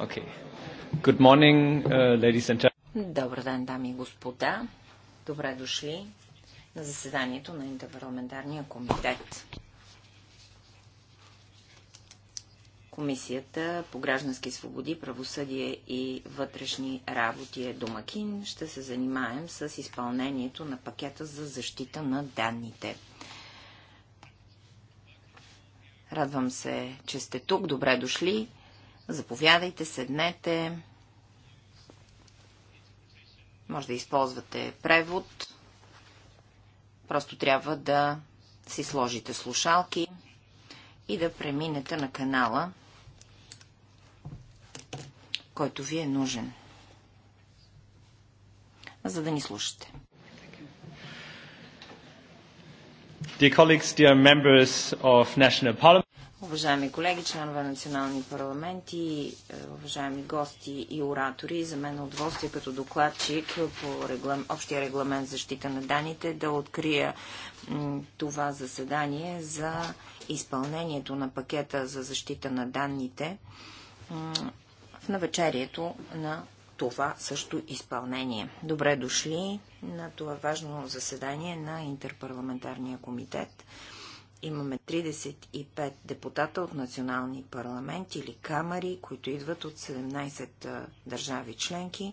Okay. Good morning, uh, ladies and gentlemen. Добър ден, дами и господа. Добре дошли на заседанието на Интерпарламентарния комитет. Комисията по граждански свободи, правосъдие и вътрешни работи е домакин. Ще се занимаем с изпълнението на пакета за защита на данните. Радвам се, че сте тук. Добре дошли. Заповядайте, седнете. Може да използвате превод. Просто трябва да си сложите слушалки и да преминете на канала, който ви е нужен, за да ни слушате. Dear colleagues, dear members of National Parliament, Уважаеми колеги, членове на национални парламенти, е, уважаеми гости и оратори, за мен е удоволствие като докладчик по реглам... общия регламент защита на данните да открия това заседание за изпълнението на пакета за защита на данните в навечерието на това също изпълнение. Добре дошли на това важно заседание на Интерпарламентарния комитет. Имаме 35 депутата от национални парламенти или камери, които идват от 17 държави членки,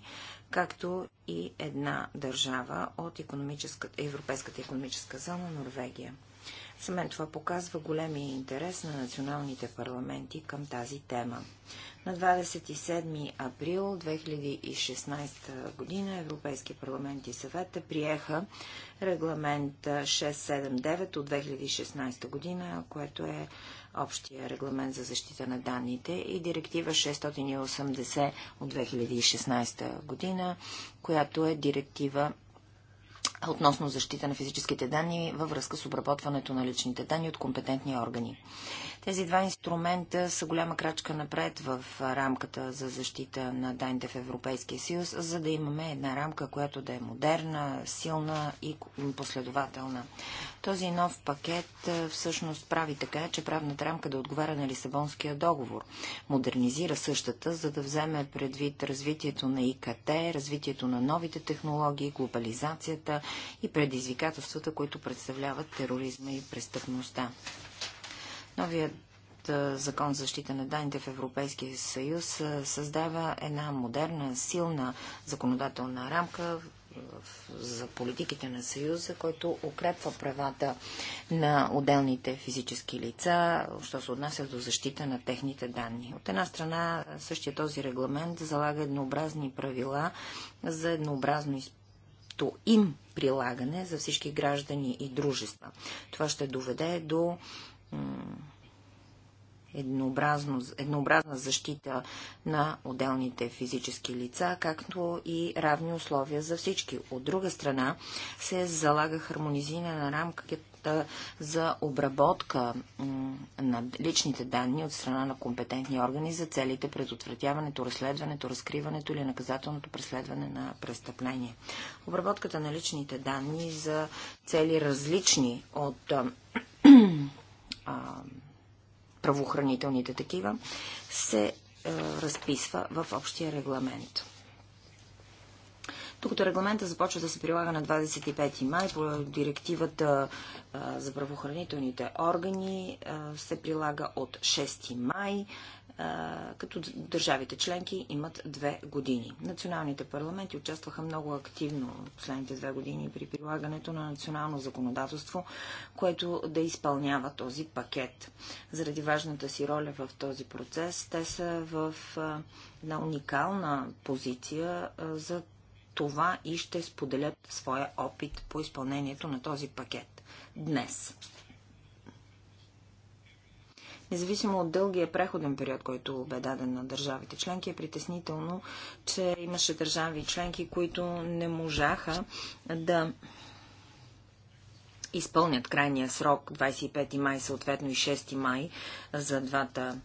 както и една държава от економическата, Европейската економическа зона Норвегия. За мен това показва големия интерес на националните парламенти към тази тема. На 27 април 2016 година Европейски парламент и съвета приеха регламент 679 от 2016 година, което е общия регламент за защита на данните и директива 680 от 2016 година, която е директива относно защита на физическите данни във връзка с обработването на личните данни от компетентни органи. Тези два инструмента са голяма крачка напред в рамката за защита на данните в Европейския съюз, за да имаме една рамка, която да е модерна, силна и последователна. Този нов пакет е, всъщност прави така, че правната рамка да отговаря на Лисабонския договор. Модернизира същата, за да вземе предвид развитието на ИКТ, развитието на новите технологии, глобализацията и предизвикателствата, които представляват тероризма и престъпността. Новият закон за защита на данните в Европейския съюз създава една модерна, силна законодателна рамка, за политиките на Съюза, който укрепва правата на отделните физически лица, що се отнася до защита на техните данни. От една страна, същия този регламент залага еднообразни правила за еднообразно им прилагане за всички граждани и дружества. Това ще доведе до еднообразна защита на отделните физически лица, както и равни условия за всички. От друга страна се залага хармонизина на рамката за обработка на личните данни от страна на компетентни органи за целите предотвратяването, разследването, разкриването или наказателното преследване на престъпление. Обработката на личните данни за цели различни от правоохранителните такива, се а, е, разписва в общия регламент. Тук регламента започва да се прилага на 25 май, по директивата а, е, за правоохранителните органи а, е, се прилага от 6 май като държавите членки имат две години. Националните парламенти участваха много активно последните две години при прилагането на национално законодателство, което да изпълнява този пакет. Заради важната си роля в този процес, те са в една уникална позиция за това и ще споделят своя опит по изпълнението на този пакет днес независимо от дългия преходен период, който бе даден на държавите членки, е притеснително, че имаше държави членки, които не можаха да изпълнят крайния срок 25 май, съответно и 6 май за двата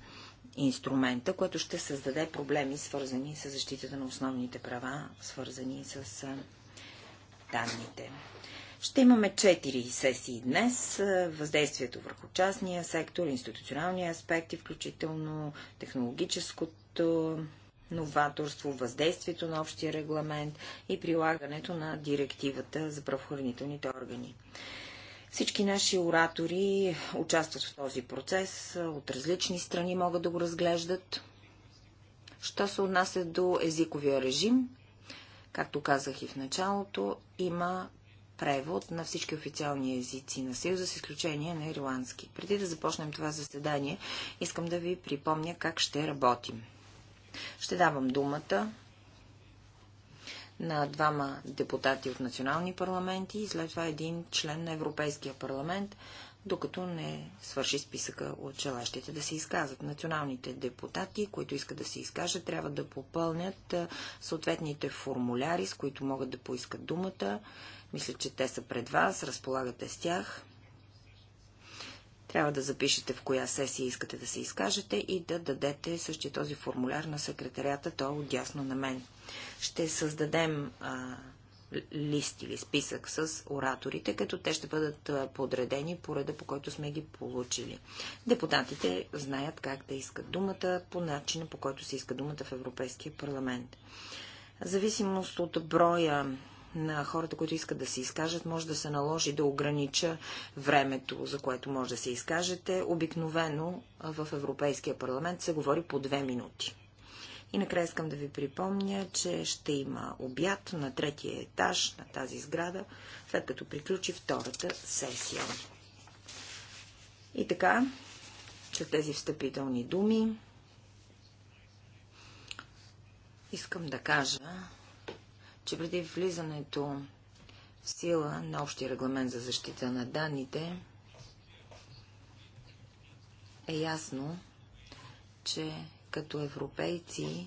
инструмента, което ще създаде проблеми, свързани с защитата на основните права, свързани с данните. Ще имаме четири сесии днес. Е, въздействието върху частния сектор, институционални аспекти, включително технологическото новаторство, въздействието на общия регламент и прилагането на директивата за правоохранителните органи. Всички наши оратори участват в този процес, е, от различни страни могат да го разглеждат. Що се отнася до езиковия режим, както казах и в началото, има превод на всички официални езици на Съюза, с изключение на ирландски. Преди да започнем това заседание, искам да ви припомня как ще работим. Ще давам думата на двама депутати от национални парламенти и след това един член на Европейския парламент, докато не свърши списъка от желащите да се изказват. Националните депутати, които искат да се изкажат, трябва да попълнят съответните формуляри, с които могат да поискат думата мисля, че те са пред вас, разполагате с тях. Трябва да запишете в коя сесия искате да се изкажете и да дадете същия този формуляр на секретарията, то е на мен. Ще създадем а, лист или списък с ораторите, като те ще бъдат подредени по реда, по който сме ги получили. Депутатите знаят как да искат думата по начина, по който се иска думата в Европейския парламент. В зависимост от броя на хората, които искат да се изкажат, може да се наложи да огранича времето, за което може да се изкажете. Обикновено в Европейския парламент се говори по две минути. И накрая искам да ви припомня, че ще има обяд на третия етаж на тази сграда, след като приключи втората сесия. И така, че тези встъпителни думи искам да кажа, че преди влизането в сила на общия регламент за защита на данните е ясно, че като европейци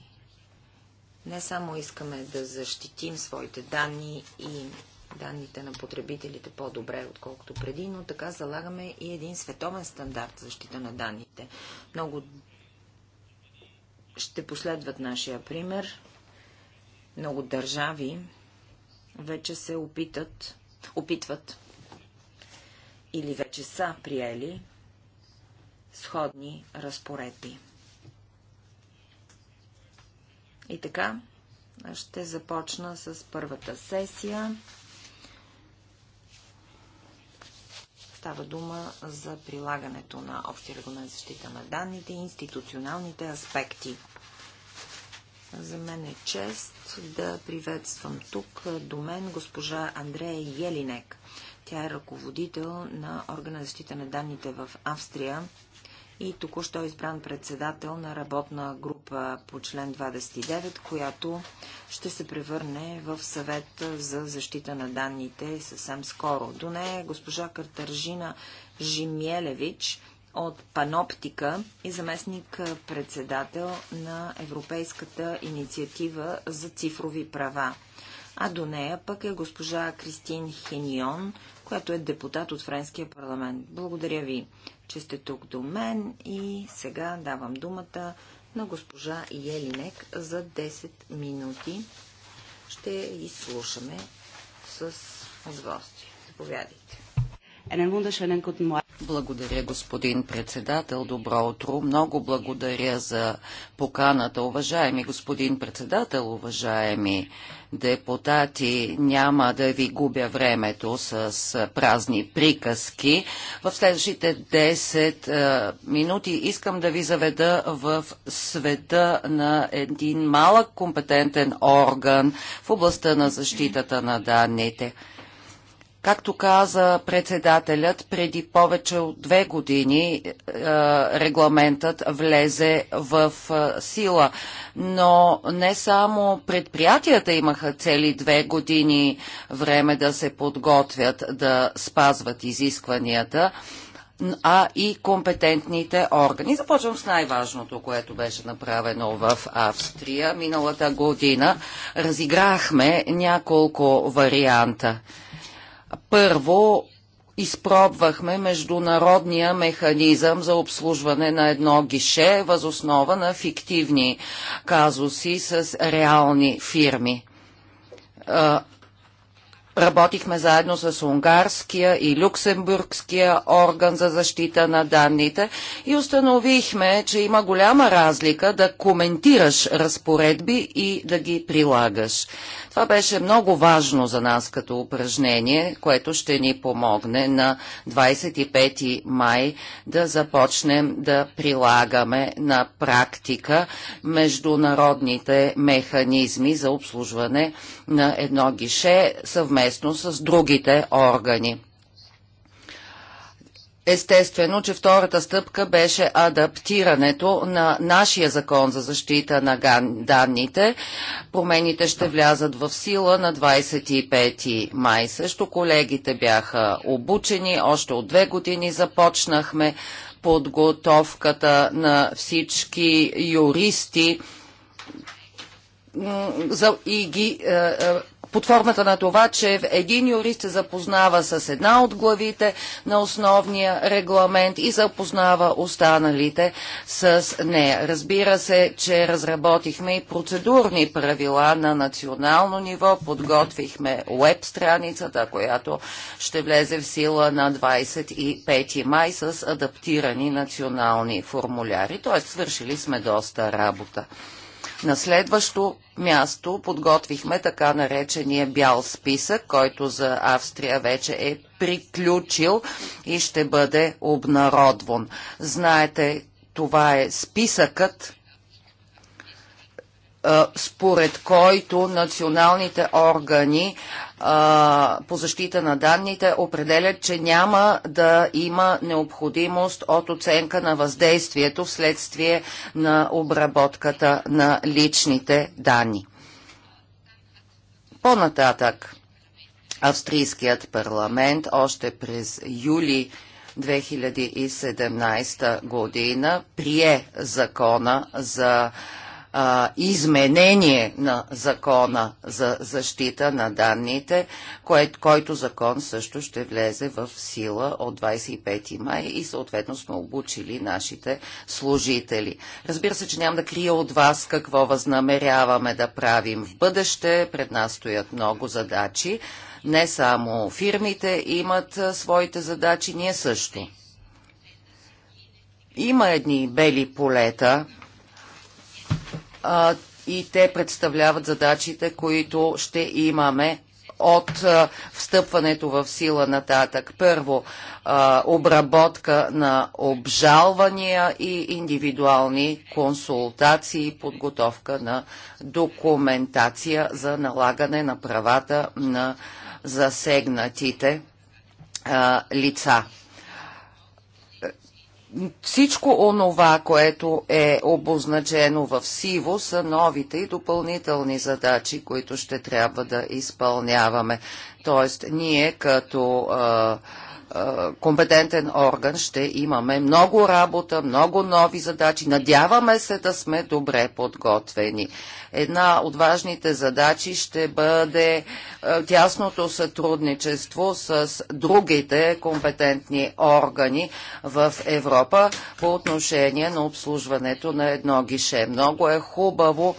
не само искаме да защитим своите данни и данните на потребителите по-добре, отколкото преди, но така залагаме и един световен стандарт защита на данните. Много ще последват нашия пример. Много държави вече се опитат, опитват или вече са приели сходни разпоредби. И така, ще започна с първата сесия. Става дума за прилагането на общи регламент защита на данните и институционалните аспекти за мен е чест да приветствам тук до мен госпожа Андрея Елинек. Тя е ръководител на органа за защита на данните в Австрия и току-що е избран председател на работна група по член 29, която ще се превърне в съвет за защита на данните съвсем скоро. До нея е госпожа Картаржина Жимелевич, от Паноптика и заместник председател на Европейската инициатива за цифрови права. А до нея пък е госпожа Кристин Хенион, която е депутат от Френския парламент. Благодаря ви, че сте тук до мен и сега давам думата на госпожа Елинек за 10 минути. Ще изслушаме с удоволствие. Заповядайте. Благодаря, господин председател. Добро утро. Много благодаря за поканата. Уважаеми господин председател, уважаеми депутати, няма да ви губя времето с празни приказки. В следващите 10 минути искам да ви заведа в света на един малък компетентен орган в областта на защитата на данните – Както каза председателят, преди повече от две години е, регламентът влезе в е, сила. Но не само предприятията имаха цели две години време да се подготвят да спазват изискванията, а и компетентните органи. Започвам с най-важното, което беше направено в Австрия. Миналата година разиграхме няколко варианта. Първо, изпробвахме международния механизъм за обслужване на едно гише възоснова на фиктивни казуси с реални фирми. Работихме заедно с унгарския и люксембургския орган за защита на данните и установихме, че има голяма разлика да коментираш разпоредби и да ги прилагаш. Това беше много важно за нас като упражнение, което ще ни помогне на 25 май да започнем да прилагаме на практика международните механизми за обслужване на едно гише съвместно с другите органи. Естествено, че втората стъпка беше адаптирането на нашия закон за защита на данните. Промените ще влязат в сила на 25 май. Също колегите бяха обучени. Още от две години започнахме подготовката на всички юристи и ги е, е, под формата на това, че един юрист се запознава с една от главите на основния регламент и запознава останалите с нея. Разбира се, че разработихме и процедурни правила на национално ниво, подготвихме веб страницата, която ще влезе в сила на 25 май с адаптирани национални формуляри. Тоест, свършили сме доста работа. На следващо място подготвихме така наречения бял списък, който за Австрия вече е приключил и ще бъде обнародван. Знаете, това е списъкът, според който националните органи по защита на данните определят, че няма да има необходимост от оценка на въздействието вследствие на обработката на личните данни. По-нататък, австрийският парламент още през юли 2017 година прие закона за а, изменение на закона за защита на данните, кое, който закон също ще влезе в сила от 25 май и съответно сме обучили нашите служители. Разбира се, че няма да крия от вас какво възнамеряваме да правим в бъдеще. Пред нас стоят много задачи. Не само фирмите имат своите задачи, ние също. Има едни бели полета, а, и те представляват задачите, които ще имаме от а, встъпването в сила нататък. Първо, а, обработка на обжалвания и индивидуални консултации, подготовка на документация за налагане на правата на засегнатите а, лица всичко онова, което е обозначено в сиво, са новите и допълнителни задачи, които ще трябва да изпълняваме. Тоест, ние като а, компетентен орган ще имаме много работа, много нови задачи. Надяваме се да сме добре подготвени. Една от важните задачи ще бъде тясното сътрудничество с другите компетентни органи в Европа по отношение на обслужването на едно гише. Много е хубаво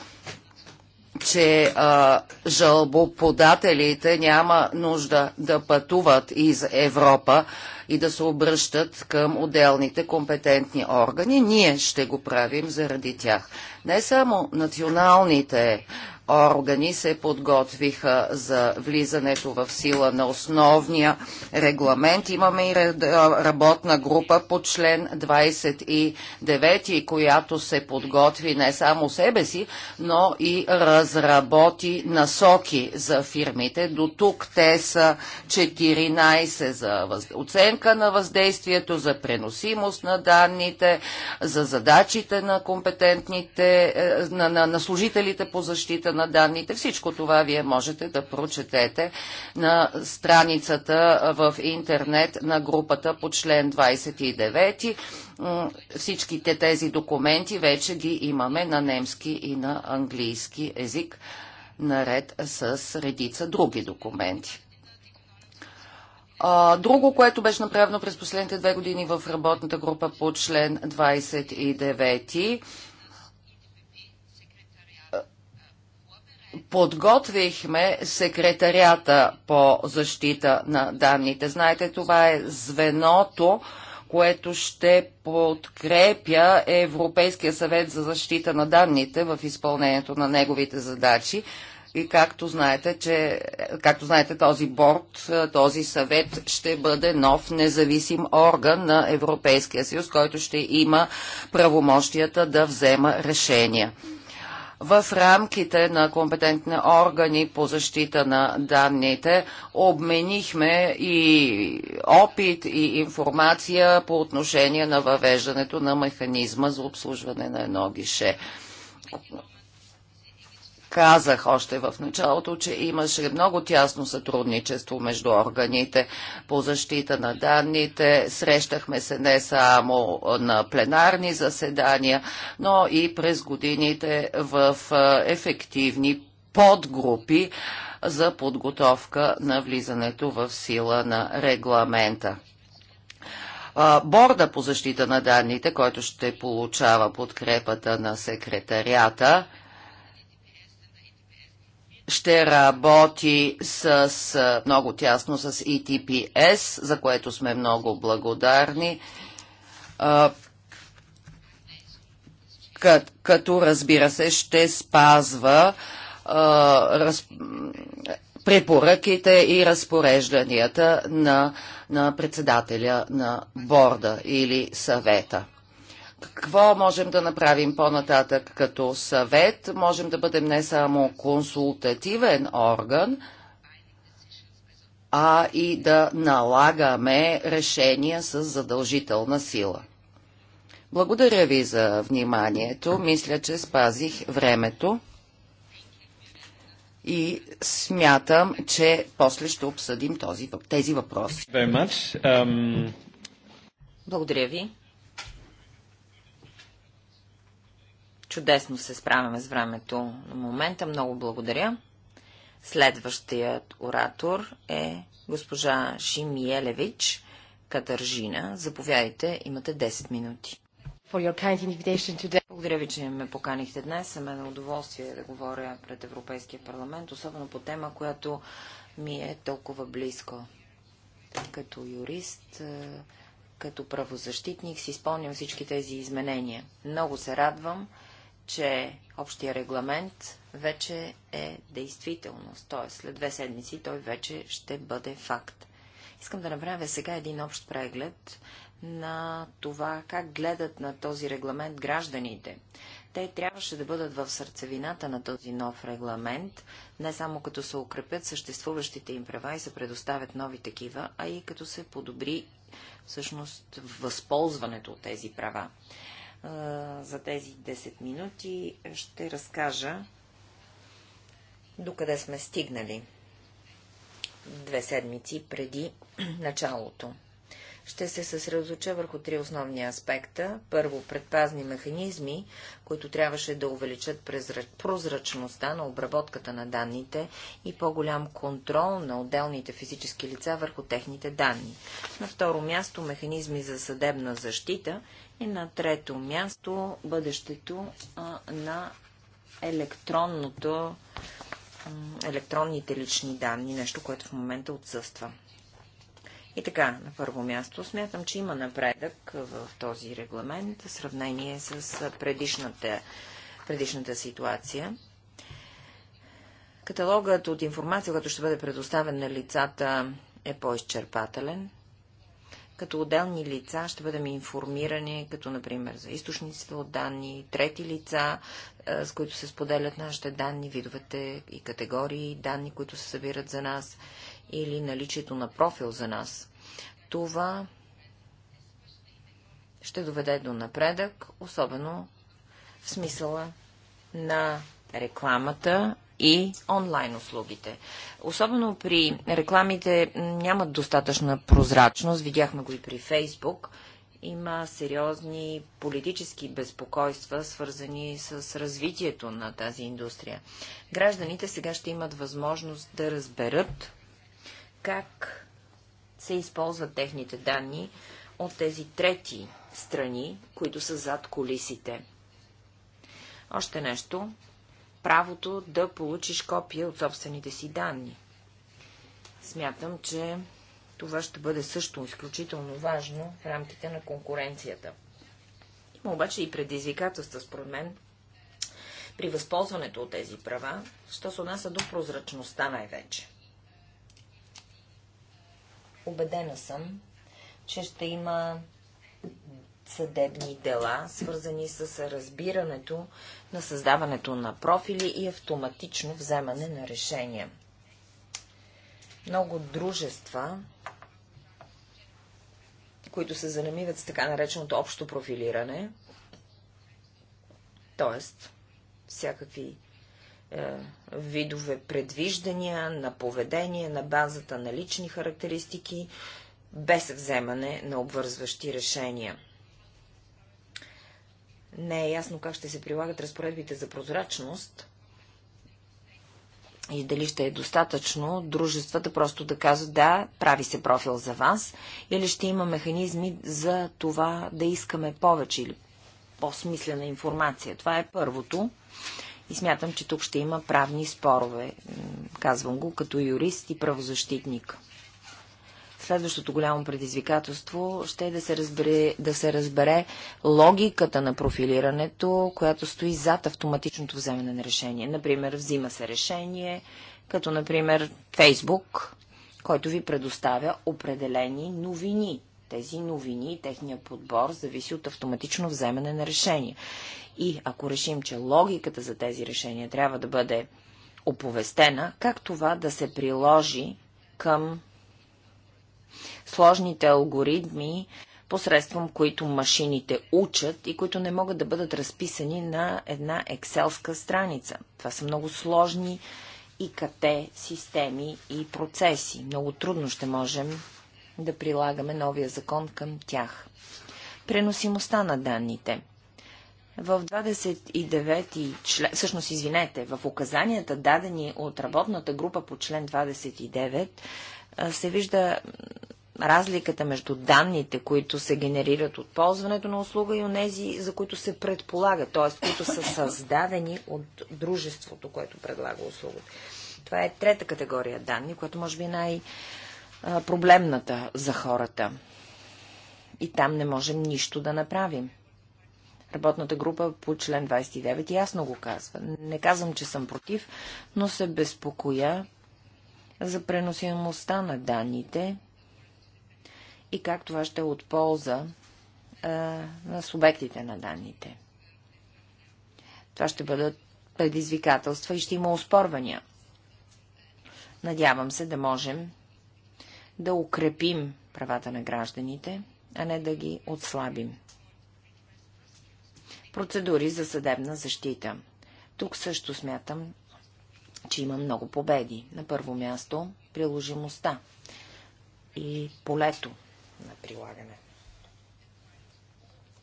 че а, жалбоподателите няма нужда да пътуват из Европа и да се обръщат към отделните компетентни органи. Ние ще го правим заради тях. Не само националните органи се подготвиха за влизането в сила на основния регламент. Имаме и работна група по член 29, която се подготви не само себе си, но и разработи насоки за фирмите. До тук те са 14 за оценка на въздействието, за преносимост на данните, за задачите на компетентните, е, на, на, на служителите по защита на данните. Всичко това вие можете да прочетете на страницата в интернет на групата по член 29. Всичките тези документи вече ги имаме на немски и на английски език, наред с редица други документи. друго, което беше направено през последните две години в работната група по член 29 подготвихме секретарията по защита на данните. Знаете, това е звеното, което ще подкрепя Европейския съвет за защита на данните в изпълнението на неговите задачи. И както знаете, че, както знаете, този борт, този съвет ще бъде нов независим орган на Европейския съюз, който ще има правомощията да взема решения в рамките на компетентни органи по защита на данните обменихме и опит и информация по отношение на въвеждането на механизма за обслужване на едно гише. Казах още в началото, че имаше много тясно сътрудничество между органите по защита на данните. Срещахме се не само на пленарни заседания, но и през годините в ефективни подгрупи за подготовка на влизането в сила на регламента. Борда по защита на данните, който ще получава подкрепата на секретарията, ще работи с, много тясно с ETPS, за което сме много благодарни като разбира се ще спазва а, раз, препоръките и разпорежданията на, на председателя на борда или съвета. Какво можем да направим по-нататък като съвет? Можем да бъдем не само консултативен орган, а и да налагаме решения с задължителна сила. Благодаря ви за вниманието. Мисля, че спазих времето и смятам, че после ще обсъдим този, тези въпроси. Благодаря ви. Чудесно се справяме с времето на момента. Много благодаря. Следващият оратор е госпожа Шимиелевич Катържина. Заповядайте, имате 10 минути. Благодаря ви, че ме поканихте днес. За мен е удоволствие да говоря пред Европейския парламент, особено по тема, която ми е толкова близко. Като юрист, е, като правозащитник си спомням всички тези изменения. Много се радвам, че общия регламент вече е действителност, т.е. след две седмици той вече ще бъде факт. Искам да направя сега един общ преглед на това, как гледат на този регламент гражданите. Те трябваше да бъдат в сърцевината на този нов регламент, не само като се укрепят съществуващите им права и се предоставят нови такива, а и като се подобри всъщност възползването от тези права за тези 10 минути ще разкажа докъде сме стигнали две седмици преди началото. Ще се съсредоточа върху три основни аспекта. Първо, предпазни механизми, които трябваше да увеличат прозрачността на обработката на данните и по-голям контрол на отделните физически лица върху техните данни. На второ място, механизми за съдебна защита и на трето място бъдещето а, на електронното, електронните лични данни, нещо, което в момента отсъства. И така, на първо място, смятам, че има напредък в този регламент в сравнение с предишната, предишната ситуация. Каталогът от информация, който ще бъде предоставен на лицата, е по-изчерпателен като отделни лица ще бъдем информирани, като например за източниците от данни, трети лица, е, с които се споделят нашите данни, видовете и категории данни, които се събират за нас или наличието на профил за нас. Това ще доведе до напредък, особено в смисъла на рекламата и онлайн услугите. Особено при рекламите нямат достатъчна прозрачност. Видяхме го и при Фейсбук. Има сериозни политически безпокойства, свързани с развитието на тази индустрия. Гражданите сега ще имат възможност да разберат как се използват техните данни от тези трети страни, които са зад колисите. Още нещо правото да получиш копия от собствените си данни. Смятам, че това ще бъде също изключително важно в рамките на конкуренцията. Има обаче и предизвикателства, според мен, при възползването от тези права, що се отнася до прозрачността най-вече. Обедена съм, че ще има съдебни дела, свързани с разбирането на създаването на профили и автоматично вземане на решения. Много дружества, които се занимават с така нареченото общо профилиране, т.е. всякакви е, видове предвиждания на поведение на базата на лични характеристики, без вземане на обвързващи решения не е ясно как ще се прилагат разпоредбите за прозрачност и дали ще е достатъчно дружествата просто да казват да, прави се профил за вас, или ще има механизми за това да искаме повече или по-смислена информация. Това е първото. И смятам, че тук ще има правни спорове. Казвам го като юрист и правозащитник. Следващото голямо предизвикателство ще е да се, разбере, да се разбере логиката на профилирането, която стои зад автоматичното вземане на решение. Например, взима се решение, като например Фейсбук, който ви предоставя определени новини. Тези новини и техния подбор зависи от автоматично вземане на решение. И ако решим, че логиката за тези решения трябва да бъде оповестена, как това да се приложи към сложните алгоритми, посредством които машините учат и които не могат да бъдат разписани на една екселска страница. Това са много сложни и къте системи и процеси. Много трудно ще можем да прилагаме новия закон към тях. Преносимостта на данните. В 29 член, всъщност извинете, в указанията дадени от работната група по член 29 се вижда разликата между данните, които се генерират от ползването на услуга и онези, за които се предполага, т.е. които са създадени от дружеството, което предлага услугата. Това е трета категория данни, която може би е най-проблемната за хората. И там не можем нищо да направим. Работната група по член 29 ясно го казва. Не казвам, че съм против, но се безпокоя за преносимостта на данните и как това ще е от полза а, на субектите на данните. Това ще бъдат предизвикателства и ще има оспорвания. Надявам се да можем да укрепим правата на гражданите, а не да ги отслабим. Процедури за съдебна защита. Тук също смятам, че има много победи. На първо място приложимостта и полето на прилагане.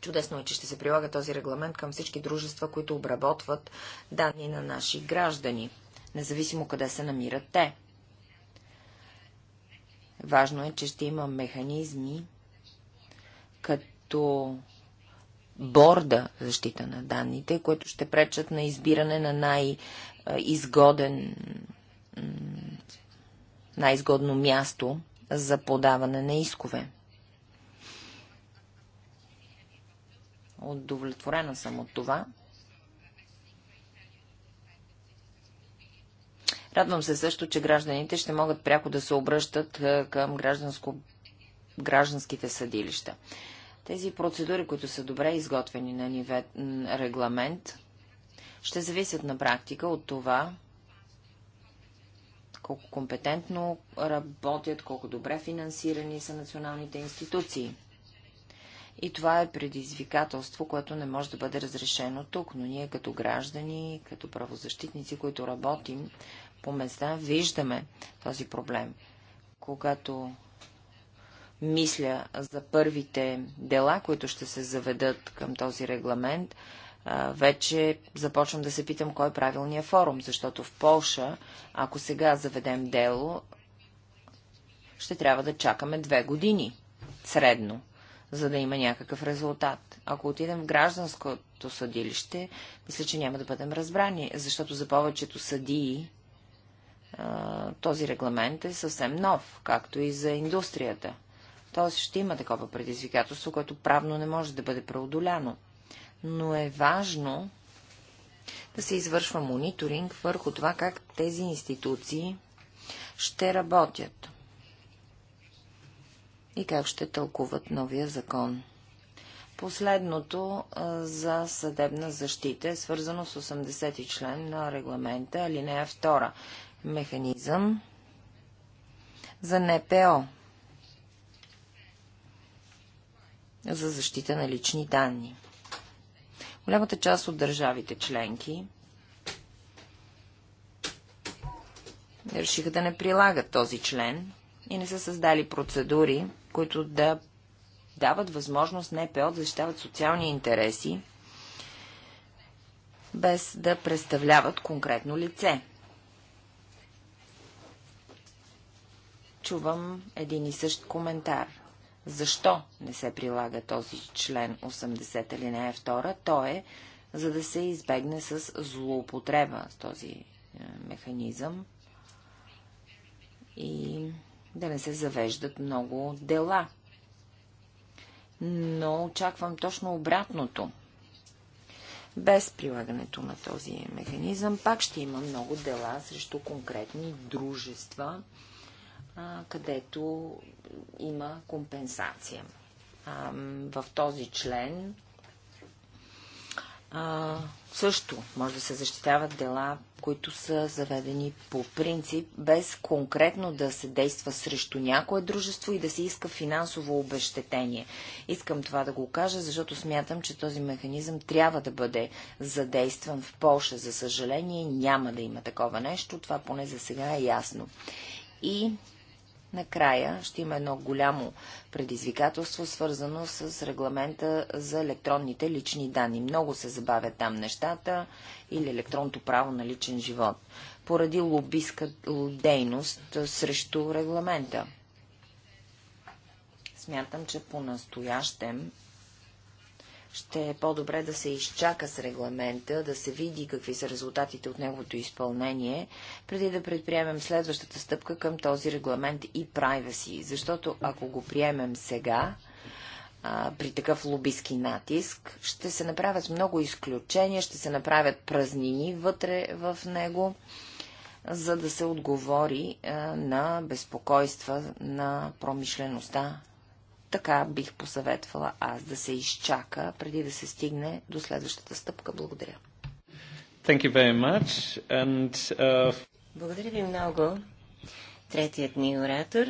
Чудесно е, че ще се прилага този регламент към всички дружества, които обработват данни на наши граждани, независимо къде се намират те. Важно е, че ще има механизми, като борда защита на данните, които ще пречат на избиране на най-изгоден най-изгодно място за подаване на искове. Удовлетворена съм от това. Радвам се също, че гражданите ще могат пряко да се обръщат е, към гражданско... гражданските съдилища. Тези процедури, които са добре изготвени на ниве... регламент, ще зависят на практика от това, колко компетентно работят, колко добре финансирани са националните институции. И това е предизвикателство, което не може да бъде разрешено тук. Но ние като граждани, като правозащитници, които работим по места, виждаме този проблем. Когато мисля за първите дела, които ще се заведат към този регламент, вече започвам да се питам кой е правилният форум, защото в Полша, ако сега заведем дело, ще трябва да чакаме две години средно за да има някакъв резултат. Ако отидем в гражданското съдилище, мисля, че няма да бъдем разбрани, защото за повечето съдии този регламент е съвсем нов, както и за индустрията. Тоест ще има такова предизвикателство, което правно не може да бъде преодоляно. Но е важно да се извършва мониторинг върху това, как тези институции ще работят и как ще тълкуват новия закон. Последното а, за съдебна защита е свързано с 80 ти член на регламента, алинея 2. Механизъм за НПО за защита на лични данни. Голямата част от държавите членки решиха да не прилагат този член и не са създали процедури които да дават възможност НПО да защитават социални интереси, без да представляват конкретно лице. Чувам един и същ коментар. Защо не се прилага този член 80 или е втора? То е, за да се избегне с злоупотреба с този е, механизъм и да не се завеждат много дела. Но очаквам точно обратното. Без прилагането на този механизъм пак ще има много дела срещу конкретни дружества, където има компенсация. В този член също може да се защитават дела които са заведени по принцип, без конкретно да се действа срещу някое дружество и да се иска финансово обещетение. Искам това да го кажа, защото смятам, че този механизъм трябва да бъде задействан в Польша. За съжаление, няма да има такова нещо. Това поне за сега е ясно. И Накрая ще има едно голямо предизвикателство, свързано с регламента за електронните лични данни. Много се забавят там нещата или електронното право на личен живот, поради лобистка дейност срещу регламента. Смятам, че по-настоящем ще е по-добре да се изчака с регламента, да се види какви са резултатите от неговото изпълнение, преди да предприемем следващата стъпка към този регламент и privacy. Защото ако го приемем сега, а, при такъв лобиски натиск, ще се направят много изключения, ще се направят празнини вътре в него, за да се отговори а, на безпокойства на промишлеността така бих посъветвала аз да се изчака, преди да се стигне до следващата стъпка. Благодаря. Thank you very much. And, uh... Благодаря ви много. Третият ни оратор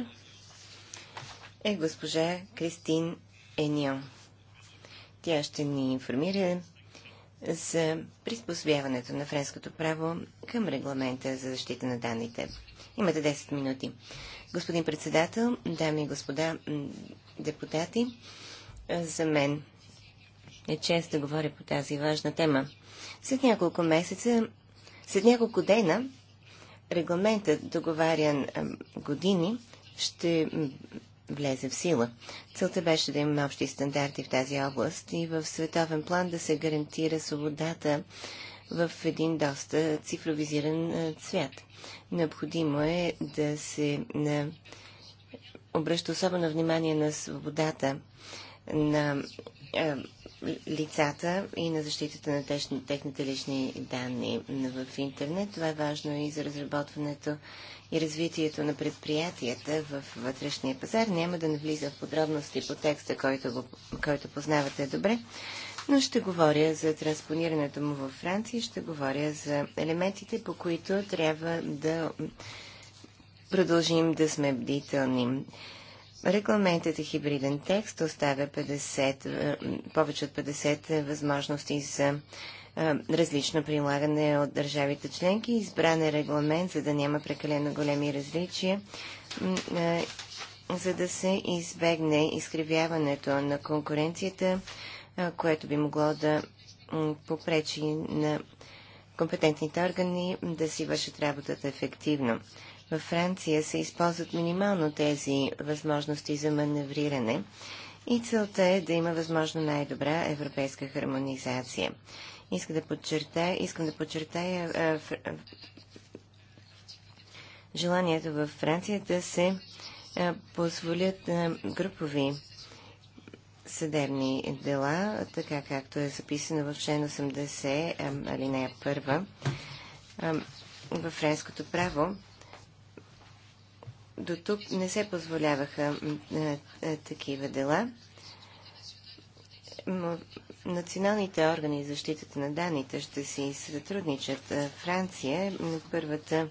е госпожа Кристин Енио. Тя ще ни информира за приспособяването на френското право към регламента за защита на данните. Имате 10 минути. Господин председател, дами и господа депутати. За мен е чест да говоря по тази важна тема. След няколко месеца, след няколко дена, регламентът, договарян години, ще влезе в сила. Целта беше да имаме общи стандарти в тази област и в световен план да се гарантира свободата в един доста цифровизиран свят. Необходимо е да се обръща особено внимание на свободата на е, лицата и на защитата на техните лични данни в интернет. Това е важно и за разработването и развитието на предприятията в вътрешния пазар. Няма да навлиза в подробности по текста, който, го, който познавате добре, но ще говоря за транспонирането му във Франция и ще говоря за елементите, по които трябва да продължим да сме бдителни. Регламентът е хибриден текст, оставя 50, е, повече от 50 възможности за е, различно прилагане от държавите членки. Избран е регламент, за да няма прекалено големи различия, е, за да се избегне изкривяването на конкуренцията, което би могло да попречи на компетентните органи да си вършат работата ефективно във Франция се използват минимално тези възможности за маневриране и целта е да има възможно най-добра европейска хармонизация. Иска да подчертая, искам да подчертая желанието във Франция да се а, позволят групови съдебни дела, така както е записано в член 80, алинея 1 във френското право до тук не се позволяваха а, а, е, е, такива дела. Националните органи за защитата на данните ще си сътрудничат. Е, Франция е първата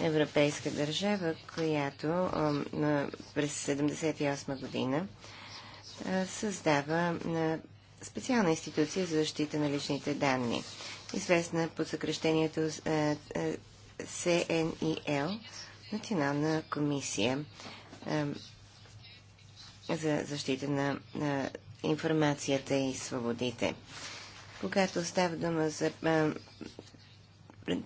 европейска държава, която а, през 1978 година създава специална институция за защита на личните данни, известна под съкрещението CNIL Национална комисия за защита на, информацията и свободите. Когато става дума за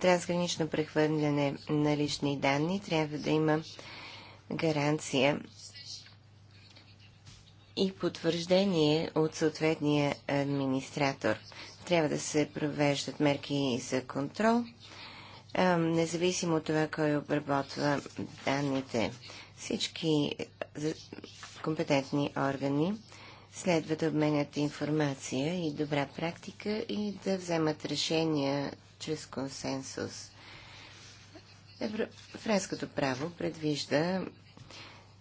трансгранично прехвърляне на лични данни, трябва да има гаранция и потвърждение от съответния администратор. Трябва да се провеждат мерки за контрол независимо от това, кой обработва данните. Всички компетентни органи следва да обменят информация и добра практика и да вземат решения чрез консенсус. Френското право предвижда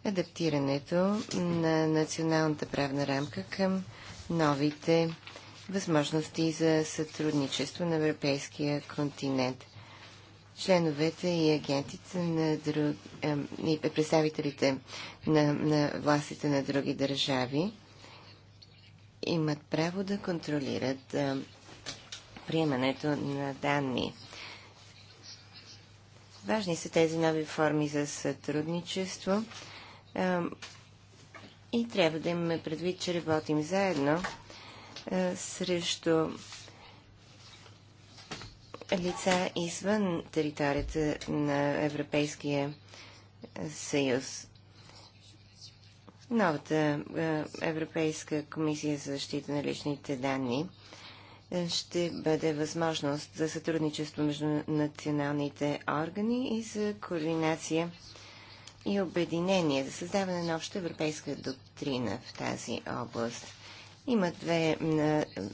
адаптирането на националната правна рамка към новите възможности за сътрудничество на европейския континент членовете и агентите на друг, и представителите на, на властите на други държави имат право да контролират приемането на данни. Важни са тези нови форми за сътрудничество и трябва да имаме предвид, че работим заедно е, срещу лица извън територията на Европейския съюз. Новата е, Европейска комисия за защита на личните данни е, ще бъде възможност за сътрудничество между националните органи и за координация и обединение за създаване на обща европейска доктрина в тази област. Има две,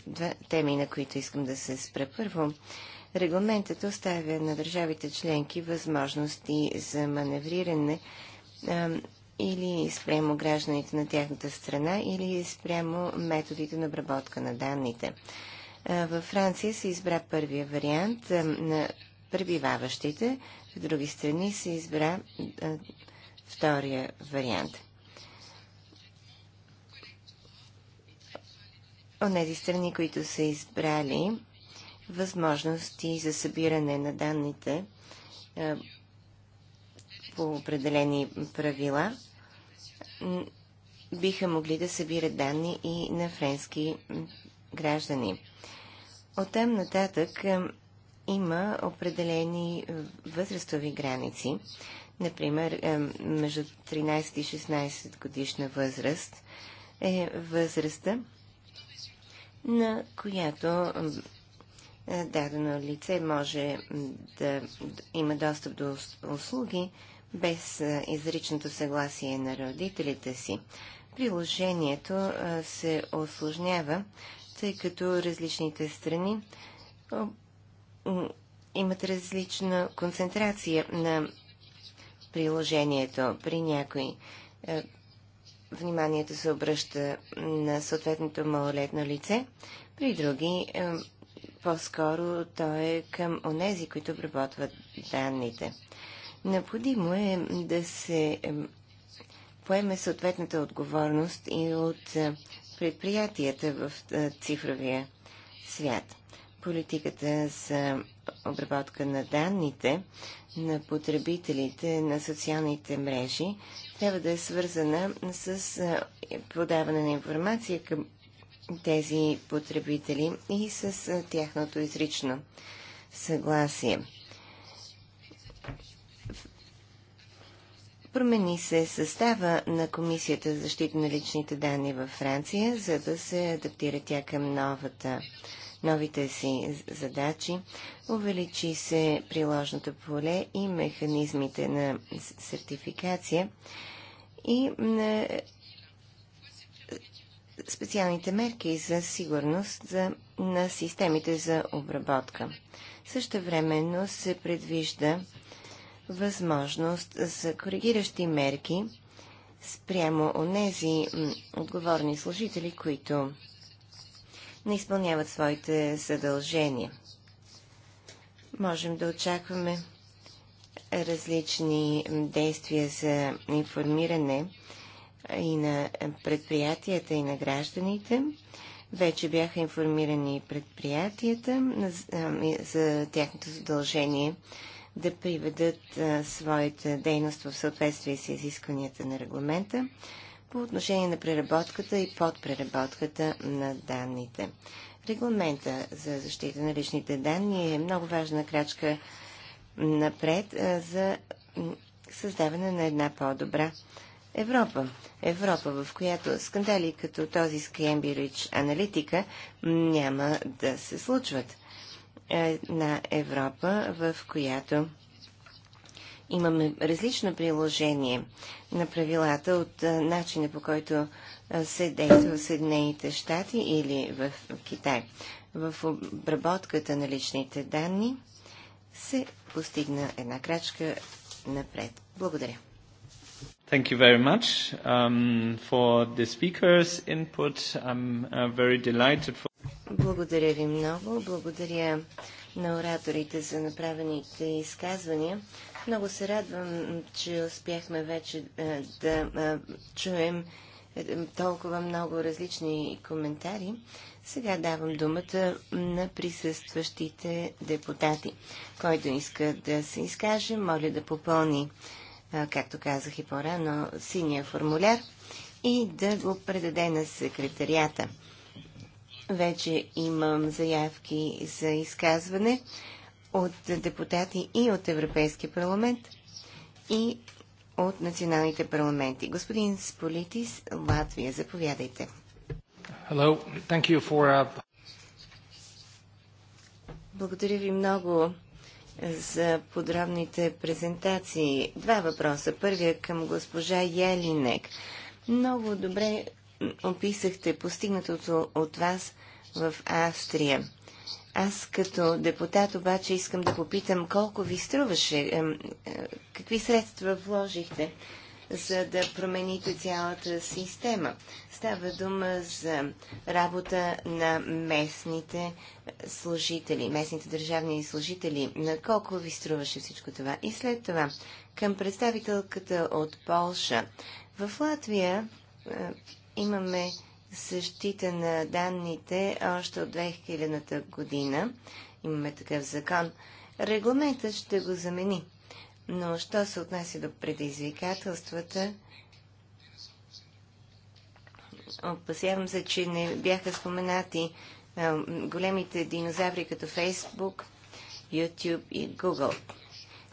две теми, на които искам да се спра. Първо, Регламентът оставя на държавите членки възможности за маневриране а, или спрямо гражданите на тяхната страна, или спрямо методите на обработка на данните. А, във Франция се избра първия вариант а, на пребиваващите, в други страни се избра втория вариант. Онези страни, които са избрали възможности за събиране на данните по определени правила биха могли да събират данни и на френски граждани. Оттам нататък има определени възрастови граници. Например, между 13 и 16 годишна възраст е възрастта, на която е, дадено лице може да има достъп до услуги без е, изричното съгласие на родителите си. Приложението е, се осложнява, тъй като различните страни имат различна концентрация на приложението. При някои вниманието се обръща на съответното малолетно лице, при други по-скоро той е към онези, които обработват данните. Необходимо е да се поеме съответната отговорност и от е, предприятията в е, цифровия свят. Политиката за обработка на данните на потребителите на социалните мрежи трябва да е свързана с е, подаване на информация към тези потребители и с тяхното изрично съгласие. Промени се състава на Комисията за защита на личните данни във Франция, за да се адаптира тя към новата, новите си задачи. Увеличи се приложното поле и механизмите на сертификация и на специалните мерки за сигурност за, на системите за обработка. Също времено се предвижда възможност за коригиращи мерки спрямо онези отговорни служители, които не изпълняват своите задължения. Можем да очакваме различни действия за информиране и на предприятията и на гражданите. Вече бяха информирани предприятията за тяхното задължение да приведат своята дейност в съответствие с изискванията на регламента по отношение на преработката и подпреработката на данните. Регламента за защита на личните данни е много важна крачка напред за създаване на една по-добра Европа. Европа, в която скандали като този с Кембридж Аналитика няма да се случват. На Европа, в която имаме различно приложение на правилата от начина по който се действа в Съединените щати или в Китай. В обработката на личните данни се постигна една крачка напред. Благодаря. Thank you very much um, for the speaker's input. I'm uh, very delighted for... Благодаря ви много. Благодаря на ораторите за направените изказвания. Много се радвам, че успяхме вече е, да е, чуем е, толкова много различни коментари. Сега давам думата на присъстващите депутати. Който иска да се изкаже, моля да попълни както казах и по-рано, синия формуляр и да го предаде на секретарията. Вече имам заявки за изказване от депутати и от Европейския парламент и от националните парламенти. Господин Сполитис, Латвия, заповядайте. Hello. Thank you for, uh... Благодаря ви много за подробните презентации. Два въпроса. Първия е към госпожа Ялинек. Много добре описахте постигнатото от вас в Австрия. Аз като депутат обаче искам да попитам колко ви струваше, е, какви средства вложихте за да промените цялата система. Става дума за работа на местните служители, местните държавни служители. На колко ви струваше всичко това? И след това, към представителката от Полша. В Латвия е, имаме защита на данните още от 2000-та година. Имаме такъв закон. Регламентът ще го замени. Но що се отнася до предизвикателствата, опасявам се, че не бяха споменати големите динозаври като Фейсбук, YouTube и Google.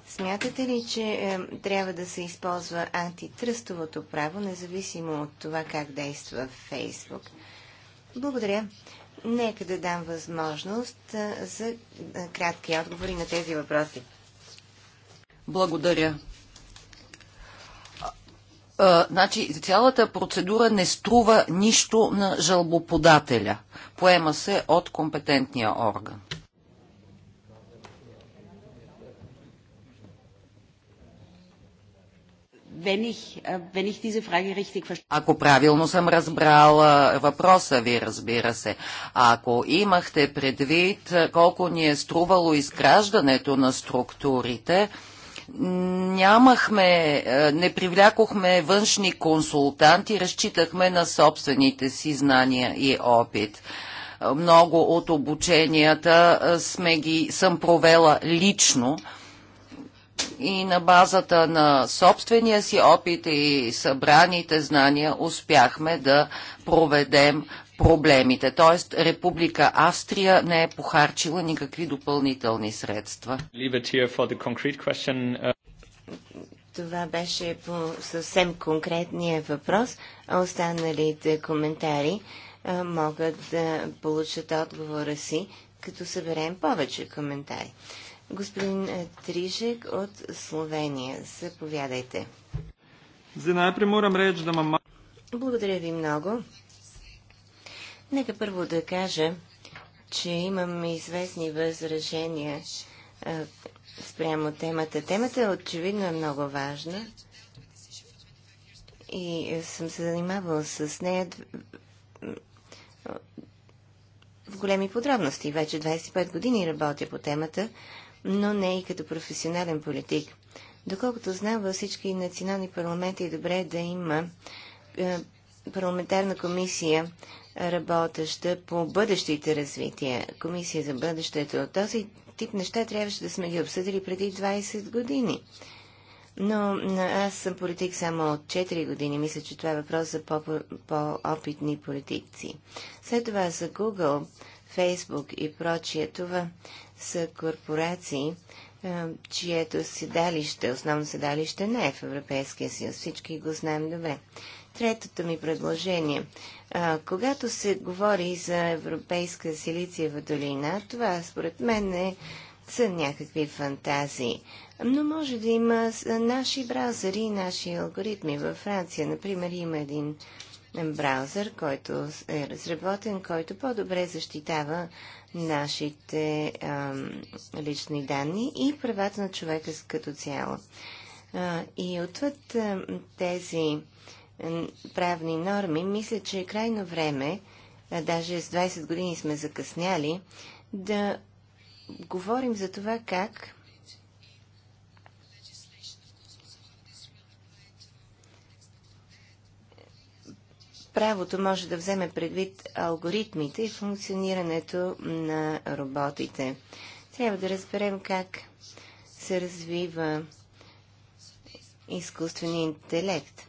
Смятате ли, че е, трябва да се използва антитръстовото право, независимо от това как действа Фейсбук? Благодаря. Нека да дам възможност за кратки отговори на тези въпроси. Благодаря. значи, цялата процедура не струва нищо на жалбоподателя. Поема се от компетентния орган. Ако правилно съм разбрала въпроса ви, разбира се, ако имахте предвид колко ни е струвало изграждането на структурите, Нямахме, е, не привлякохме външни консултанти, разчитахме на собствените си знания и опит. Много от обученията е, сме ги, съм провела лично и на базата на собствения си опит и събраните знания успяхме да проведем проблемите. Тоест, Република Австрия не е похарчила никакви допълнителни средства. Това беше по съвсем конкретния въпрос, а останалите коментари а, могат да получат отговора си, като съберем повече коментари. Господин Трижек от Словения, заповядайте. Благодаря ви много. Нека първо да кажа, че имам известни възражения а, спрямо темата. Темата очевидно е много важна и съм се занимавала с нея в големи подробности. Вече 25 години работя по темата, но не и като професионален политик. Доколкото знам, във всички национални парламенти е добре да има е, парламентарна комисия работеща по бъдещите развития, комисия за бъдещето. Този тип неща трябваше да сме ги обсъдили преди 20 години. Но аз съм политик само от 4 години. Мисля, че това е въпрос за по-опитни -по политици. След това за Google, Facebook и прочие, това са корпорации, чието седалище, основно седалище не е в Европейския съюз. Всички го знаем добре. Третото ми предложение – когато се говори за Европейска Силициева долина, това според мен е, са някакви фантазии. Но може да има наши браузъри наши алгоритми. Във Франция, например, има един браузър, който е разработен, който по-добре защитава нашите ам, лични данни и правата на човека като цяло. А, и отвъд а, тези правни норми, мисля, че е крайно време, а даже с 20 години сме закъсняли, да говорим за това как правото може да вземе предвид алгоритмите и функционирането на роботите. Трябва да разберем как се развива изкуственият интелект.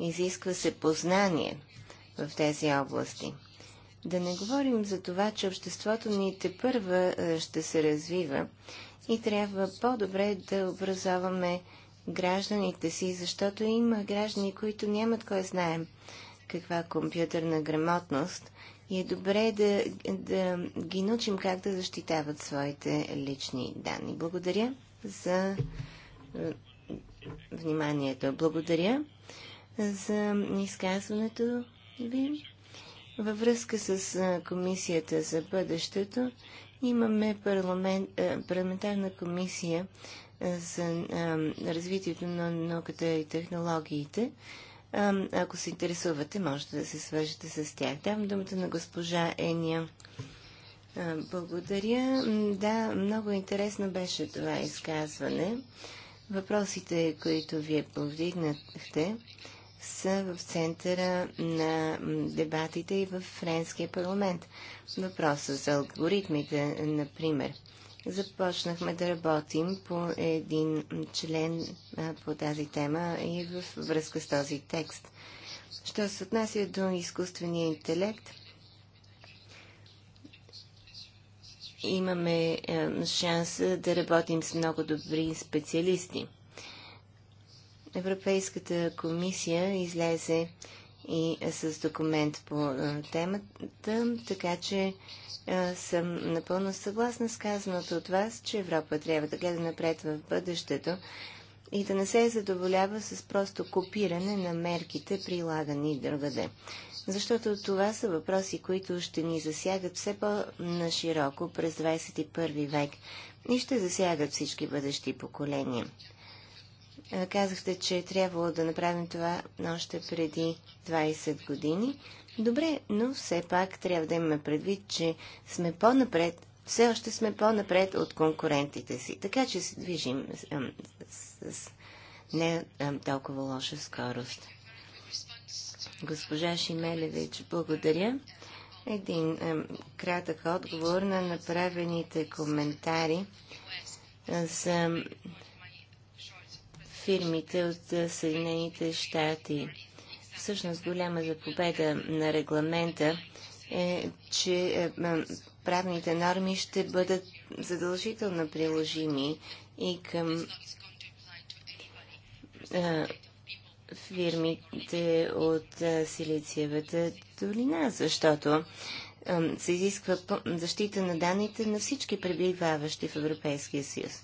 Изисква се познание в тези области. Да не говорим за това, че обществото ни те първа ще се развива и трябва по-добре да образоваме гражданите си, защото има граждани, които нямат кой знаем каква компютърна грамотност и е добре да, да ги научим как да защитават своите лични данни. Благодаря за вниманието. Благодаря за изказването ви. Във връзка с Комисията за бъдещето имаме парламент, парламентарна комисия за развитието на науката и технологиите. Ако се интересувате, можете да се свържете с тях. Давам думата на госпожа Ения. Благодаря. Да, много интересно беше това изказване. Въпросите, които вие повдигнахте, са в центъра на дебатите и в Френския парламент. Въпроса за алгоритмите, например. Започнахме да работим по един член по тази тема и в връзка с този текст. Що се отнася до изкуствения интелект, имаме шанс да работим с много добри специалисти. Европейската комисия излезе и с документ по темата, така че съм напълно съгласна с казаното от вас, че Европа трябва да гледа напред в бъдещето и да не се задоволява с просто копиране на мерките, прилагани другаде. Защото това са въпроси, които ще ни засягат все по-нашироко през 21 век и ще засягат всички бъдещи поколения. Е, казахте, че е трябвало да направим това още преди 20 години. Добре, но все пак трябва да имаме предвид, че сме по-напред, все още сме по-напред от конкурентите си. Така че се движим с, с не толкова лоша скорост. Госпожа Шимелевич, благодаря. Един ем, кратък отговор на направените коментари за фирмите от Съединените щати. Всъщност голяма победа на регламента е, че е, правните норми ще бъдат задължително приложими и към е, фирмите от е, Силициевата долина, защото се изисква защита на данните на всички пребиваващи в Европейския съюз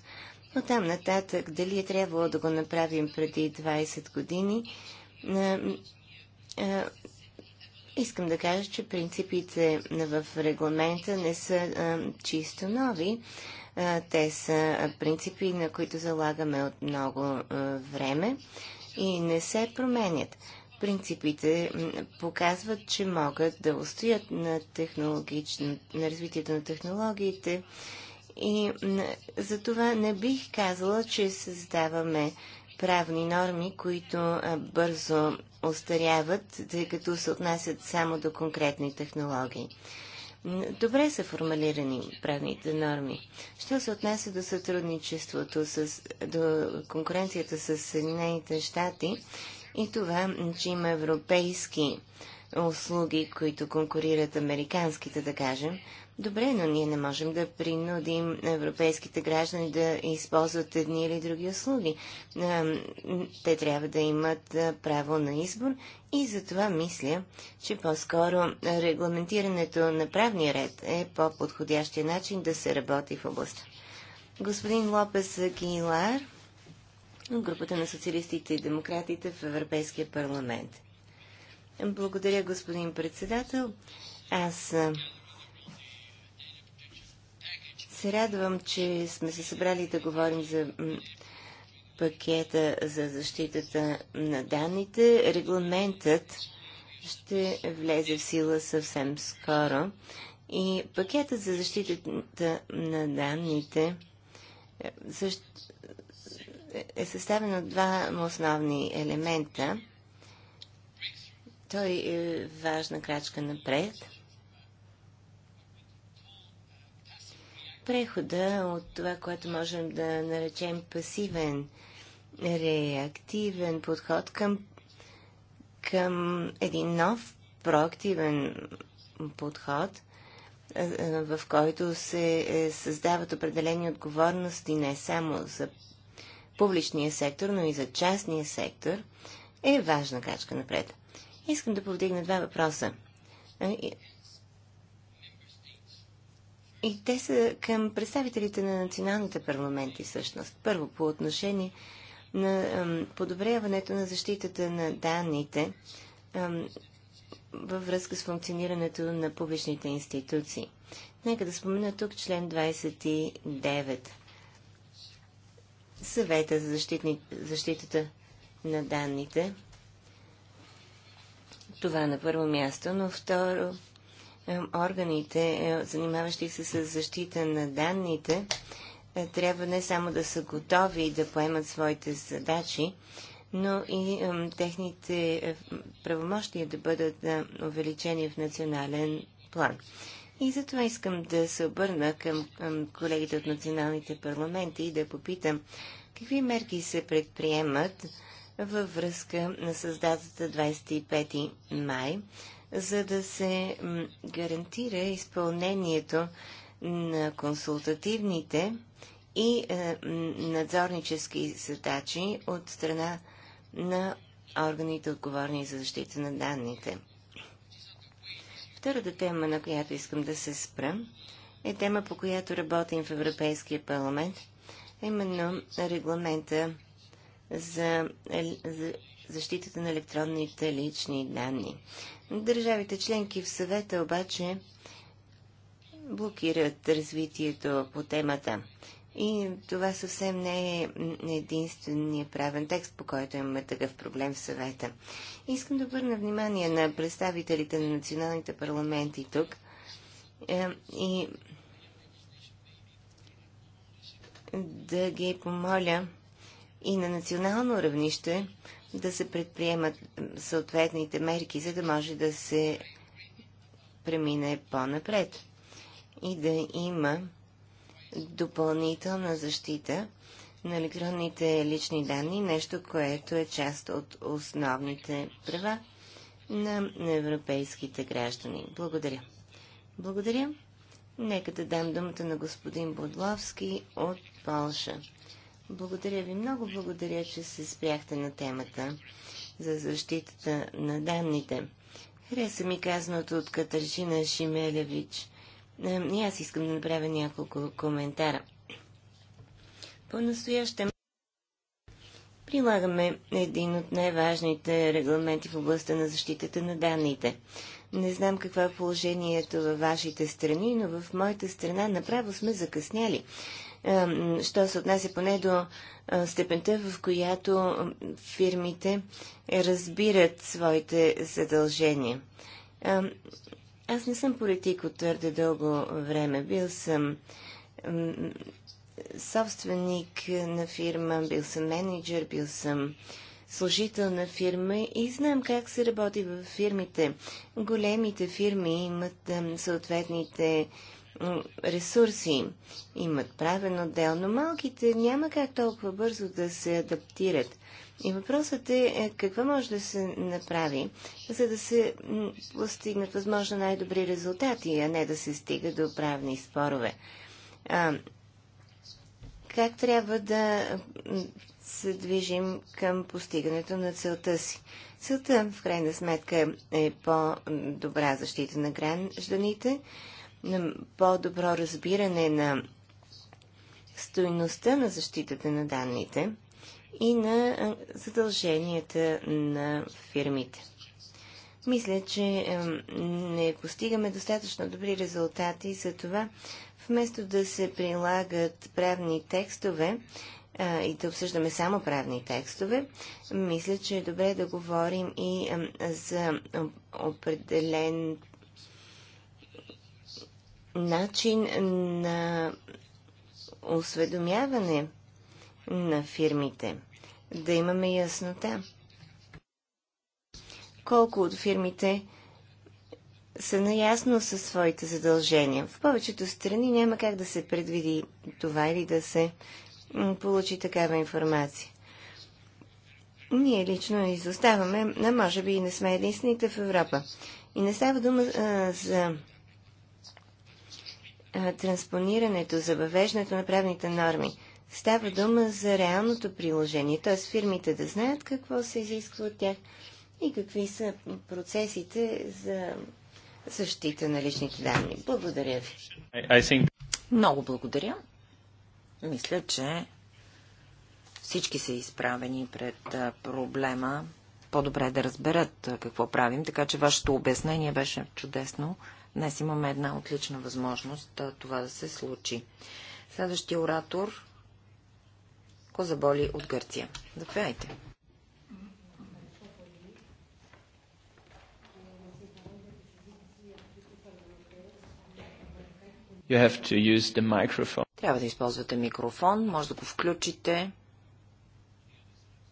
но там нататък дали е трябвало да го направим преди 20 години, искам да кажа, че принципите в регламента не са чисто нови. Те са принципи, на които залагаме от много време и не се променят. Принципите показват, че могат да устоят на, на развитието на технологиите, и за това не бих казала, че създаваме правни норми, които бързо остаряват, тъй като се отнасят само до конкретни технологии. Добре са формулирани правните норми. Що се отнася до сътрудничеството, с, до конкуренцията с Съединените щати и това, че има европейски услуги, които конкурират американските, да кажем, Добре, но ние не можем да принудим европейските граждани да използват едни или други услуги. Те трябва да имат право на избор и затова мисля, че по-скоро регламентирането на правния ред е по-подходящия начин да се работи в областта. Господин Лопес Гилар, групата на социалистите и демократите в Европейския парламент. Благодаря, господин председател. Аз се радвам, че сме се събрали да говорим за пакета за защитата на данните. Регламентът ще влезе в сила съвсем скоро. И пакетът за защитата на данните е, е съставен от два основни елемента. Той е важна крачка напред – прехода от това, което можем да наречем пасивен, реактивен подход към, към един нов проактивен подход, в който се е, създават определени отговорности не само за публичния сектор, но и за частния сектор, е важна качка напред. Искам да повдигна два въпроса. И те са към представителите на националните парламенти всъщност. Първо по отношение на подобряването на защитата на данните във връзка с функционирането на публичните институции. Нека да спомена тук член 29. Съвета за защитни, защитата на данните. Това на първо място, но второ е, органите, е, занимаващи се с защита на данните, е, трябва не само да са готови да поемат своите задачи, но и техните правомощия да бъдат увеличени в национален план. И затова искам да се обърна към колегите от националните парламенти и да попитам какви мерки се предприемат във връзка с датата 25 май за да се гарантира изпълнението на консултативните и е, надзорнически задачи от страна на органите отговорни за защита на данните. Втората тема, на която искам да се спра, е тема, по която работим в Европейския парламент, именно регламента за, е, за защитата на електронните лични данни. Държавите членки в съвета обаче блокират развитието по темата. И това съвсем не е единствения правен текст, по който имаме такъв проблем в съвета. Искам да обърна внимание на представителите на националните парламенти тук е, и да ги помоля и на национално равнище да се предприемат съответните мерки, за да може да се премине по-напред и да има допълнителна защита на електронните лични данни, нещо, което е част от основните права на европейските граждани. Благодаря. Благодаря. Нека да дам думата на господин Бодловски от Полша. Благодаря ви много. Благодаря, че се спряхте на темата за защитата на данните. Хареса ми казаното от Катаржина Шимелевич. И аз искам да направя няколко коментара. По-настоящем прилагаме един от най-важните регламенти в областта на защитата на данните. Не знам какво е положението във вашите страни, но в моята страна направо сме закъсняли що се отнася поне до степента, в която фирмите разбират своите задължения. Аз не съм политик от твърде дълго време. Бил съм собственик на фирма, бил съм менеджер, бил съм служител на фирма и знам как се работи в фирмите. Големите фирми имат съответните ресурси. Имат правен отдел, но малките няма как толкова бързо да се адаптират. И въпросът е, е какво може да се направи, за да се постигнат възможно най-добри резултати, а не да се стига до правни спорове. А, как трябва да се движим към постигането на целта си? Целта, в крайна сметка, е по-добра защита на гражданите, на по-добро разбиране на стойността на защитата на данните и на задълженията на фирмите. Мисля, че не постигаме достатъчно добри резултати и за това вместо да се прилагат правни текстове и да обсъждаме само правни текстове, мисля, че е добре да говорим и за определен начин на осведомяване на фирмите, да имаме яснота. Колко от фирмите са наясно със своите задължения. В повечето страни няма как да се предвиди това или да се получи такава информация. Ние лично изоставаме, а може би и не сме единствените в Европа. И не става дума а, за транспонирането, за въвеждането на правните норми. Става дума за реалното приложение, т.е. фирмите да знаят какво се изисква от тях и какви са процесите за защита на личните данни. Благодаря ви. Think... Много благодаря. Мисля, че всички са изправени пред проблема. По-добре да разберат какво правим, така че вашето обяснение беше чудесно. Днес имаме една отлична възможност това да се случи. Следващия оратор Козаболи от Гърция. Заповядайте. You have to use the microphone. Трябва да използвате микрофон, може да го включите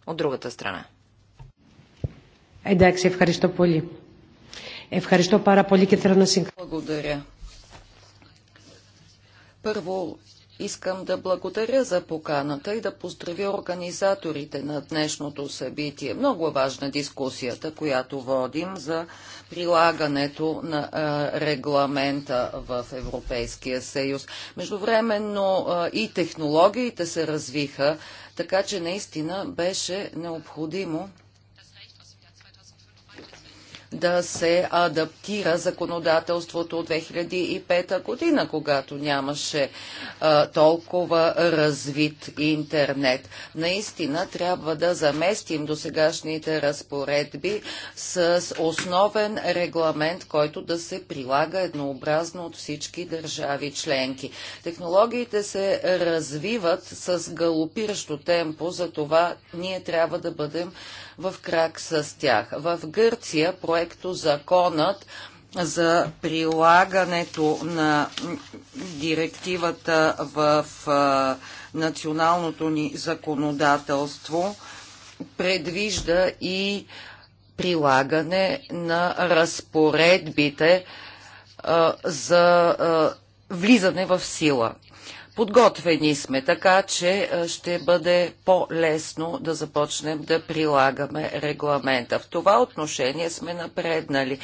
от другата страна. Εντάξει, ευχαριστώ πολύ. Ευχαριστώ πάρα πολύ και θέλω να συγχαρώ. Благодаря. Първо, искам да благодаря за поканата и да поздравя организаторите на днешното събитие. Много е важна дискусията, която водим за прилагането на а, регламента в Европейския съюз. Междувременно а, и технологиите се развиха, така че наистина беше необходимо да се адаптира законодателството от 2005 година, когато нямаше а, толкова развит интернет. Наистина трябва да заместим досегашните разпоредби с основен регламент, който да се прилага еднообразно от всички държави членки. Технологиите се развиват с галопиращо темпо, за това ние трябва да бъдем в крак с тях. В Гърция проекто законът за прилагането на директивата в националното ни законодателство предвижда и прилагане на разпоредбите за влизане в сила Подготвени сме, така че ще бъде по-лесно да започнем да прилагаме регламента. В това отношение сме напреднали,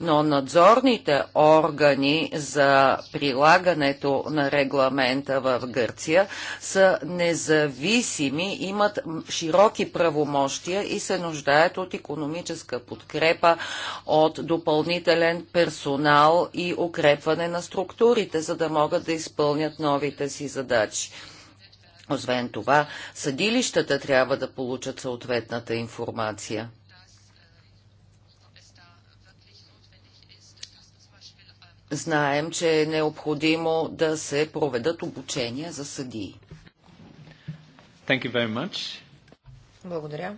но надзорните органи за прилагането на регламента в Гърция са независими, имат широки правомощия и се нуждаят от економическа подкрепа, от допълнителен персонал и укрепване на структурите, за да могат да изпълнят новите си си задачи. Освен това, съдилищата трябва да получат съответната информация. Знаем, че е необходимо да се проведат обучения за съдии. Thank you very much. Благодаря.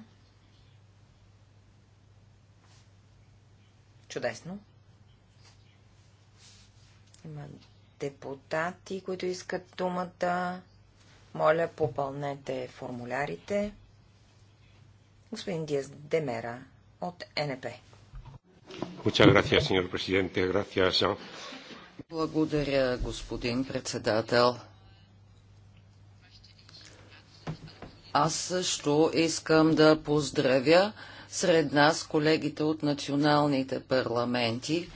Чудесно. Има депутати, които искат думата. Моля, попълнете формулярите. Господин Диас Демера от НП. Благодаря, господин председател. Аз също искам да поздравя сред нас колегите от националните парламенти,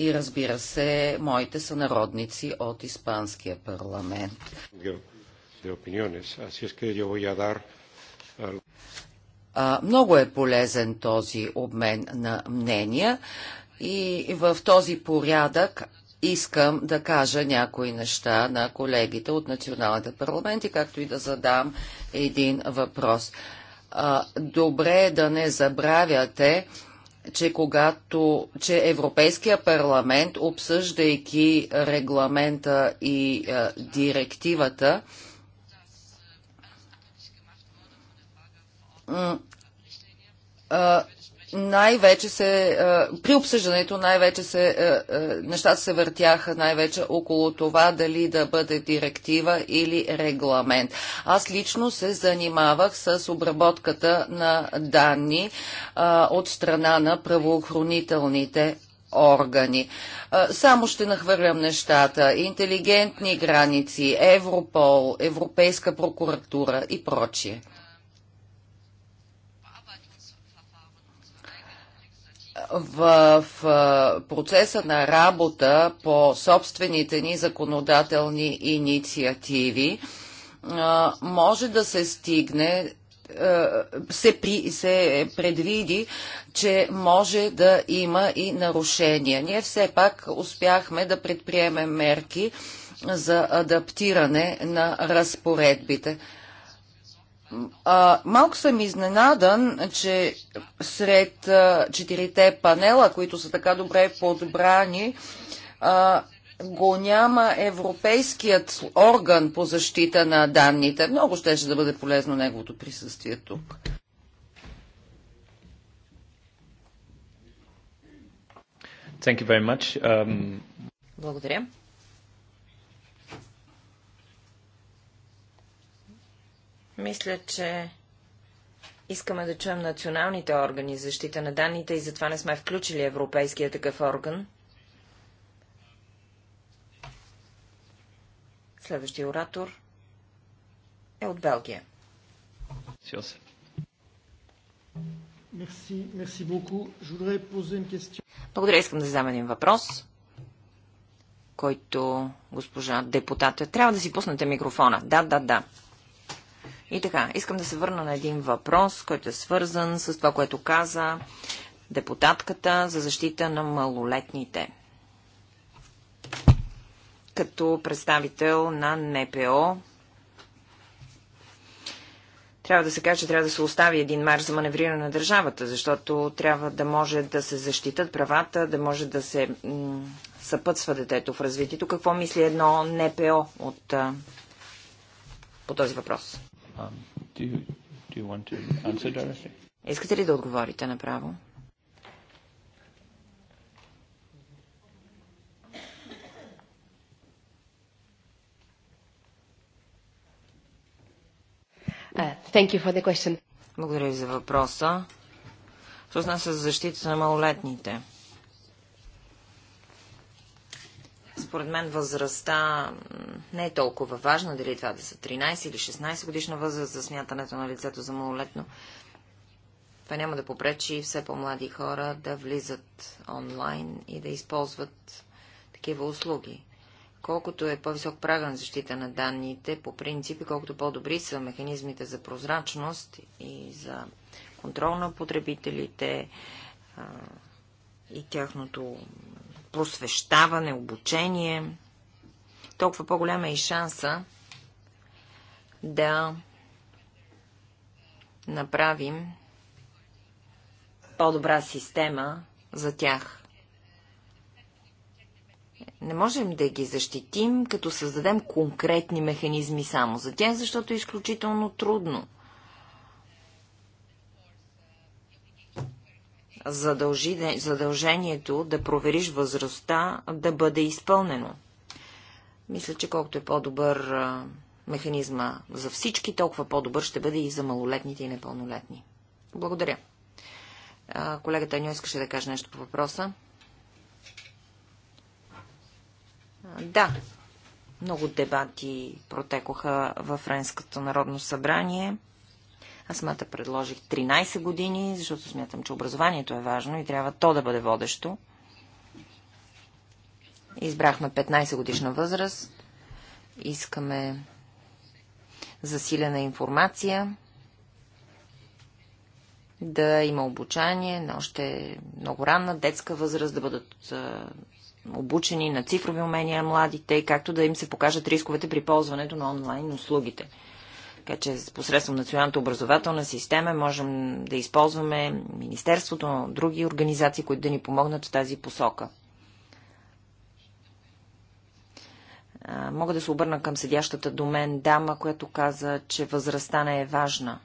и разбира се, моите сънародници от Испанския парламент. много е полезен този обмен на мнения и в този порядък искам да кажа някои неща на колегите от националните парламенти, както и да задам един въпрос. добре е да не забравяте, че когато че Европейския парламент, обсъждайки регламента и а, е, директивата, а, най-вече се, при обсъждането най-вече се, нещата се въртяха най-вече около това дали да бъде директива или регламент. Аз лично се занимавах с обработката на данни от страна на правоохранителните органи. Само ще нахвърлям нещата. Интелигентни граници, Европол, Европейска прокуратура и прочие. в процеса на работа по собствените ни законодателни инициативи може да се стигне се, при, се предвиди, че може да има и нарушения. Ние все пак успяхме да предприемем мерки за адаптиране на разпоредбите. А, малко съм изненадан, че сред а, четирите панела, които са така добре подбрани, а, го няма Европейският орган по защита на данните. Много ще, ще да бъде полезно неговото присъствие тук. Thank you very much. Um... Благодаря. Мисля, че искаме да чуем националните органи за защита на данните и затова не сме включили европейския такъв орган. Следващия оратор е от Белгия. Благодаря, искам да задам един въпрос, който госпожа депутата... Трябва да си пуснете микрофона. Да, да, да. И така, искам да се върна на един въпрос, който е свързан с това, което каза депутатката за защита на малолетните. Като представител на НПО, трябва да се каже, че трябва да се остави един марш за маневриране на държавата, защото трябва да може да се защитат правата, да може да се съпътства детето в развитието. Какво мисли едно НПО от, по този въпрос? Um, Искате ли да отговорите направо? Uh, Благодаря ви за въпроса. Що се за защита на малолетните? Според мен възрастта не е толкова важна, дали това да са 13 или 16 годишна възраст за смятането на лицето за малолетно. Това няма да попречи все по-млади хора да влизат онлайн и да използват такива услуги. Колкото е по-висок прага на защита на данните, по принцип, и колкото по-добри са механизмите за прозрачност и за контрол на потребителите а, и тяхното просвещаване, обучение, толкова по-голяма е и шанса да направим по-добра система за тях. Не можем да ги защитим, като създадем конкретни механизми само за тях, защото е изключително трудно – задължи, задължението да провериш възрастта да бъде изпълнено. Мисля, че колкото е по-добър механизма за всички, толкова по-добър ще бъде и за малолетните и непълнолетни. Благодаря. Колегата Аню искаше да каже нещо по въпроса. Да, много дебати протекоха във Френското народно събрание. Аз самата предложих 13 години, защото смятам, че образованието е важно и трябва то да бъде водещо. Избрахме 15 годишна възраст. Искаме засилена информация, да има обучание на още много ранна детска възраст, да бъдат обучени на цифрови умения младите, както да им се покажат рисковете при ползването на онлайн услугите. Така че посредством националната образователна система можем да използваме Министерството, други организации, които да ни помогнат в тази посока. Мога да се обърна към седящата до мен дама, която каза, че възрастта не е важна.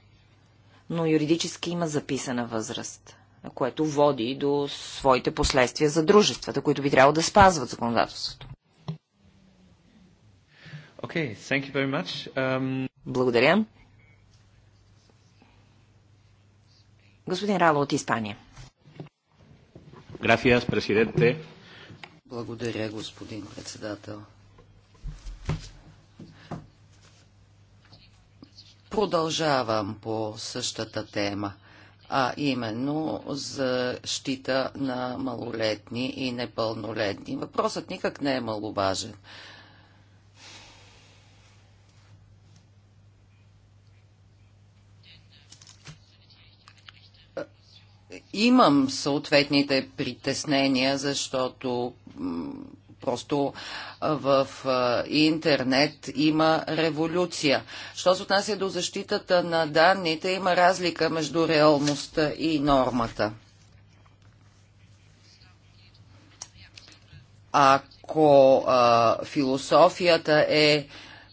Но юридически има записана възраст, което води до своите последствия за дружествата, които би трябвало да спазват законодателството. Okay, thank you very much. Um... Благодаря. Господин Рало от Испания. Gracias, presidente. Благодаря, господин председател. Продължавам по същата тема, а именно за щита на малолетни и непълнолетни. Въпросът никак не е маловажен. имам съответните притеснения, защото просто в интернет има революция. Що се отнася до защитата на данните, има разлика между реалността и нормата. Ако а, философията е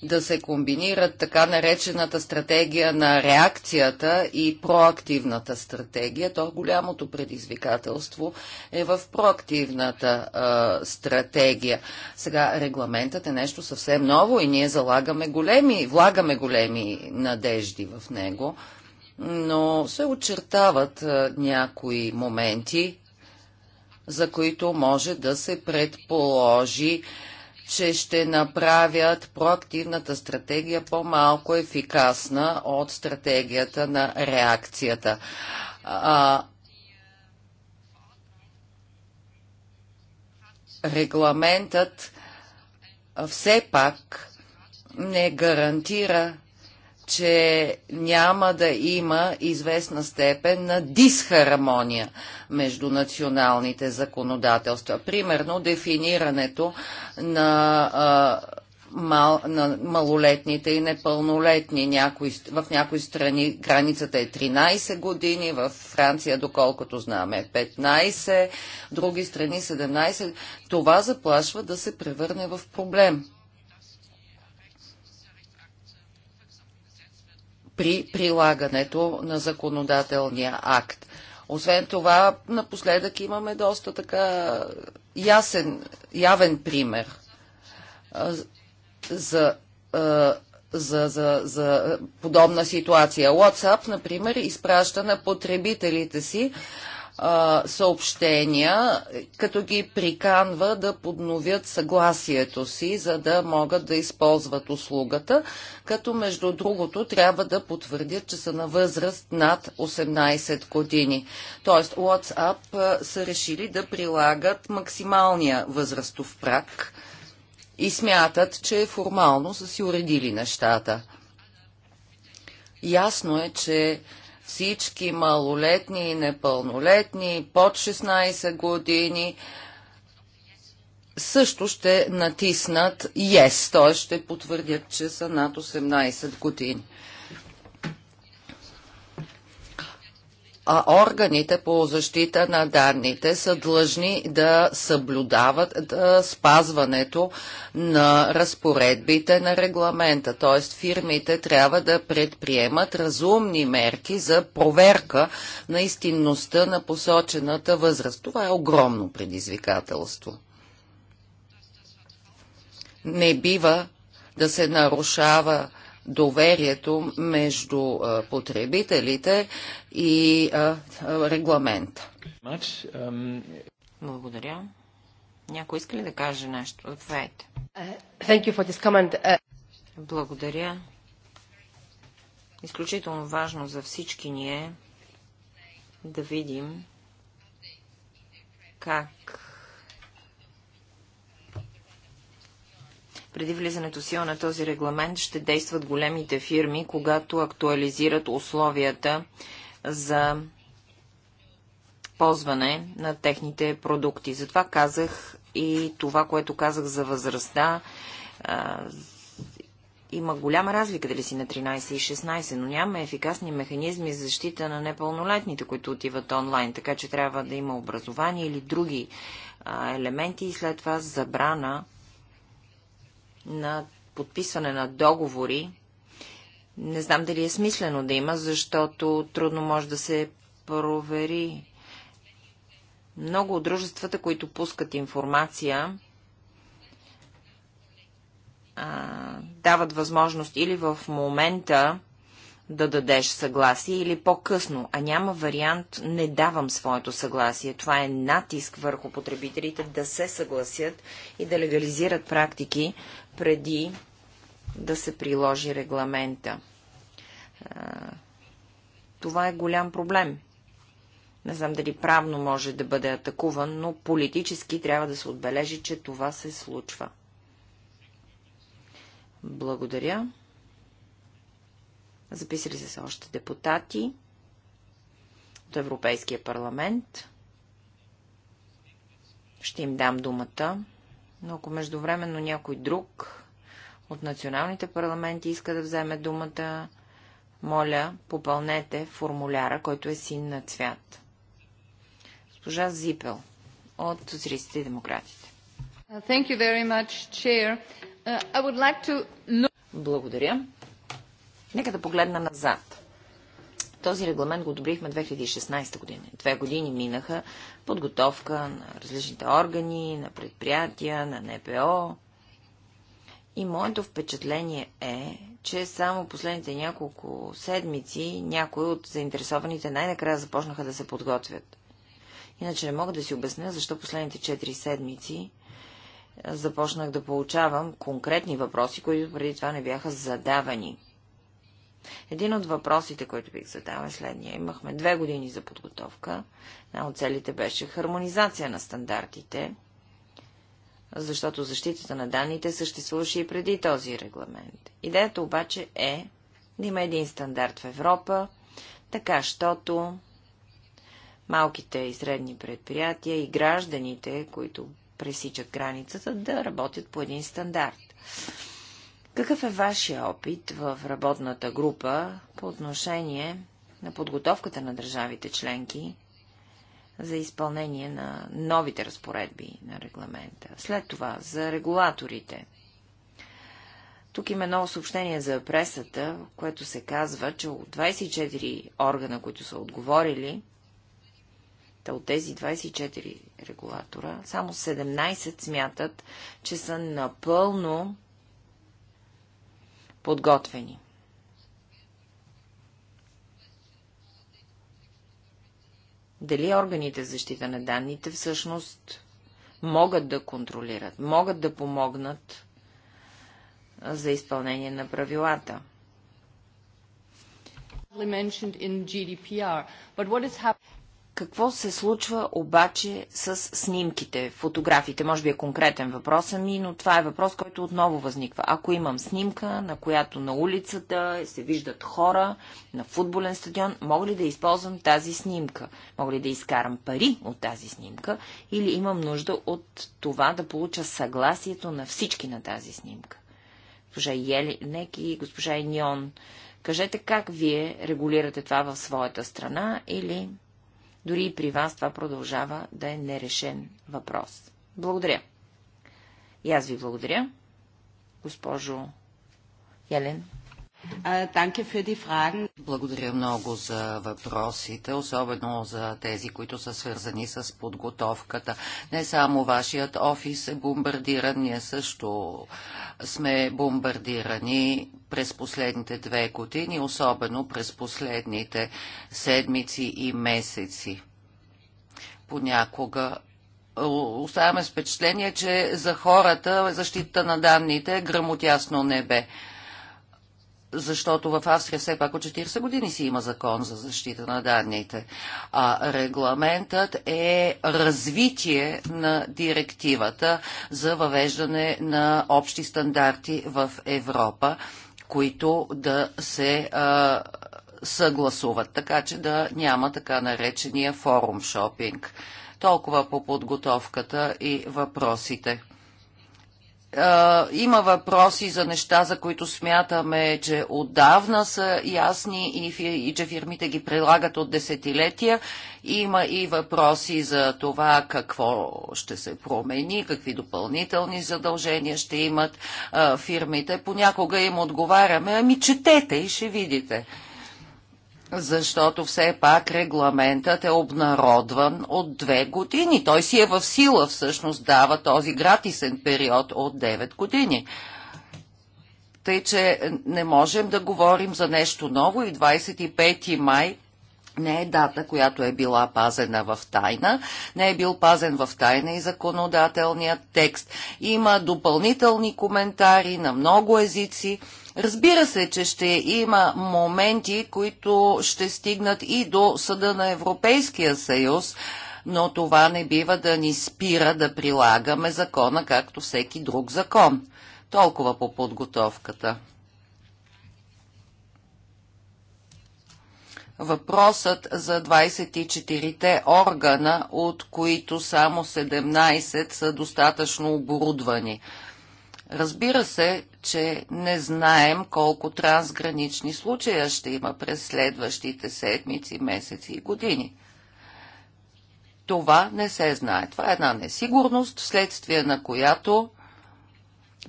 да се комбинират така наречената стратегия на реакцията и проактивната стратегия, то голямото предизвикателство е в проактивната а, стратегия. Сега регламентът е нещо съвсем ново и ние залагаме големи, влагаме големи надежди в него, но се очертават а, някои моменти, за които може да се предположи а, че ще направят проактивната стратегия по-малко ефикасна от стратегията на реакцията. А, регламентът все пак не гарантира че няма да има известна степен на дисхармония между националните законодателства. Примерно дефинирането на, а, мал, на малолетните и непълнолетни. в някои страни границата е 13 години, в Франция, доколкото знаме, 15, е в други страни 17. Това заплашва да се превърне в проблем. при прилагането на законодателния акт. Освен това, напоследък имаме доста така ясен, явен пример за, за, за, за подобна ситуация. WhatsApp, например, изпраща на потребителите си съобщения, като ги приканва да подновят съгласието си, за да могат да използват услугата, като между другото трябва да потвърдят, че са на възраст над 18 години. Тоест WhatsApp са решили да прилагат максималния възрастов прак и смятат, че формално са си уредили нещата. Ясно е, че всички малолетни и непълнолетни под 16 години също ще натиснат ЕС, yes, т.е. ще потвърдят, че са над 18 години. а органите по защита на данните са длъжни да съблюдават да, спазването на разпоредбите на регламента. Т.е. фирмите трябва да предприемат разумни мерки за проверка на истинността на посочената възраст. Това е огромно предизвикателство. Не бива да се нарушава доверието между потребителите и регламента. Um, Благодаря. Някой иска ли да каже нещо? Отвайте. Uh, uh, Благодаря. Изключително важно за всички ние да видим как Преди влизането си сила на този регламент ще действат големите фирми, когато актуализират условията за ползване на техните продукти. Затова казах и това, което казах за възрастта. има голяма разлика дали си на 13 и 16, но няма ефикасни механизми за защита на непълнолетните, които отиват онлайн, така че трябва да има образование или други елементи и след това забрана на подписване на договори. Не знам дали е смислено да има, защото трудно може да се провери. Много от дружествата, които пускат информация, дават възможност или в момента да дадеш съгласие или по-късно, а няма вариант не давам своето съгласие. Това е натиск върху потребителите да се съгласят и да легализират практики, преди да се приложи регламента. Това е голям проблем. Не знам дали правно може да бъде атакуван, но политически трябва да се отбележи, че това се случва. Благодаря. Записали се още депутати от Европейския парламент. Ще им дам думата. Но ако междувременно някой друг от националните парламенти иска да вземе думата, моля, попълнете формуляра, който е син на цвят. Госпожа Зипел от Социалистите и демократите. Much, uh, like to... Благодаря. Нека да погледна назад. Този регламент го одобрихме 2016 година. Две години минаха подготовка на различните органи, на предприятия, на НПО. И моето впечатление е, че само последните няколко седмици някои от заинтересованите най-накрая започнаха да се подготвят. Иначе не мога да си обясня, защо последните 4 седмици е, започнах да получавам конкретни въпроси, които преди това не бяха задавани. Един от въпросите, които бих задала е следния. Имахме две години за подготовка. Една от целите беше хармонизация на стандартите, защото защитата на данните съществуваше и преди този регламент. Идеята обаче е да има един стандарт в Европа, така, щото малките и средни предприятия и гражданите, които пресичат границата, да работят по един стандарт. Какъв е вашия опит в работната група по отношение на подготовката на държавите членки за изпълнение на новите разпоредби на регламента? След това, за регулаторите. Тук има ново съобщение за пресата, в което се казва, че от 24 органа, които са отговорили, от тези 24 регулатора, само 17 смятат, че са напълно подготвени. Дали органите за защита на данните всъщност могат да контролират, могат да помогнат за изпълнение на правилата? Какво се случва обаче с снимките, фотографите? Може би е конкретен въпрос, ами, но това е въпрос, който отново възниква. Ако имам снимка, на която на улицата се виждат хора, на футболен стадион, мога ли да използвам тази снимка? Мога ли да изкарам пари от тази снимка? Или имам нужда от това да получа съгласието на всички на тази снимка? Госпожа Еленек и госпожа Енион, кажете как вие регулирате това в своята страна или дори и при вас това продължава да е нерешен въпрос. Благодаря. И аз ви благодаря, госпожо Елен благодаря много за въпросите, особено за тези, които са свързани с подготовката. Не само вашият офис е бомбардиран, ние също сме бомбардирани през последните две години, особено през последните седмици и месеци. Понякога оставяме с впечатление, че за хората защита на данните е грамотясно небе защото в Австрия все пак от 40 години си има закон за защита на данните. А регламентът е развитие на директивата за въвеждане на общи стандарти в Европа, които да се а, съгласуват, така че да няма така наречения форум шопинг. Толкова по подготовката и въпросите. Е, има въпроси за неща, за които смятаме, че отдавна са ясни и, и че фирмите ги прилагат от десетилетия. Има и въпроси за това какво ще се промени, какви допълнителни задължения ще имат а, е, фирмите. Понякога им отговаряме, ами четете и ще видите защото все пак регламентът е обнародван от две години. Той си е в сила, всъщност дава този гратисен период от 9 години. Тъй, че не можем да говорим за нещо ново и 25 май не е дата, която е била пазена в тайна, не е бил пазен в тайна и законодателният текст. Има допълнителни коментари на много езици Разбира се, че ще има моменти, които ще стигнат и до съда на Европейския съюз, но това не бива да ни спира да прилагаме закона, както всеки друг закон. Толкова по подготовката. Въпросът за 24-те органа, от които само 17 са достатъчно оборудвани – Разбира се, че не знаем колко трансгранични случая ще има през следващите седмици, месеци и години. Това не се знае. Това е една несигурност, вследствие на която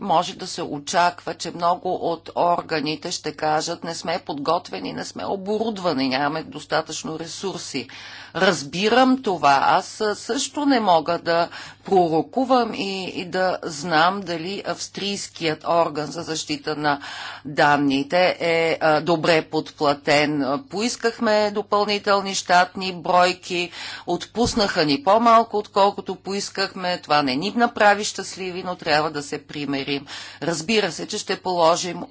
може да се очаква, че много от органите ще кажат не сме подготвени, не сме оборудвани, нямаме достатъчно ресурси. Разбирам това. Аз също не мога да пророкувам и, и да знам дали австрийският орган за защита на данните е а, е, добре подплатен. Поискахме допълнителни щатни бройки, отпуснаха ни по-малко, отколкото поискахме. Това не ни направи щастливи, но трябва да се примери проверим. Разбира се, че ще положим е,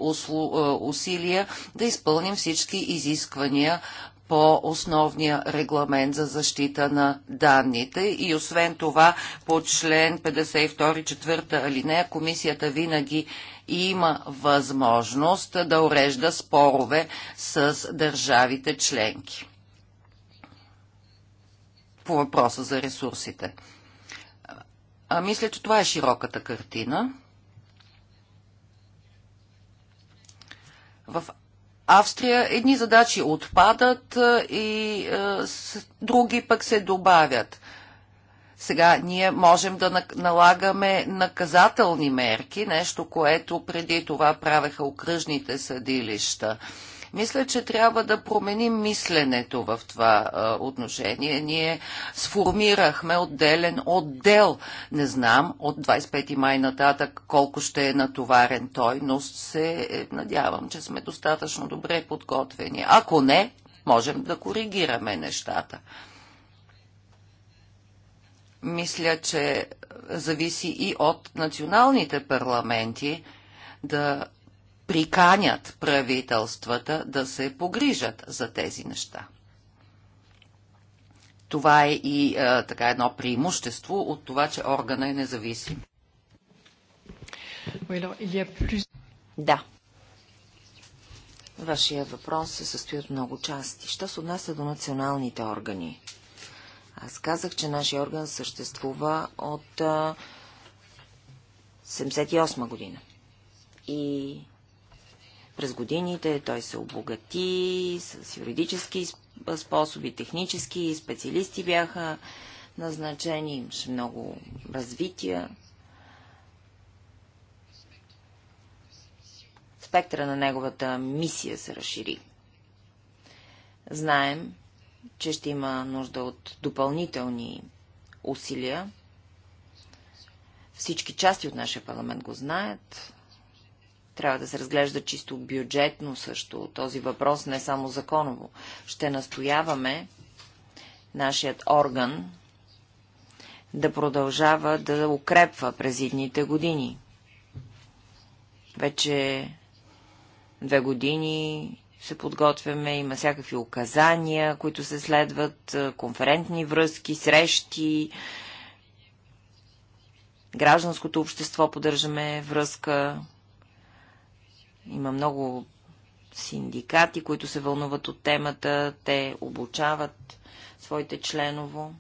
усилия да изпълним всички изисквания по основния регламент за защита на данните и освен това по член 52 четвърта алинея комисията винаги има възможност да урежда спорове с държавите членки. По въпроса за ресурсите. А, мисля, че това е широката картина. В Австрия едни задачи отпадат и е, други пък се добавят. Сега ние можем да налагаме наказателни мерки, нещо, което преди това правеха окръжните съдилища. Мисля, че трябва да променим мисленето в това а, отношение. Ние сформирахме отделен отдел. Не знам от 25 май нататък колко ще е натоварен той, но се е, надявам, че сме достатъчно добре подготвени. Ако не, можем да коригираме нещата мисля, че зависи и от националните парламенти да приканят правителствата да се погрижат за тези неща. Това е и а, е, така едно преимущество от това, че органа е независим. Да. Вашия въпрос се състои от много части. Що се отнася до националните органи? Аз казах, че нашия орган съществува от е, а, 78 година. И през годините той се обогати с юридически способи, технически специалисти бяха назначени, имаше много развития. Спектъра на неговата мисия се разшири. Знаем, че ще има нужда от допълнителни усилия. Всички части от нашия парламент го знаят. Трябва да се разглежда чисто бюджетно също този въпрос, не само законово. Ще настояваме нашият орган да продължава да укрепва през едните години. Вече две години се подготвяме, има всякакви указания, които се следват, конферентни връзки, срещи. Гражданското общество поддържаме връзка. Има много синдикати, които се вълнуват от темата, те обучават своите членово.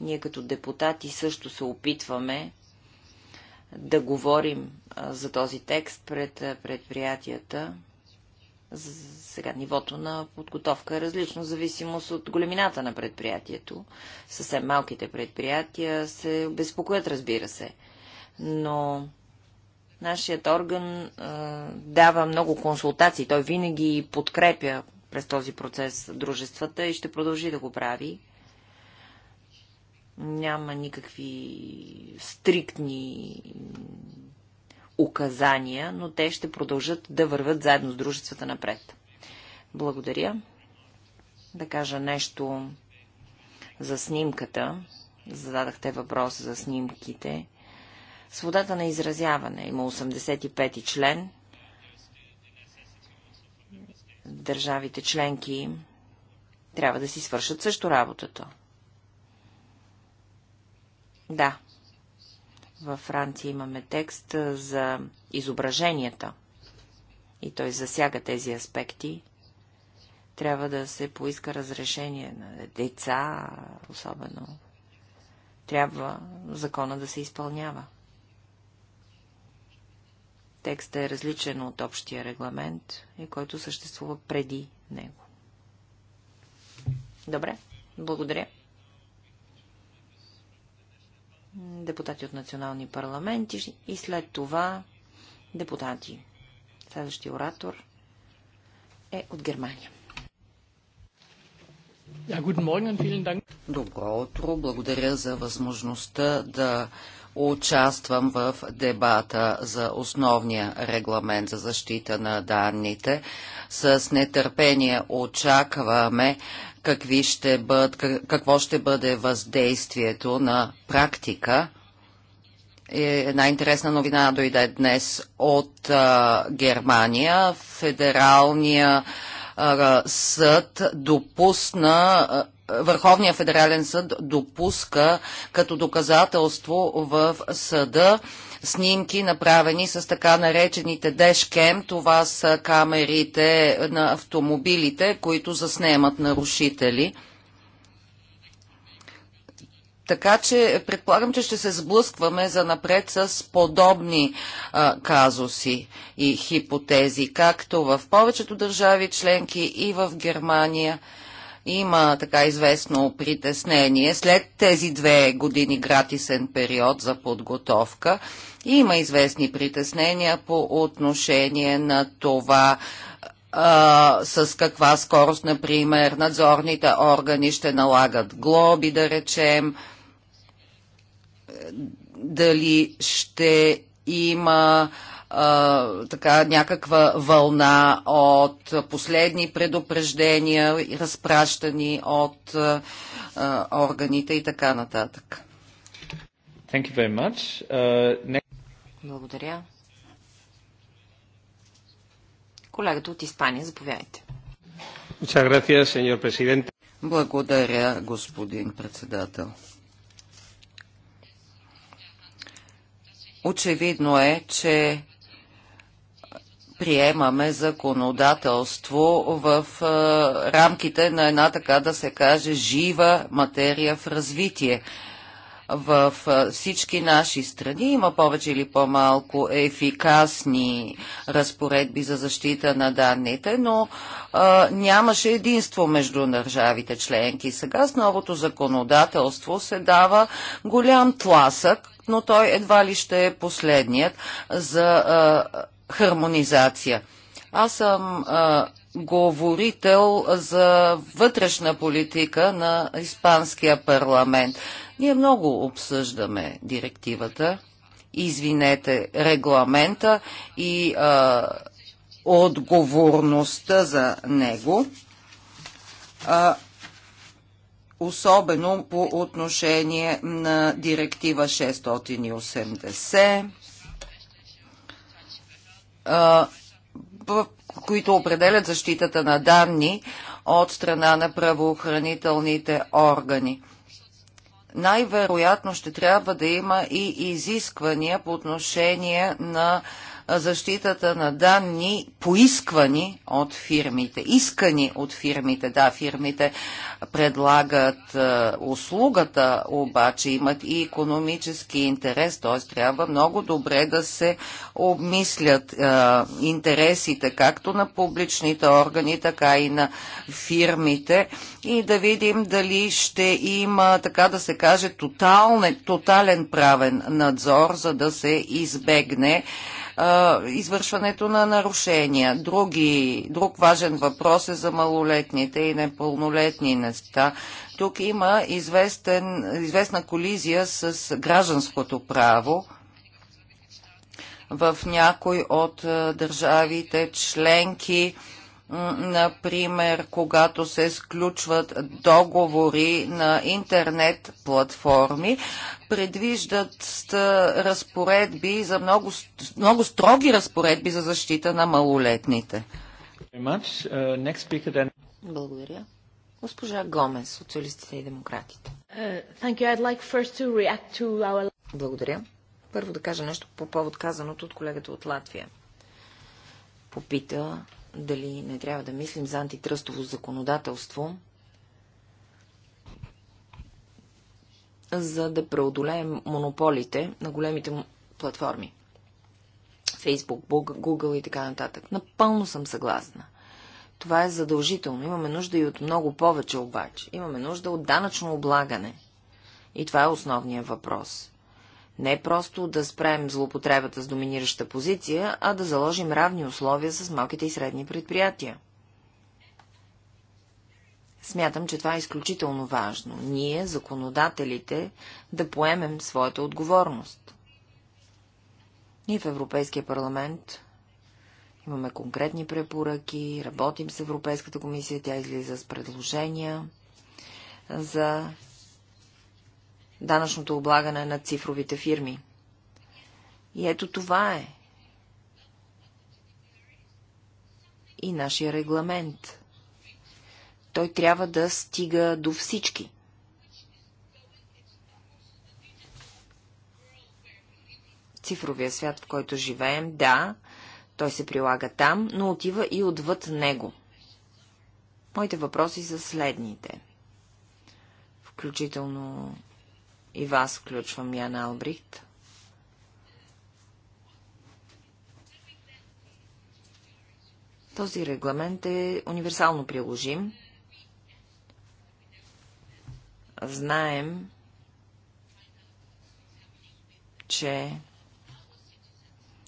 Ние като депутати също се опитваме да говорим за този текст пред предприятията. Сега нивото на подготовка е различно, в зависимост от големината на предприятието. Съвсем малките предприятия се безпокоят, разбира се. Но Нашият орган а, дава много консултации. Той винаги подкрепя през този процес дружествата и ще продължи да го прави. Няма никакви стриктни указания, но те ще продължат да върват заедно с дружествата напред. Благодаря. Да кажа нещо за снимката. Зададахте въпрос за снимките. Свободата на изразяване има 85-ти член. Държавите членки трябва да си свършат също работата. Да. Във Франция имаме текст за изображенията. И той засяга тези аспекти. Трябва да се поиска разрешение на деца, особено. Трябва закона да се изпълнява. Текстът е различен от общия регламент и който съществува преди него. Добре, благодаря. Депутати от национални парламенти и след това депутати. Следващия оратор е от Германия. Добро утро, благодаря за възможността да участвам в дебата за основния регламент за защита на данните. С нетърпение очакваме какви ще бъд, какво ще бъде въздействието на практика е, Една интересна новина дойде днес от а, Германия. Федералния а, съд допусна а, Върховния федерален съд допуска като доказателство в съда снимки, направени с така наречените дешкем. Това са камерите на автомобилите, които заснемат нарушители. Така че предполагам, че ще се сблъскваме за напред с подобни а, казуси и хипотези, както в повечето държави членки и в Германия – има така известно притеснение след тези две години гратисен период за подготовка. Има известни притеснения по отношение на това, а, с каква скорост, например, надзорните органи ще налагат глоби, да речем, дали ще има а, така някаква вълна от последни предупреждения, разпращани от а, органите и така нататък. Thank you very much. Uh, next... Благодаря. Колегата от Испания, заповядайте. gracias, señor presidente. Благодаря, господин председател. Очевидно е, че приемаме законодателство в рамките на една така да се каже жива материя в развитие в всички наши страни има повече или по-малко ефикасни разпоредби за защита на данните, но а, нямаше единство между държавите членки. Сега с новото законодателство се дава голям тласък, но той едва ли ще е последният за а, хармонизация. Аз съм а, говорител за вътрешна политика на Испанския парламент. Ние много обсъждаме директивата, извинете, регламента и а, отговорността за него. А, особено по отношение на директива 680 които определят защитата на данни от страна на правоохранителните органи. Най-вероятно ще трябва да има и изисквания по отношение на защитата на данни, поисквани от фирмите, искани от фирмите. Да, фирмите предлагат услугата, обаче имат и економически интерес, т.е. трябва много добре да се обмислят интересите както на публичните органи, така и на фирмите и да видим дали ще има, така да се каже, тотален, тотален правен надзор, за да се избегне извършването на нарушения. Други, друг важен въпрос е за малолетните и непълнолетни неща. Тук има известен, известна колизия с гражданското право в някой от държавите членки например, когато се сключват договори на интернет платформи, предвиждат разпоредби за много, много строги разпоредби за защита на малолетните. Благодаря. Госпожа Гомес, социалистите и демократите. Благодаря. Първо да кажа нещо по повод казаното от колегата от Латвия. Попита дали не трябва да мислим за антитръстово законодателство, за да преодолеем монополите на големите платформи. Facebook, Google и така нататък. Напълно съм съгласна. Това е задължително. Имаме нужда и от много повече обаче. Имаме нужда от данъчно облагане. И това е основният въпрос. Не просто да спрем злоупотребата с доминираща позиция, а да заложим равни условия с малките и средни предприятия. Смятам, че това е изключително важно. Ние, законодателите, да поемем своята отговорност. Ние в Европейския парламент имаме конкретни препоръки, работим с Европейската комисия, тя излиза с предложения за данъчното облагане на цифровите фирми. И ето това е. И нашия регламент. Той трябва да стига до всички. Цифровия свят, в който живеем, да, той се прилага там, но отива и отвъд него. Моите въпроси са следните. Включително и вас включвам, Яна Албрихт. Този регламент е универсално приложим. Знаем, че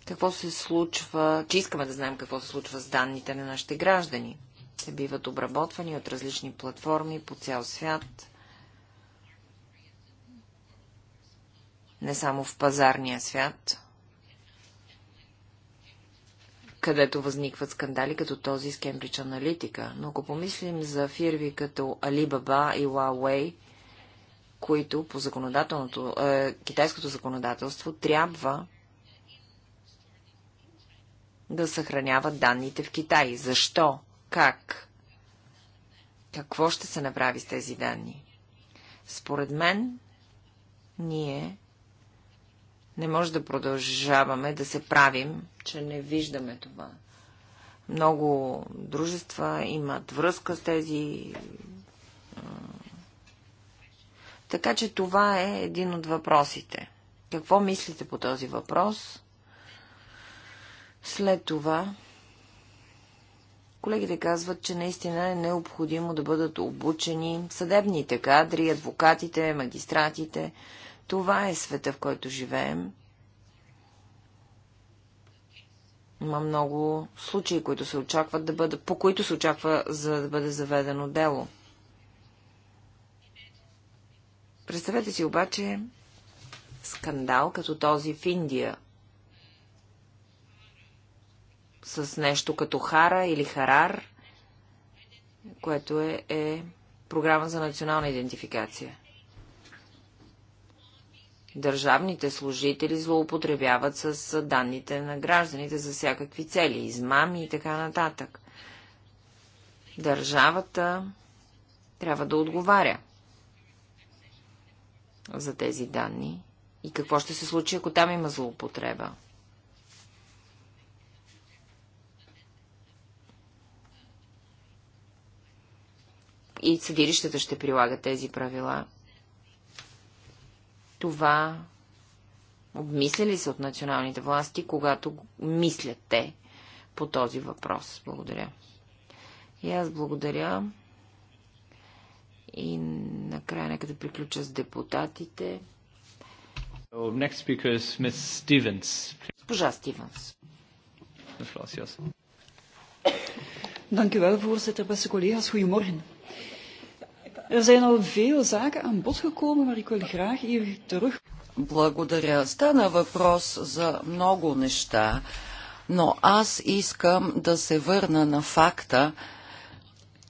какво се случва, че искаме да знаем какво се случва с данните на нашите граждани. Те биват обработвани от различни платформи по цял свят. не само в пазарния свят, където възникват скандали като този с Кембридж Аналитика. Но ако помислим за фирми като Alibaba и Huawei, които по законодателното, е, китайското законодателство трябва да съхраняват данните в Китай. Защо? Как? Какво ще се направи с тези данни? Според мен, ние не може да продължаваме да се правим, че не виждаме това. Много дружества имат връзка с тези. Така че това е един от въпросите. Какво мислите по този въпрос? След това колегите казват, че наистина е необходимо да бъдат обучени съдебните кадри, адвокатите, магистратите. Това е света, в който живеем. Има много случаи, които се очакват да бъдат, по които се очаква за да бъде заведено дело. Представете си обаче скандал като този в Индия. С нещо като Хара или Харар, което е, е програма за национална идентификация държавните служители злоупотребяват с данните на гражданите за всякакви цели, измами и така нататък. Държавата трябва да отговаря за тези данни и какво ще се случи, ако там има злоупотреба. И съдилищата ще прилагат тези правила. Това обмисля ли се от националните власти, когато мислят те по този въпрос? Благодаря. И аз благодаря. И накрая нека да приключа с депутатите. Next speaker is Ms. Stevens. Госпожа Стивенс. Dank voorzitter. Beste collega's, goedemorgen. Er zijn al veel zaken aan bod gekomen, maar ik wil graag hier terug. Благодаря. Стана въпрос за много неща, но аз искам да се върна на факта,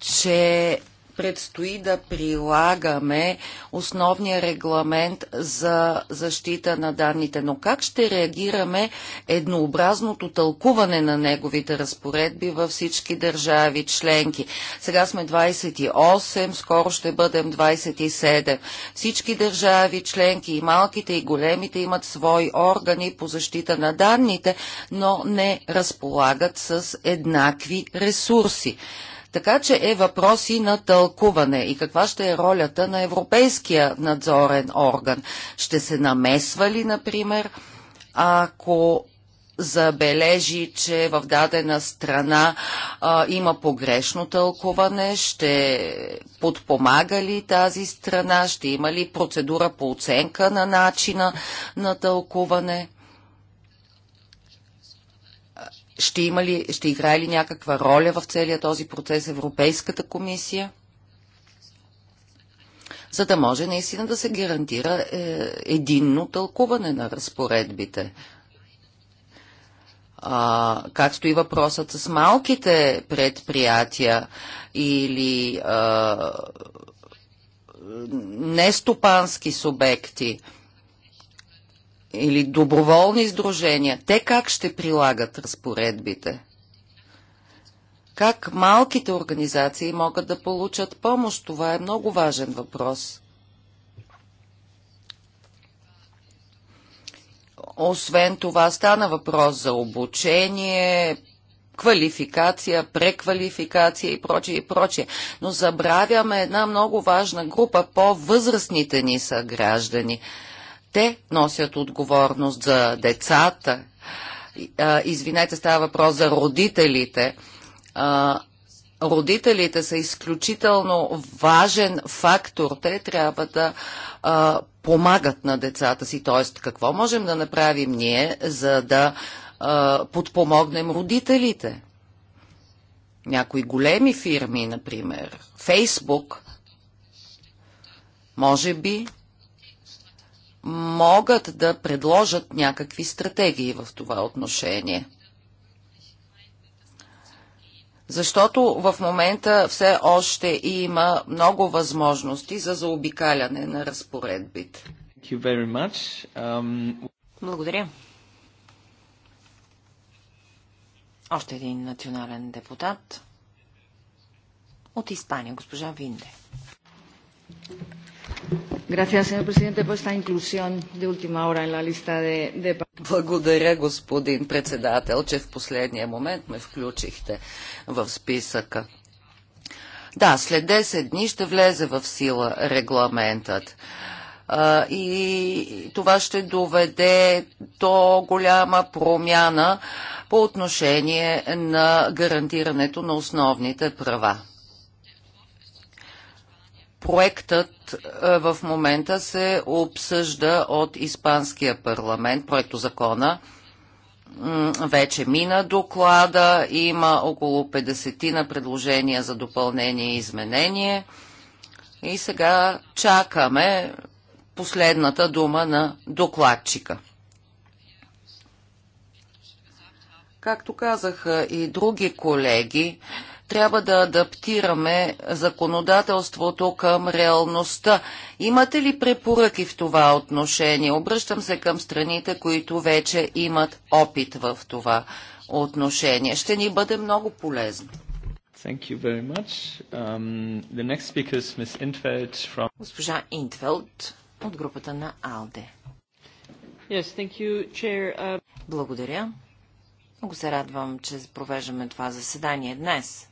че предстои да прилагаме основния регламент за защита на данните. Но как ще реагираме еднообразното тълкуване на неговите разпоредби във всички държави членки? Сега сме 28, скоро ще бъдем 27. Всички държави членки, и малките, и големите, имат свои органи по защита на данните, но не разполагат с еднакви ресурси. Така че е въпроси на тълкуване и каква ще е ролята на Европейския надзорен орган. Ще се намесва ли, например, ако забележи, че в дадена страна а, има погрешно тълкуване, ще подпомага ли тази страна, ще има ли процедура по оценка на начина на тълкуване? ще, има ли, ще играе ли някаква роля в целия този процес Европейската комисия? за да може наистина да се гарантира е, единно тълкуване на разпоредбите. А, как стои въпросът с малките предприятия или а, нестопански субекти? или доброволни сдружения, те как ще прилагат разпоредбите? Как малките организации могат да получат помощ? Това е много важен въпрос. Освен това стана въпрос за обучение, квалификация, преквалификация и прочее и прочее. Но забравяме една много важна група по-възрастните ни са граждани – те носят отговорност за децата. Извинете, става въпрос за родителите. Родителите са изключително важен фактор. Те трябва да а, помагат на децата си. Т.е. какво можем да направим ние, за да а, подпомогнем родителите? Някои големи фирми, например, Фейсбук, може би могат да предложат някакви стратегии в това отношение. Защото в момента все още има много възможности за заобикаляне на разпоредбите. Um... Благодаря. Още един национален депутат от Испания, госпожа Винде. Благодаря, господин председател, че в последния момент ме включихте в списъка. Да, след 10 дни ще влезе в сила регламентът. и това ще доведе до голяма промяна по отношение на гарантирането на основните права. Проектът е, в момента се обсъжда от Испанския парламент, проекто закона. Вече мина доклада, има около 50 на предложения за допълнение и изменение. И сега чакаме последната дума на докладчика. Както казаха и други колеги, трябва да адаптираме законодателството към реалността. Имате ли препоръки в това отношение? Обръщам се към страните, които вече имат опит в това отношение. Ще ни бъде много полезно. Thank you very much. Um, the next speaker is Ms. Intveld from... Госпожа Интфелд от групата на АЛДЕ. Yes, thank you, chair. Uh... Благодаря. Много се радвам, че провеждаме това заседание днес.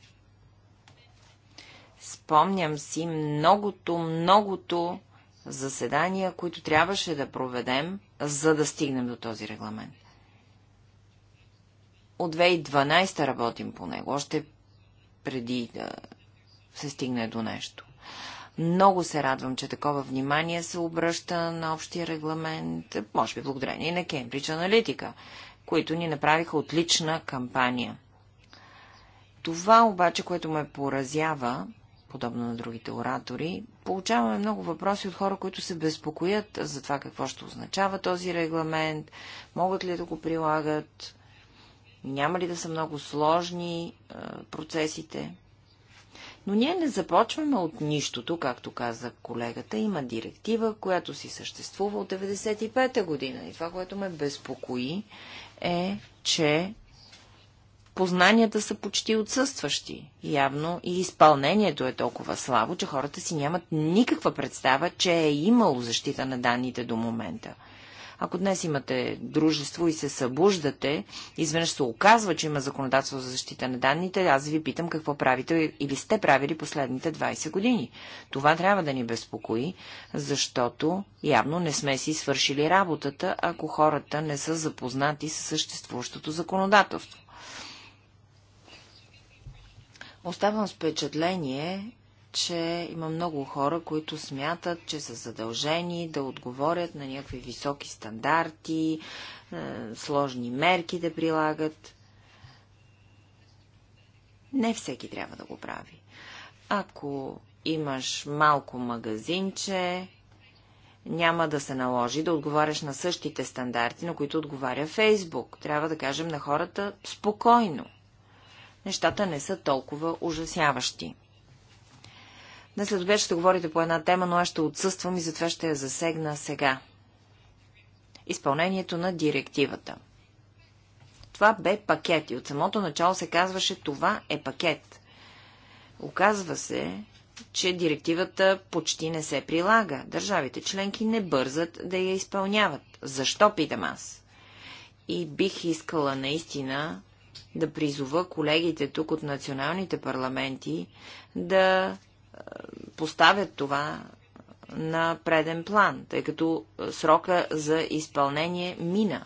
Спомням си многото, многото заседания, които трябваше да проведем, за да стигнем до този регламент. От 2012 работим по него, още преди да се стигне до нещо. Много се радвам, че такова внимание се обръща на общия регламент, може би благодарение и на Кембридж Аналитика, които ни направиха отлична кампания. Това обаче, което ме поразява, подобно на другите оратори. Получаваме много въпроси от хора, които се безпокоят за това какво ще означава този регламент, могат ли да го прилагат, няма ли да са много сложни е, процесите. Но ние не започваме от нищото, както каза колегата. Има директива, която си съществува от 1995 година. И това, което ме безпокои, е, че познанията са почти отсъстващи. Явно и изпълнението е толкова слабо, че хората си нямат никаква представа, че е имало защита на данните до момента. Ако днес имате дружество и се събуждате, изведнъж се оказва, че има законодателство за защита на данните, аз ви питам какво правите или сте правили последните 20 години. Това трябва да ни безпокои, защото явно не сме си свършили работата, ако хората не са запознати с съществуващото законодателство. Оставам с впечатление, че има много хора, които смятат, че са задължени да отговорят на някакви високи стандарти, е, сложни мерки да прилагат. Не всеки трябва да го прави. Ако имаш малко магазинче, няма да се наложи да отговаряш на същите стандарти, на които отговаря Фейсбук. Трябва да кажем на хората спокойно нещата не са толкова ужасяващи. Днес след обед ще говорите по една тема, но аз ще отсъствам и затова ще я засегна сега. Изпълнението на директивата. Това бе пакет и от самото начало се казваше това е пакет. Оказва се, че директивата почти не се прилага. Държавите членки не бързат да я изпълняват. Защо, питам аз? И бих искала наистина да призова колегите тук от националните парламенти да поставят това на преден план, тъй като срока за изпълнение мина.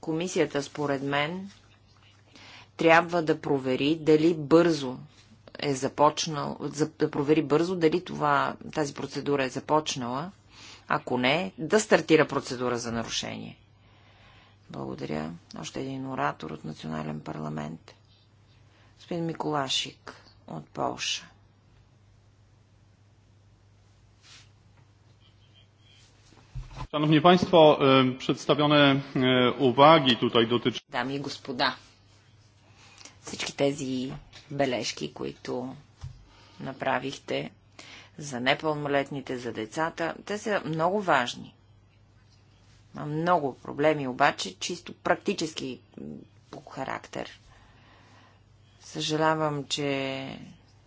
Комисията, според мен, трябва да провери дали бързо е започнал, да провери бързо дали това, тази процедура е започнала, ако не, да стартира процедура за нарушение. Благодаря. Още един оратор от Национален парламент. Господин Миколашик от Полша. Szanowni Państwo, przedstawione e, uwagi tutaj господа, всички тези бележки, които направихте за непълнолетните, за децата, те са много важни. Има много проблеми обаче, чисто практически по характер. Съжалявам, че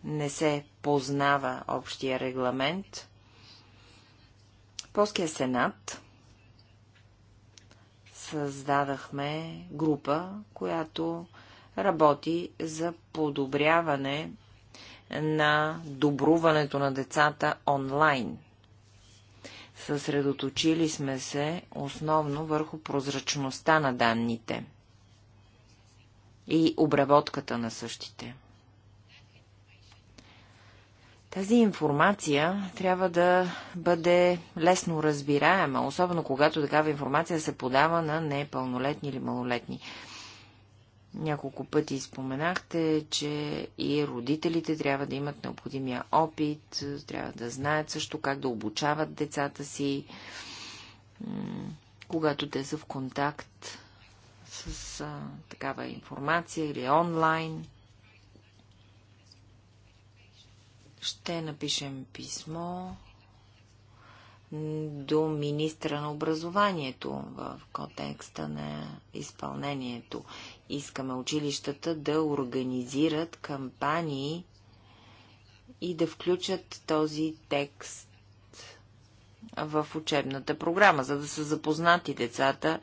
не се познава общия регламент. Полския сенат създадахме група, която работи за подобряване на добруването на децата онлайн – Съсредоточили сме се основно върху прозрачността на данните и обработката на същите. Тази информация трябва да бъде лесно разбираема, особено когато такава информация се подава на непълнолетни или малолетни. Няколко пъти споменахте, че и родителите трябва да имат необходимия опит, трябва да знаят също как да обучават децата си, когато те са в контакт с а, такава информация или онлайн. Ще напишем писмо до министра на образованието в контекста на изпълнението. Искаме училищата да организират кампании и да включат този текст в учебната програма, за да са запознати децата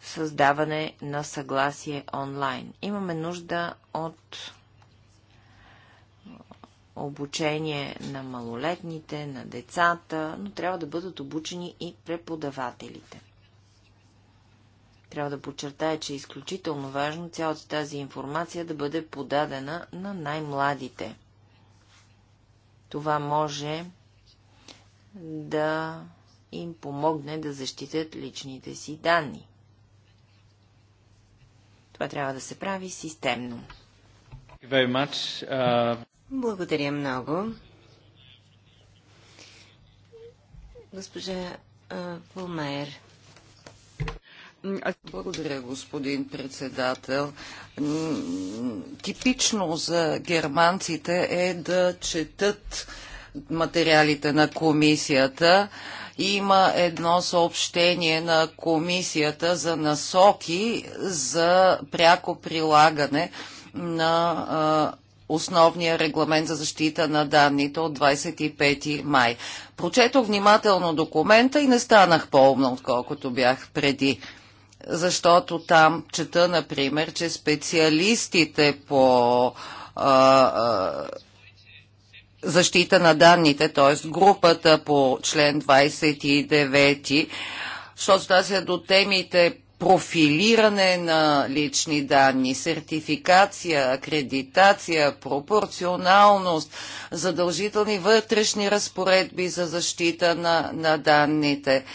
в създаване на съгласие онлайн. Имаме нужда от обучение на малолетните, на децата, но трябва да бъдат обучени и преподавателите. Трябва да подчертая, че е изключително важно цялата тази информация да бъде подадена на най-младите. Това може да им помогне да защитят личните си данни. Това трябва да се прави системно. Uh, Благодаря много. Госпожа Волмайер. Uh, благодаря, господин председател. Типично за германците е да четат материалите на комисията. Има едно съобщение на комисията за насоки за пряко прилагане на основния регламент за защита на данните от 25 май. Прочетох внимателно документа и не станах по-умна, отколкото бях преди защото там чета, например, че специалистите по а, а, защита на данните, т.е. групата по член 29, що стася до темите профилиране на лични данни, сертификация, акредитация, пропорционалност, задължителни вътрешни разпоредби за защита на, на данните –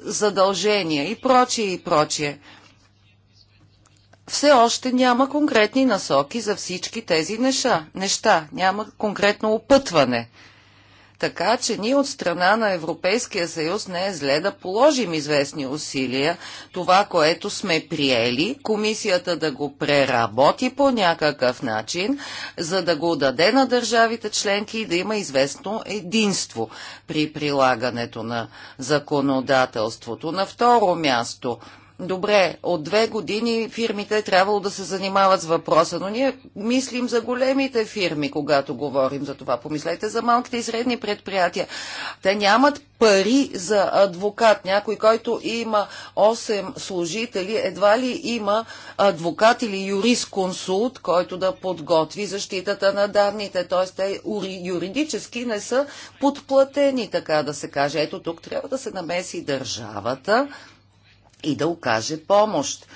задължения и прочие и прочие. Все още няма конкретни насоки за всички тези неща. Няма конкретно опътване така че ние от страна на Европейския съюз не е зле да положим известни усилия. Това, което сме приели, комисията да го преработи по някакъв начин, за да го даде на държавите членки и да има известно единство при прилагането на законодателството. На второ място – Добре, от две години фирмите трябвало да се занимават с въпроса, но ние мислим за големите фирми, когато говорим за това. Помислете за малките и средни предприятия. Те нямат пари за адвокат. Някой, който има 8 служители, едва ли има адвокат или юрисконсулт, който да подготви защитата на данните. Т.е. те юридически не са подплатени, така да се каже. Ето тук трябва да се намеси държавата и да окаже помощ.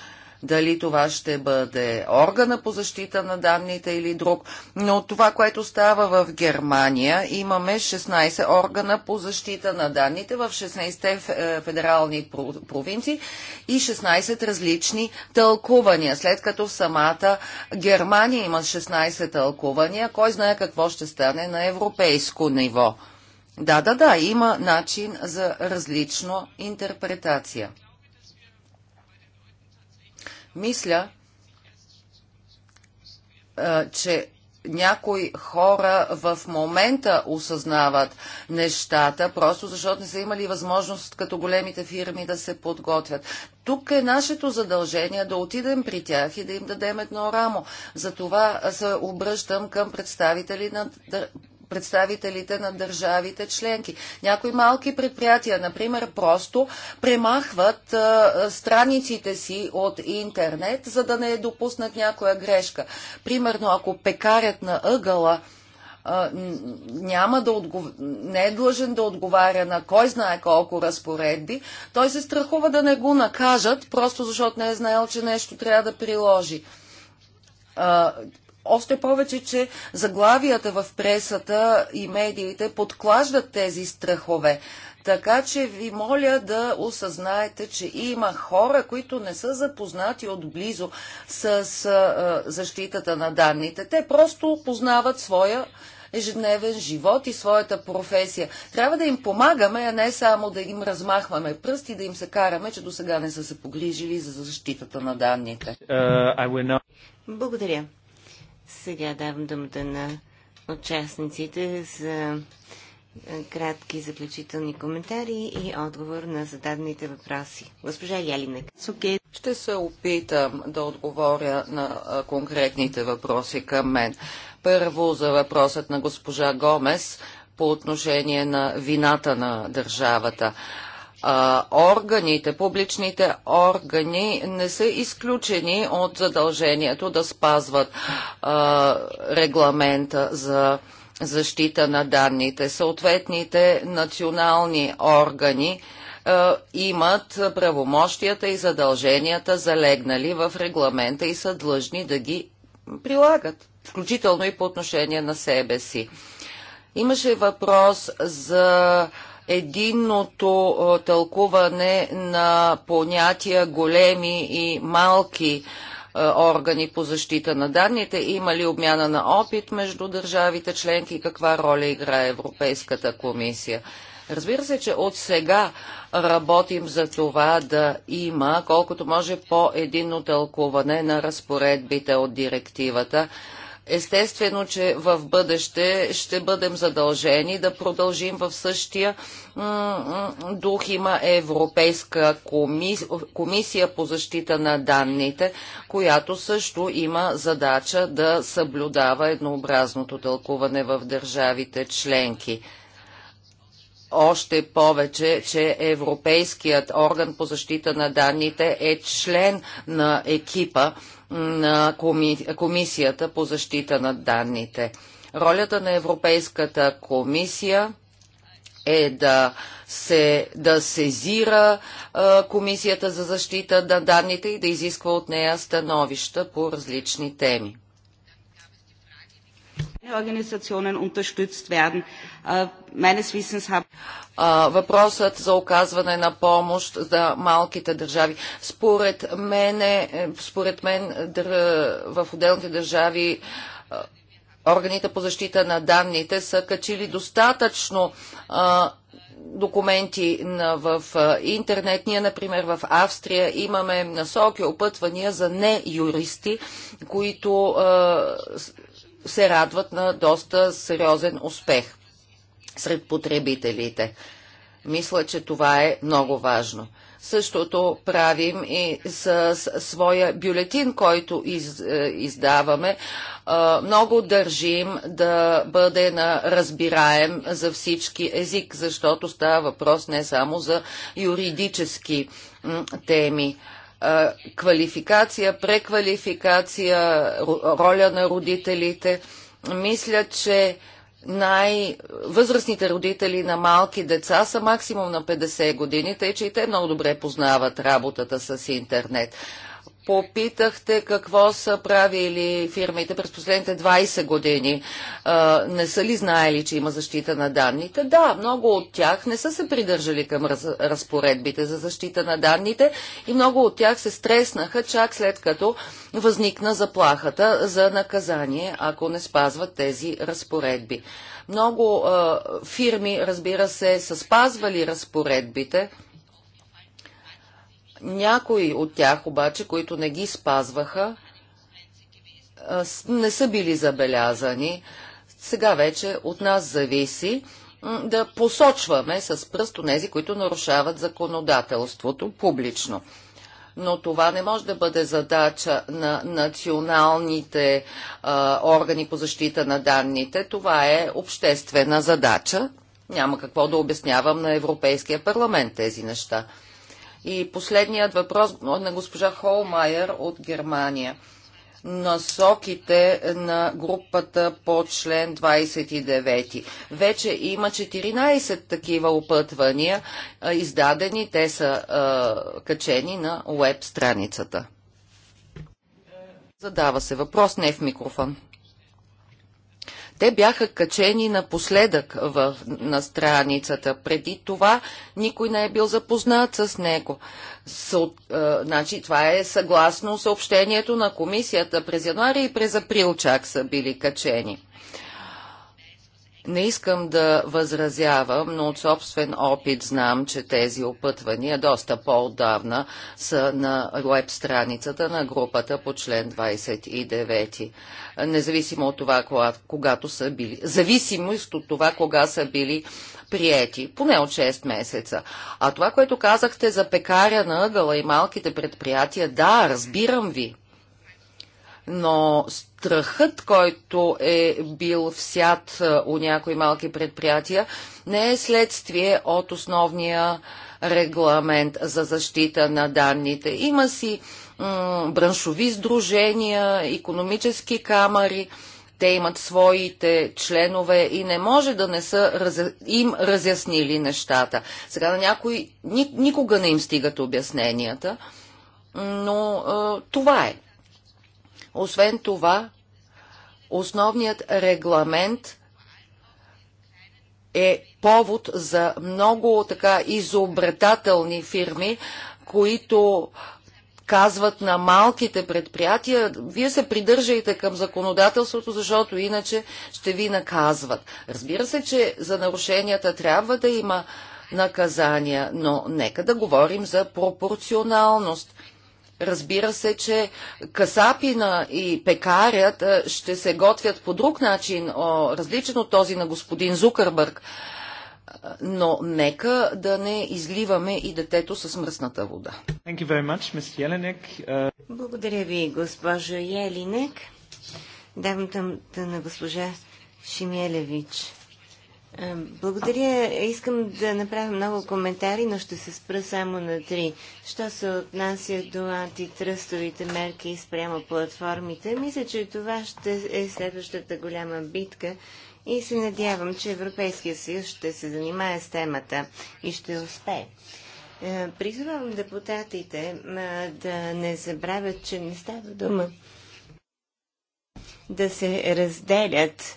Дали това ще бъде органа по защита на данните или друг. Но това, което става в Германия, имаме 16 органа по защита на данните в 16 е, федерални провинции и 16 различни тълкувания. След като в самата Германия има 16 тълкувания, кой знае какво ще стане на европейско ниво. Да, да, да, има начин за различна интерпретация. Мисля, че някои хора в момента осъзнават нещата, просто защото не са имали възможност като големите фирми да се подготвят. Тук е нашето задължение да отидем при тях и да им дадем едно рамо. Затова се обръщам към представители на представителите на държавите членки. Някои малки предприятия, например, просто премахват а, страниците си от интернет, за да не допуснат някоя грешка. Примерно, ако пекарят на ъгъла няма да отгов... не е длъжен да отговаря на кой знае колко разпоредби, той се страхува да не го накажат, просто защото не е знаел, че нещо трябва да приложи още повече, че заглавията в пресата и медиите подклаждат тези страхове. Така че ви моля да осъзнаете, че има хора, които не са запознати отблизо с, защитата на данните. Те просто познават своя ежедневен живот и своята професия. Трябва да им помагаме, а не само да им размахваме пръсти, да им се караме, че до сега не са се погрижили за защитата на данните. Uh, not... Благодаря. Сега давам думата на участниците за е, кратки заключителни коментари и отговор на зададените въпроси. Госпожа Ялина. Okay. Ще се опитам да отговоря на е, конкретните въпроси към мен. Първо за въпросът на госпожа Гомес по отношение на вината на държавата а, органите, публичните органи не са изключени от задължението да спазват а, регламента за защита на данните. Съответните национални органи имат правомощията и задълженията залегнали в регламента и са длъжни да ги прилагат, включително и по отношение на себе си. Имаше въпрос за единното е, тълкуване на понятия големи и малки е, органи по защита на данните? Има ли обмяна на опит между държавите членки и каква роля играе Европейската комисия? Разбира се, че от сега работим за това да има колкото може по-единно тълкуване на разпоредбите от директивата, Естествено, че в бъдеще ще бъдем задължени да продължим в същия дух. Има Европейска комисия, комисия по защита на данните, която също има задача да съблюдава еднообразното тълкуване в държавите членки. Още повече, че Европейският орган по защита на данните е член на екипа на Комисията по защита на данните. Ролята на Европейската комисия е да се, да сезира а, Комисията за защита на данните и да изисква от нея становища по различни теми. Äh, въпросът за оказване на помощ за малките държави. Според, е, според мен в отделните държави е, органите по защита на данните са качили достатъчно документи в интернет. Ние, например, в Австрия имаме насоки, опътвания за не юристи, които а, се радват на доста сериозен успех сред потребителите. Мисля, че това е много важно. Същото правим и с, своя бюлетин, който из, е, издаваме. Е, много държим да бъде на разбираем за всички език, защото става въпрос не само за юридически теми квалификация, преквалификация, роля на родителите. Мисля, че най-възрастните родители на малки деца са максимум на 50 години, тъй че и те много добре познават работата с интернет. Попитахте какво са правили фирмите през последните 20 години. не са ли знаели, че има защита на данните? Да, много от тях не са се придържали към разпоредбите за защита на данните и много от тях се стреснаха чак след като възникна заплахата за наказание, ако не спазват тези разпоредби. Много фирми, разбира се, са спазвали разпоредбите, някои от тях обаче, които не ги спазваха, не са били забелязани. Сега вече от нас зависи да посочваме с пръст тези, които нарушават законодателството публично. Но това не може да бъде задача на националните а, органи по защита на данните. Това е обществена задача. Няма какво да обяснявам на Европейския парламент тези неща. И последният въпрос на госпожа Холмайер от Германия. Насоките на групата по член 29. Вече има 14 такива опътвания, издадени, те са е, качени на веб страницата. Задава се въпрос не в микрофон. Те бяха качени напоследък в, на страницата. Преди това никой не е бил запознат с него. Со, е, значи, това е съгласно съобщението на комисията. През януари и през април чак са били качени. Не искам да възразявам, но от собствен опит знам, че тези опътвания доста по-отдавна са на веб страницата на групата по член 29. Независимо от това, кога, когато са били, зависимост от това, кога са били приети, поне от 6 месеца. А това, което казахте за пекаря на ъгъла и малките предприятия, да, разбирам ви, но страхът, който е бил всят е, у някои малки предприятия, не е следствие от основния регламент за защита на данните. Има си браншови сдружения, економически камери, те имат своите членове и не може да не са раз... им разяснили нещата. Сега на някой никога не им стигат обясненията, но е, това е. Освен това, основният регламент е повод за много така изобретателни фирми, които казват на малките предприятия, вие се придържайте към законодателството, защото иначе ще ви наказват. Разбира се, че за нарушенията трябва да има наказания, но нека да говорим за пропорционалност. Разбира се, че касапина и пекарят ще се готвят по друг начин, различен от този на господин Зукърбърг. Но нека да не изливаме и детето с мръсната вода. Much, uh, Благодаря ви, госпожа Елинек. Давам там на госпожа Шимелевич. Благодаря. Искам да направя много коментари, но ще се спра само на три. Що се отнася до антитръстовите мерки спрямо платформите, мисля, че това ще е следващата голяма битка и се надявам, че Европейския съюз ще се занимае с темата и ще успее. Е, призовавам депутатите да не забравят, че не става дума да се разделят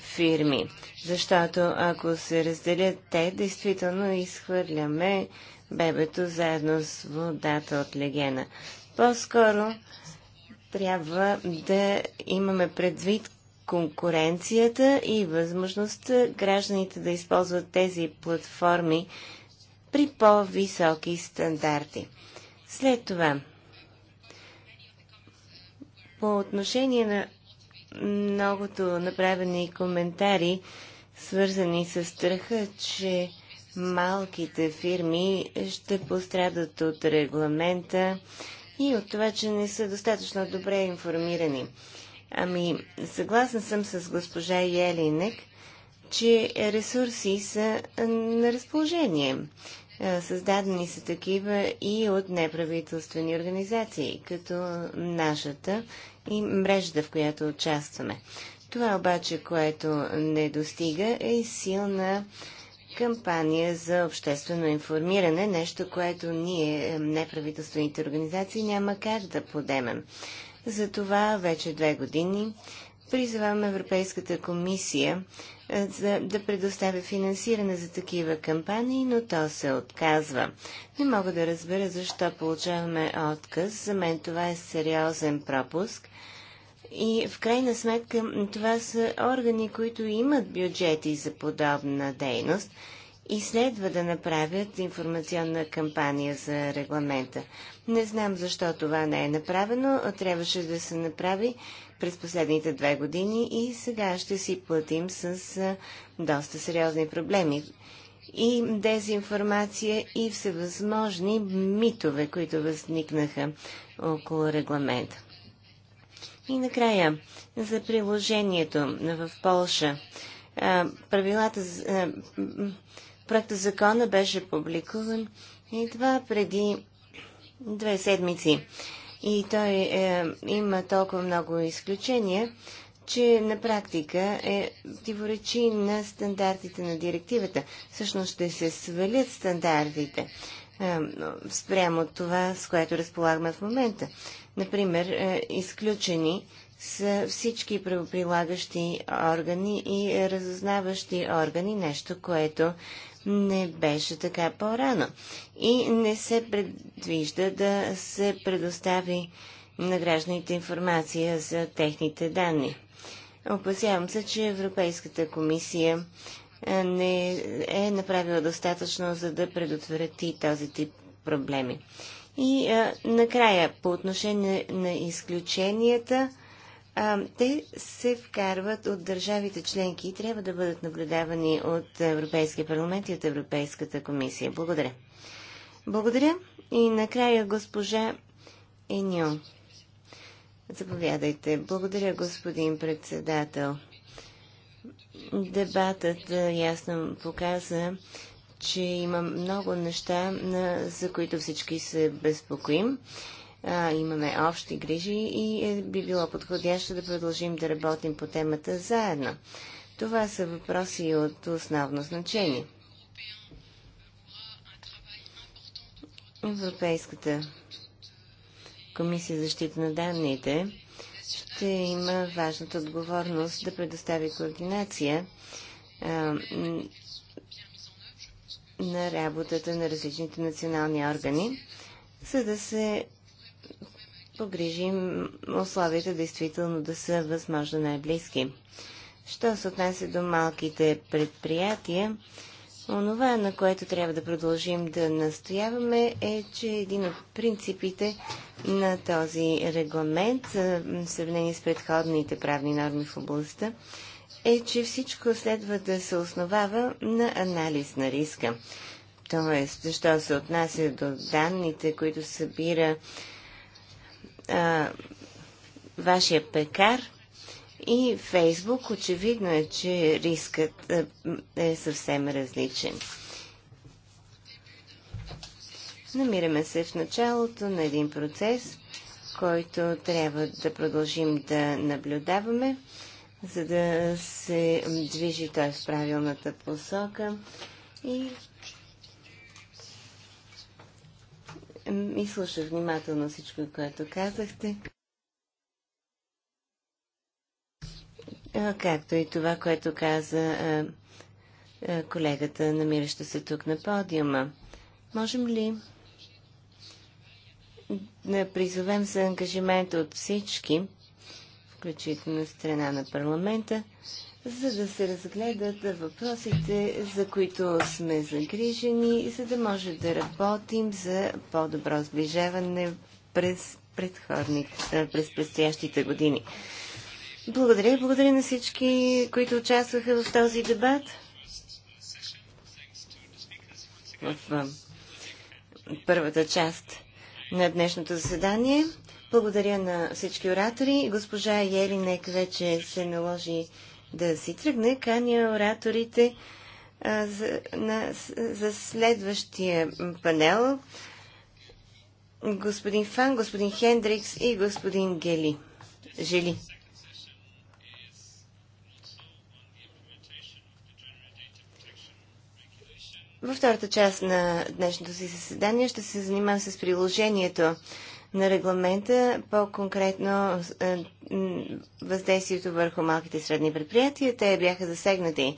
фирми. Защото ако се разделят те, действително изхвърляме бебето заедно с водата от легена. По-скоро трябва да имаме предвид конкуренцията и възможността гражданите да използват тези платформи при по-високи стандарти. След това, по отношение на многото направени коментари, свързани с страха, че малките фирми ще пострадат от регламента и от това, че не са достатъчно добре информирани. Ами, съгласна съм с госпожа Елинек, че ресурси са на разположение. Създадени са такива и от неправителствени организации, като нашата и мрежата, в която участваме. Това обаче, което не достига, е силна кампания за обществено информиране, нещо, което ние, е, неправителствените организации, няма как да подемем. Затова вече две години призваваме Европейската комисия е, за, да предоставя финансиране за такива кампании, но то се отказва. Не мога да разбера защо получаваме отказ. За мен това е сериозен пропуск – и в крайна сметка това са органи, които имат бюджети за подобна дейност и следва да направят информационна кампания за регламента. Не знам защо това не е направено. Трябваше да се направи през последните две години и сега ще си платим с доста сериозни проблеми. И дезинформация и всевъзможни митове, които възникнаха около регламента. И накрая, за приложението в Полша. Правилата, проекта закона беше публикуван едва преди две седмици. И той е, има толкова много изключения, че на практика е противоречи на стандартите на директивата. Всъщност ще се свалят стандартите е, спрямо това, с което разполагаме в момента. Например, е, изключени са всички правоприлагащи органи и разузнаващи органи, нещо, което не беше така по-рано. И не се предвижда да се предостави на гражданите информация за техните данни. Опасявам се, че Европейската комисия е, не е направила достатъчно, за да предотврати този тип проблеми. И а, накрая, по отношение на, изключенията, а, те се вкарват от държавите членки и трябва да бъдат наблюдавани от Европейския парламент и от Европейската комисия. Благодаря. Благодаря. И накрая госпожа Еньо. Заповядайте. Благодаря, господин председател. Дебатът ясно показа, че има много неща, за които всички се безпокоим. А, имаме общи грижи и е, би било подходящо да продължим да работим по темата заедно. Това са въпроси от основно значение. Европейската комисия за защита на данните ще има важната отговорност да предостави координация на работата на различните национални органи, за да се погрижим условията действително да са възможно най-близки. Що се отнася до малките предприятия, онова, на което трябва да продължим да настояваме, е, че един от принципите на този регламент, в сравнение с предходните правни норми в областта, е, че всичко следва да се основава на анализ на риска. Тоест, защо се отнася до данните, които събира а, вашия пекар и Фейсбук, очевидно е, че рискът а, е съвсем различен. Намираме се в началото на един процес, който трябва да продължим да наблюдаваме за да се движи той в правилната посока и и слушах внимателно всичко, което казахте. Както и това, което каза колегата, намираща се тук на подиума. Можем ли да призовем за ангажимент от всички, включително страна на парламента, за да се разгледат въпросите, за които сме загрижени, за да може да работим за по-добро сближаване през, през предстоящите години. Благодаря. и Благодаря на всички, които участваха в този дебат. В първата част на днешното заседание. Благодаря на всички оратори. Госпожа Елинек вече се наложи да си тръгне. Каня ораторите а, за, на, за следващия панел. Господин Фан, господин Хендрикс и господин Гели. Жели. Във втората част на днешното си заседание ще се занимавам с приложението на регламента, по-конкретно е, въздействието върху малките и средни предприятия. Те бяха засегнати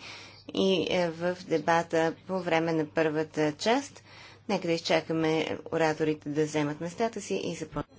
и е, в дебата по време на първата част. Нека да изчакаме ораторите да вземат местата си и започнем.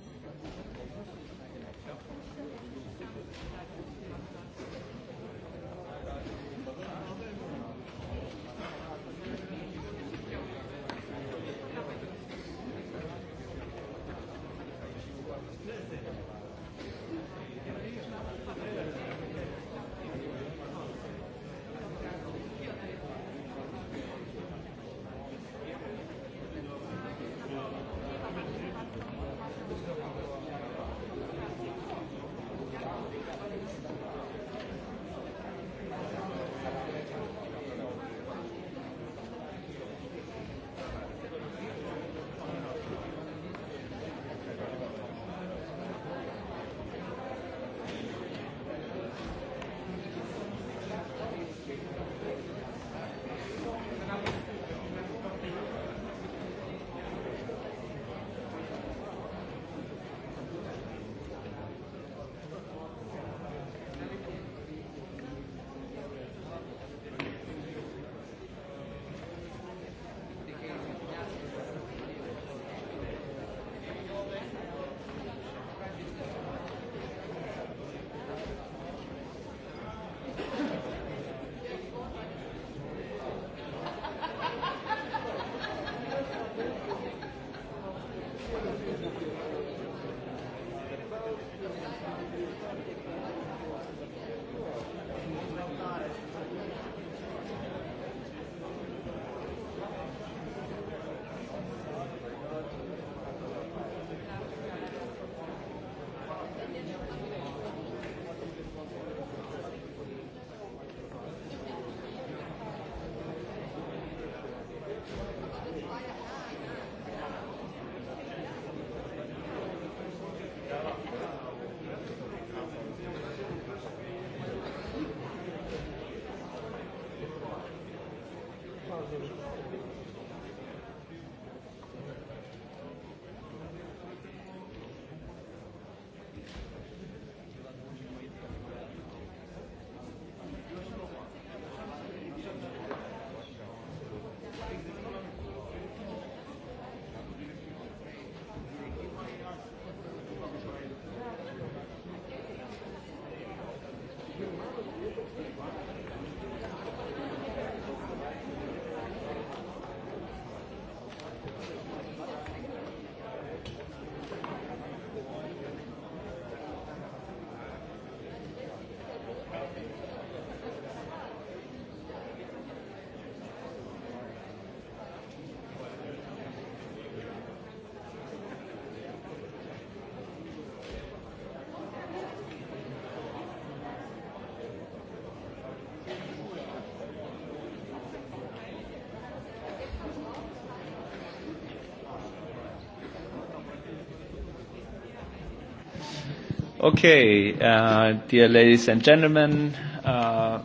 Okay, uh, dear ladies and gentlemen, uh,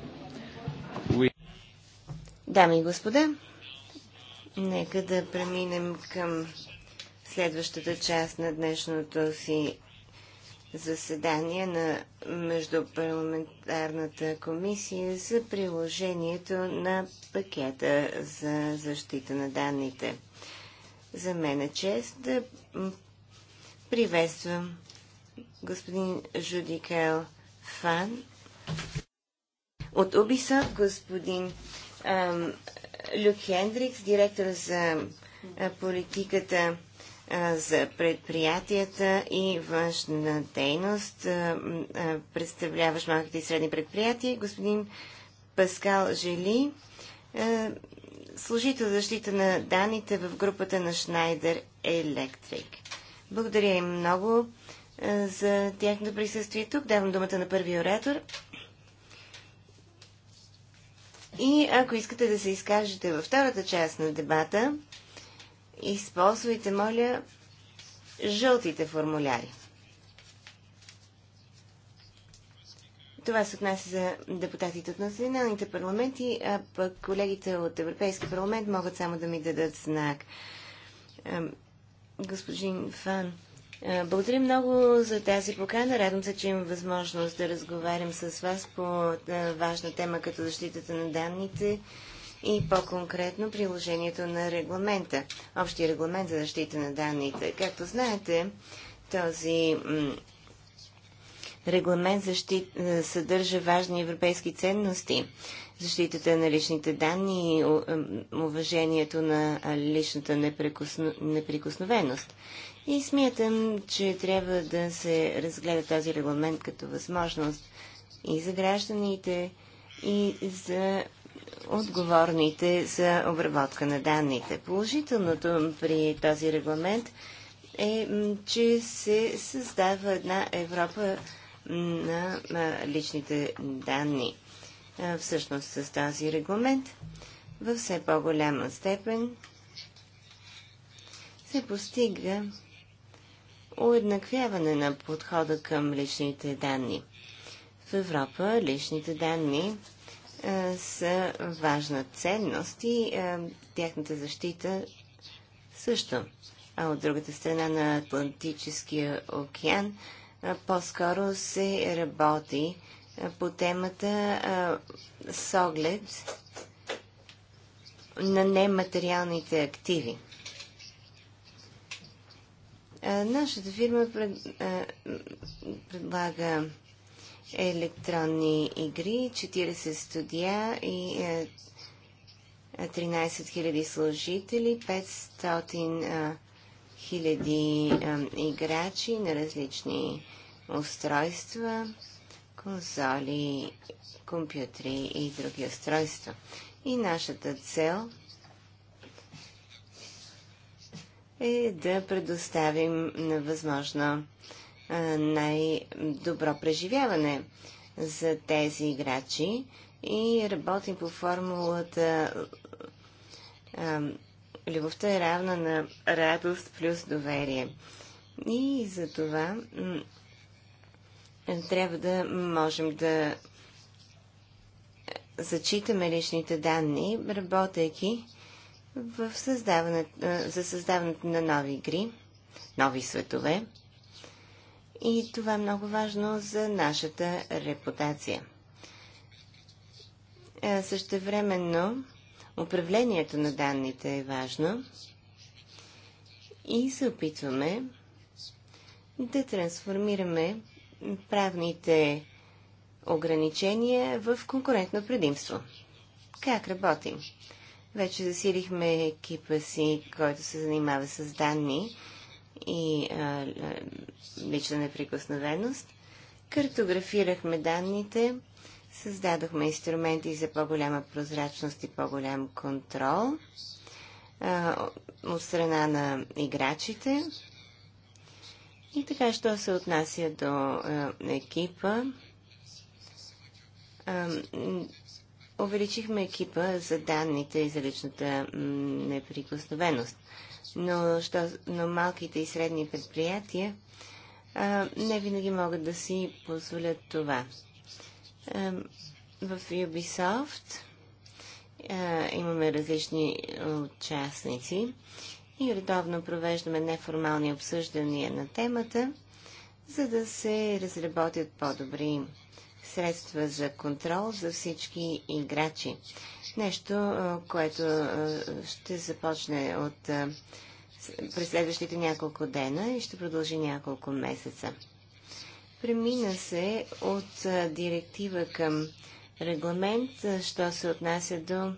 we... Дами и господа, нека да преминем към следващата част на днешното си заседание на Междупарламентарната комисия за приложението на пакета за защита на данните. За мен е чест да приветствам господин Жудикел Фан. От Убиса господин ам, Люк Хендрикс, директор за а, политиката а, за предприятията и външна дейност, а, малките и средни предприятия, господин Паскал Жели, служител за защита на данните в групата на Schneider Electric. Благодаря им много. Е, за тяхното присъствие тук. Давам думата на първия оратор. И ако искате да се изкажете във втората част на дебата, използвайте, моля, жълтите формуляри. Това се отнася за депутатите от националните парламенти, а пък колегите от Европейски парламент могат само да ми дадат знак. Господин Фан, е, благодаря много за тази покана. Радвам се, че имам възможност да разговарям с вас по е, важна тема като защитата на данните и по-конкретно приложението на регламента, общия регламент за защита на данните. Както знаете, този регламент защит, е, съдържа важни европейски ценности. Защитата на личните данни и уважението на личната неприкосновеност. И смятам, че трябва да се разгледа този регламент като възможност и за гражданите, и за отговорните за обработка на данните. Положителното при този регламент е, че се създава една Европа на личните данни. Всъщност с този регламент във все по-голяма степен се постига уеднаквяване на подхода към личните данни. В Европа личните данни е, са важна ценност и е, тяхната защита също. А от другата страна на Атлантическия океан е, по-скоро се работи по темата с оглед на нематериалните активи. Е, нашата фирма пред, а, е, предлага електронни игри, 40 студия и а, 13 000 служители, 500 000 а, играчи на различни устройства, конзоли, компютри и други устройства. И нашата цел – е да предоставим на възможно най-добро преживяване за тези играчи и работим по формулата любовта е равна на радост плюс доверие. И за това трябва да можем да зачитаме личните данни, работейки в създаването, за създаването на нови игри, нови светове. И това е много важно за нашата репутация. Същевременно, управлението на данните е важно и се опитваме да трансформираме правните ограничения в конкурентно предимство. Как работим? Вече засилихме екипа си, който се занимава с данни и а, лична неприкосновеност. Картографирахме данните, създадохме инструменти за по-голяма прозрачност и по-голям контрол а, от страна на играчите. И така, що се отнася до а, екипа, Увеличихме екипа за данните и за личната неприкосновеност. Но, що, но малките и средни предприятия а, не винаги могат да си позволят това. А, в Ubisoft а, имаме различни участници и редовно провеждаме неформални обсъждания на темата, за да се разработят по-добри средства за контрол за всички играчи. Нещо, което ще започне от през следващите няколко дена и ще продължи няколко месеца. Премина се от директива към регламент, що се отнася до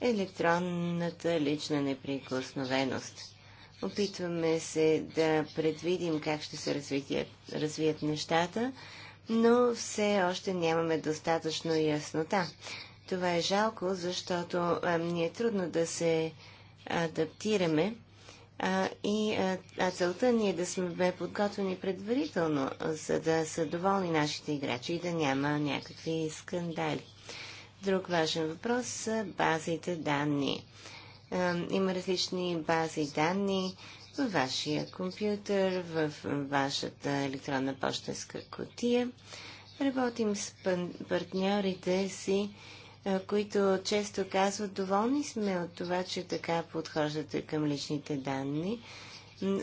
електронната лична неприкосновеност. Опитваме се да предвидим как ще се развият, развият нещата, но все още нямаме достатъчно яснота. Това е жалко, защото а, ни е трудно да се адаптираме а, и а, целта ни е да сме подготвени предварително, за да са доволни нашите играчи и да няма някакви скандали. Друг важен въпрос са базите данни. А, има различни бази данни във вашия компютър, в вашата електронна почтенска котия. Работим с партньорите си, които често казват, доволни сме от това, че така подхождате към личните данни.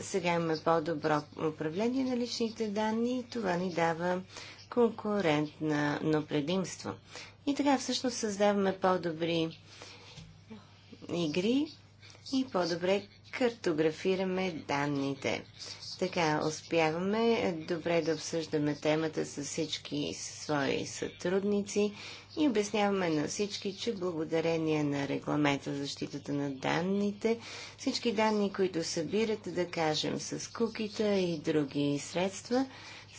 Сега имаме по-добро управление на личните данни и това ни дава конкурентно предимство. И така всъщност създаваме по-добри игри и по-добре картографираме данните. Така успяваме добре да обсъждаме темата с всички свои сътрудници и обясняваме на всички, че благодарение на регламента за защитата на данните, всички данни, които събирате, да кажем с кукита и други средства,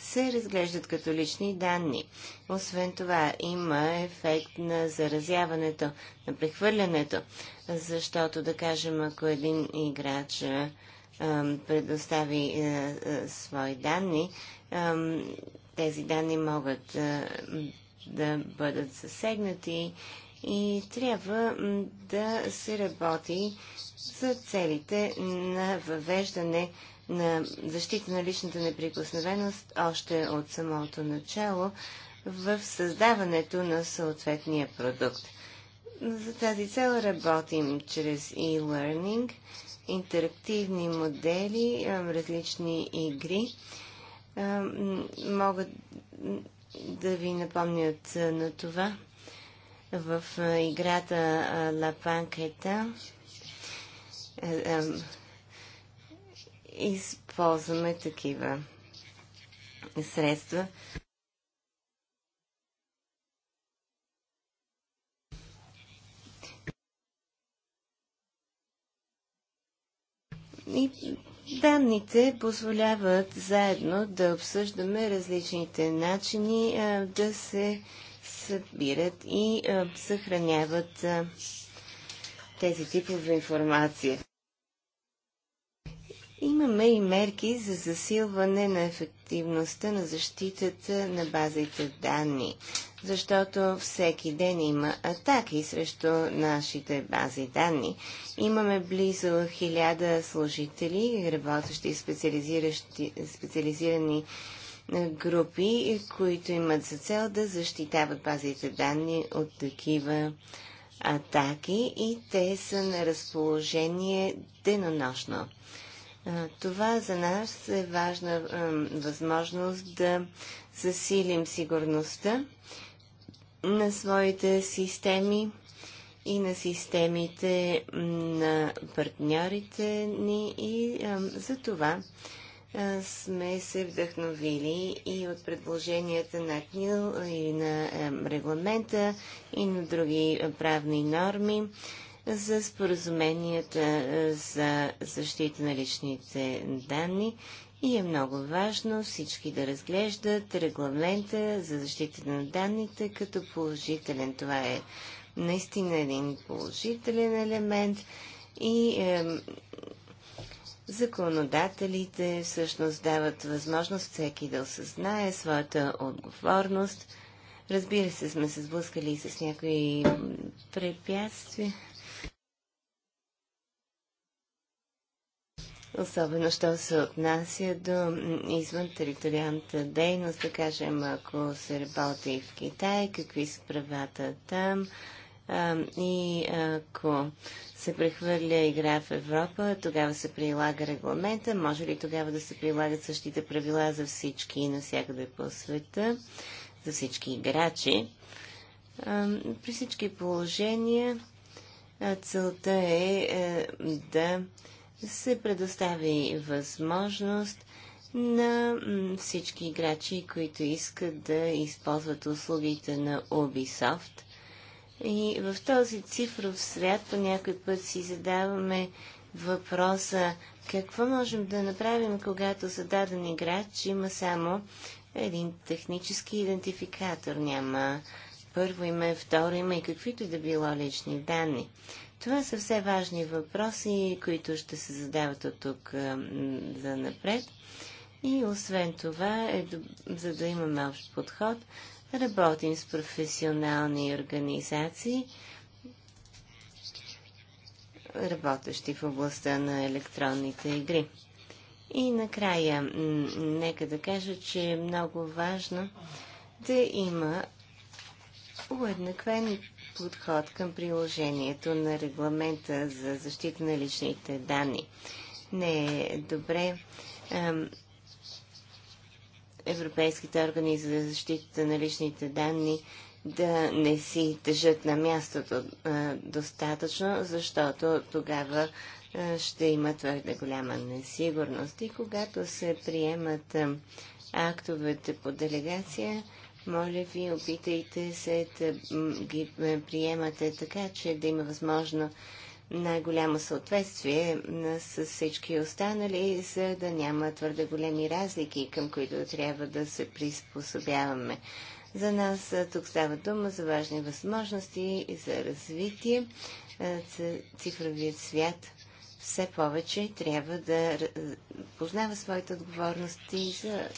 се разглеждат като лични данни. Освен това, има ефект на заразяването, на прехвърлянето, защото, да кажем, ако един играч а, предостави а, е, а, е, свои данни, тези данни могат е, да бъдат засегнати и трябва да се работи за целите на въвеждане на защита на личната неприкосновеност още от самото начало в създаването на съответния продукт. За тази цел работим чрез e-learning, интерактивни модели, различни игри. Мога да ви напомнят на това в играта La Panqueta използваме такива средства. И данните позволяват заедно да обсъждаме различните начини да се събират и съхраняват тези типове информация. Имаме и мерки за засилване на ефективността на защитата на базите данни, защото всеки ден има атаки срещу нашите бази данни. Имаме близо хиляда служители, работещи в специализирани е, групи, които имат за цел да защитават базите данни от такива атаки и те са на разположение денонощно. Това за нас е важна възможност да засилим сигурността на своите системи и на системите на партньорите ни и за това сме се вдъхновили и от предложенията на КНИЛ и на регламента и на други правни норми за споразуменията е, за защита на личните данни и е много важно всички да разглеждат регламента за защита на данните като положителен. Това е наистина един положителен елемент и е, законодателите всъщност дават възможност всеки да осъзнае своята отговорност. Разбира се, сме се сблъскали и с някои препятствия. особено що се отнася до извън териториалната дейност, да кажем, ако се работи в Китай, какви са правата там. и ако се прехвърля игра в Европа, тогава се прилага регламента. Може ли тогава да се прилагат същите правила за всички и навсякъде по света, за всички играчи? при всички положения целта е, е да се предостави възможност на всички играчи, които искат да използват услугите на Ubisoft. И в този цифров свят по някой път си задаваме въпроса какво можем да направим, когато за даден играч има само един технически идентификатор, няма първо име, второ име и каквито да било лични данни. Това са все важни въпроси, които ще се задават от тук за напред. И освен това, е, за да имаме общ подход, работим с професионални организации, работещи в областта на електронните игри. И накрая, нека да кажа, че е много важно да има уеднаквени подход към приложението на регламента за защита на личните данни. Не е добре европейските органи за защита на личните данни да не си тежат на мястото достатъчно, защото тогава ще има твърде голяма несигурност. И когато се приемат актовете по делегация, моля ви, опитайте се да ги приемате така, че да има възможно най-голямо съответствие с всички останали, за да няма твърде големи разлики, към които трябва да се приспособяваме. За нас тук става дума за важни възможности и за развитие. Цифровият свят все повече трябва да познава своите отговорности за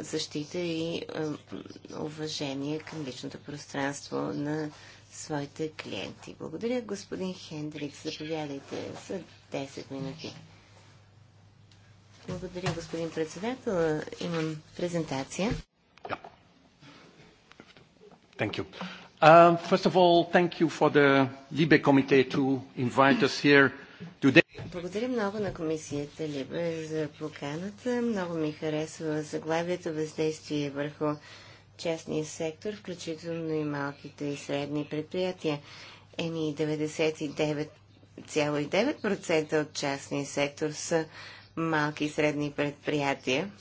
защита и уважение към личното пространство на своите клиенти. Благодаря, господин Хендрик. Заповядайте за 10 минути. Благодаря, господин председател. Имам презентация. Yeah. Thank you. Uh, first of all, thank you for the Libe Committee to invite us here today. Благодаря много на комисията Либе за поканата. Много ми харесва заглавието въздействие върху частния сектор, включително и малките и средни предприятия. Еми 99,9% от частния сектор са малки и средни предприятия.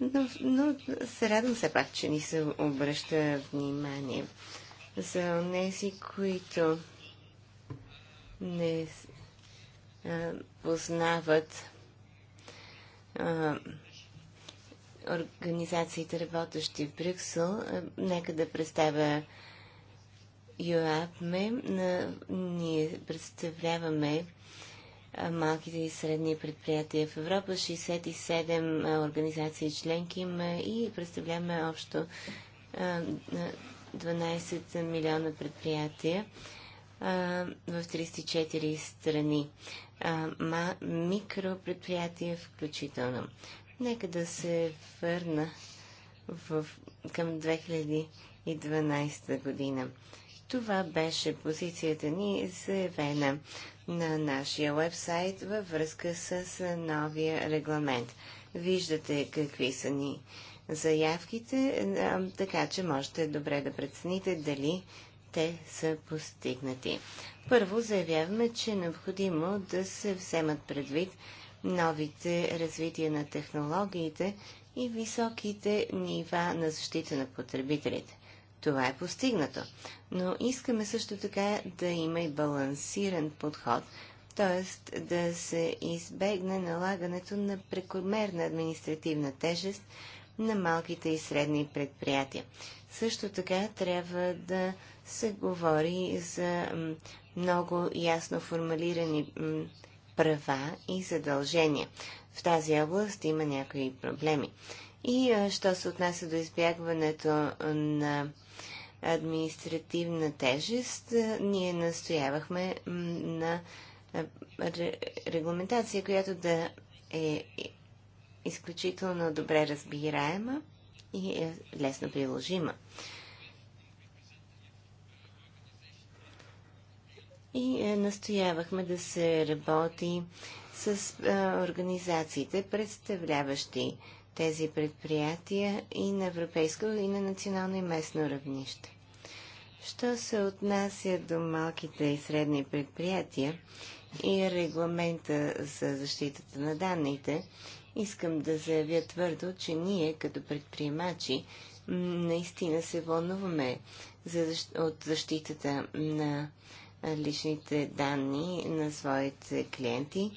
Но, но се радвам все пак, че ни се обръща внимание за тези, които не а, познават а, организациите, работещи в Брюксел. Нека да представя ЮАПМЕ. Ние представляваме малките и средни предприятия в Европа. 67 организации членки има и представляваме общо 12 милиона предприятия в 34 страни. Ма, микропредприятия включително. Нека да се върна в, към 2012 година. Това беше позицията ни заявена на нашия вебсайт във връзка с новия регламент. Виждате какви са ни заявките, така че можете добре да прецените дали те са постигнати. Първо заявяваме, че е необходимо да се вземат предвид новите развития на технологиите и високите нива на защита на потребителите. Това е постигнато. Но искаме също така да има и балансиран подход, т.е. да се избегне налагането на прекомерна административна тежест на малките и средни предприятия. Също така трябва да се говори за много ясно формулирани права и задължения. В тази област има някои проблеми. И що се отнася до избягването на административна тежест, ние настоявахме на регламентация, която да е изключително добре разбираема и лесно приложима. и е, настоявахме да се работи с е, организациите, представляващи тези предприятия и на европейско, и на национално и местно равнище. Що се отнася до малките и средни предприятия и регламента за защитата на данните, искам да заявя твърдо, че ние като предприемачи наистина се вълнуваме за защ... от защитата на личните данни на своите клиенти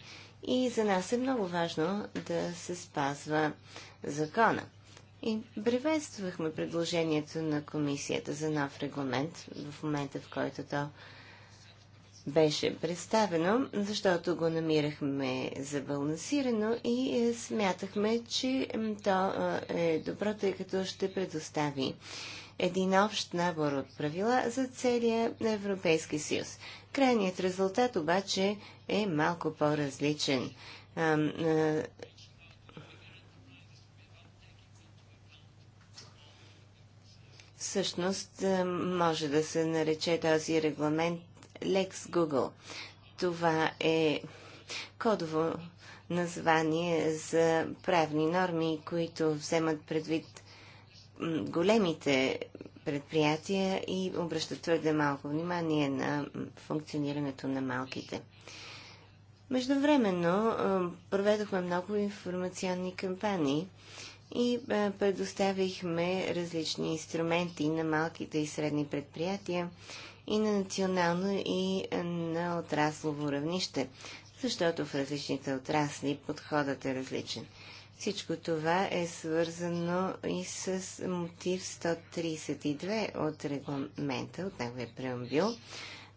и за нас е много важно да се спазва закона. И приветствахме предложението на комисията за нов регламент в момента, в който то беше представено, защото го намирахме за балансирано и смятахме, че то е добро, тъй като ще предостави един общ набор от правила за целия Европейски съюз. Крайният резултат обаче е малко по-различен. Всъщност може да се нарече този регламент Lex Google. Това е кодово название за правни норми, които вземат предвид големите предприятия и обръщат твърде малко внимание на функционирането на малките. Междувременно проведохме много информационни кампании и предоставихме различни инструменти на малките и средни предприятия и на национално и на отраслово равнище, защото в различните отрасли подходът е различен. Всичко това е свързано и с мотив 132 от регламента, от неговия преамбил,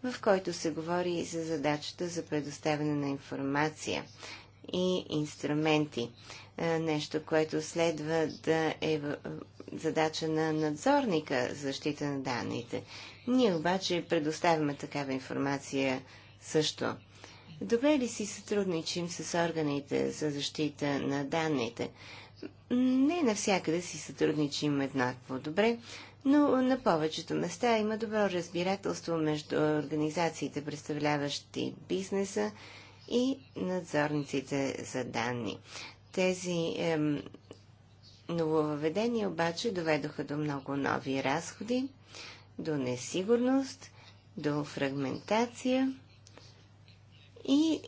в който се говори за задачата за предоставяне на информация и инструменти. Е, нещо, което следва да е задача на надзорника защита на данните. Ние обаче предоставяме такава информация също Добре ли си сътрудничим с органите за защита на данните? Не навсякъде си сътрудничим еднакво добре, но на повечето места има добро разбирателство между организациите, представляващи бизнеса и надзорниците за данни. Тези ем, нововъведения обаче доведоха до много нови разходи, до несигурност, до фрагментация и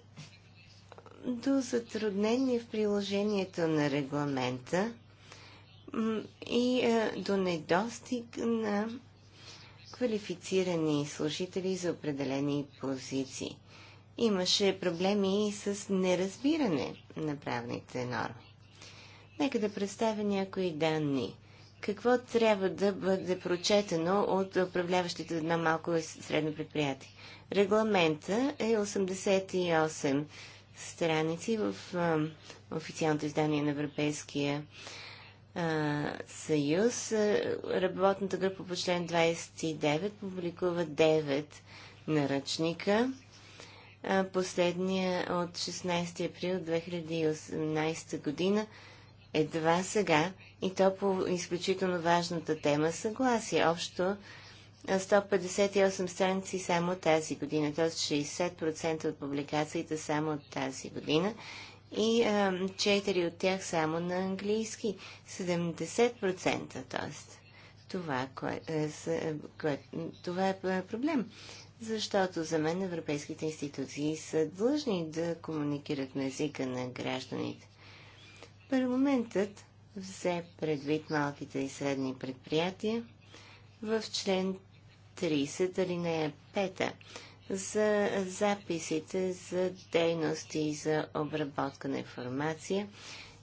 до затруднение в приложението на регламента и е, до недостиг на квалифицирани служители за определени позиции. Имаше проблеми и с неразбиране на правните норми. Нека да представя някои данни какво трябва да бъде прочетено от управляващите едно малко и средно предприятие. Регламента е 88 страници в а, официалното издание на Европейския а, съюз. Работната група по член 29 публикува 9 наръчника. А, последния от 16 април 2018 година едва сега и то по изключително важната тема съгласие. Общо 158 страници само тази година, т.е. 60% от публикациите само от тази година и а, 4 от тях само на английски, 70%, т.е. Това, кое, е, е, кое, това е, е проблем, защото за мен европейските институции са длъжни да комуникират на езика на гражданите. Парламентът взе предвид малките и средни предприятия в член 30, алинея 5 за записите за дейности и за обработка на информация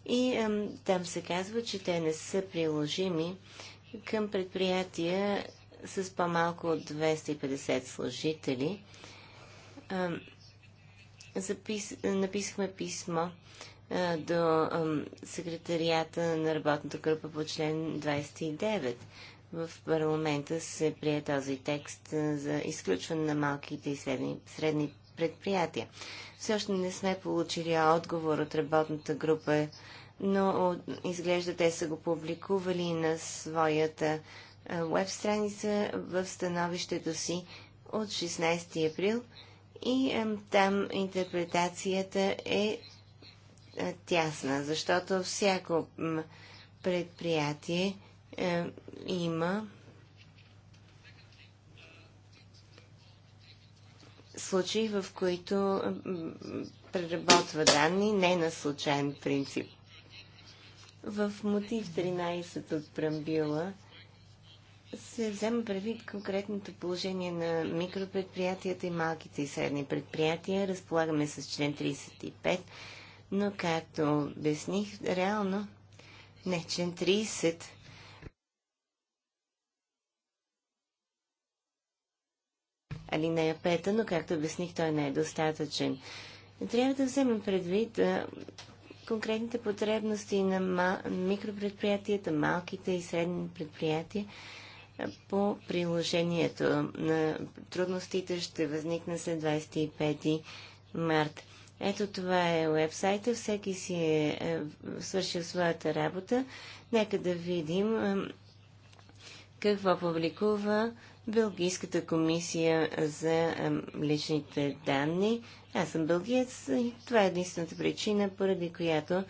и там се казва, че те не са приложими към предприятия с по-малко от 250 служители. запис... Написахме писмо до секретарията на работната група по член 29. В парламента се прие този текст за изключване на малките и средни, средни предприятия. Все още не сме получили отговор от работната група, но изглежда те са го публикували на своята веб страница в становището си от 16 април и там интерпретацията е е, тясна, защото всяко предприятие е, има случаи, в които преработва данни не на случайен принцип. В мотив 13 от Прамбила се взема предвид конкретното положение на микропредприятията и малките и средни предприятия. Разполагаме с член 35 но както обясних, реално не член 30 алинея пета, но както обясних, той не е достатъчен. Трябва да вземем предвид а, конкретните потребности на ма... микропредприятията, малките и средни предприятия а, по приложението. На трудностите ще възникна след 25 март. Ето това е уебсайта, всеки си е, е свършил своята работа. Нека да видим е, какво публикува Белгийската комисия за е, личните данни. Аз съм бългиец и това е единствената причина, поради която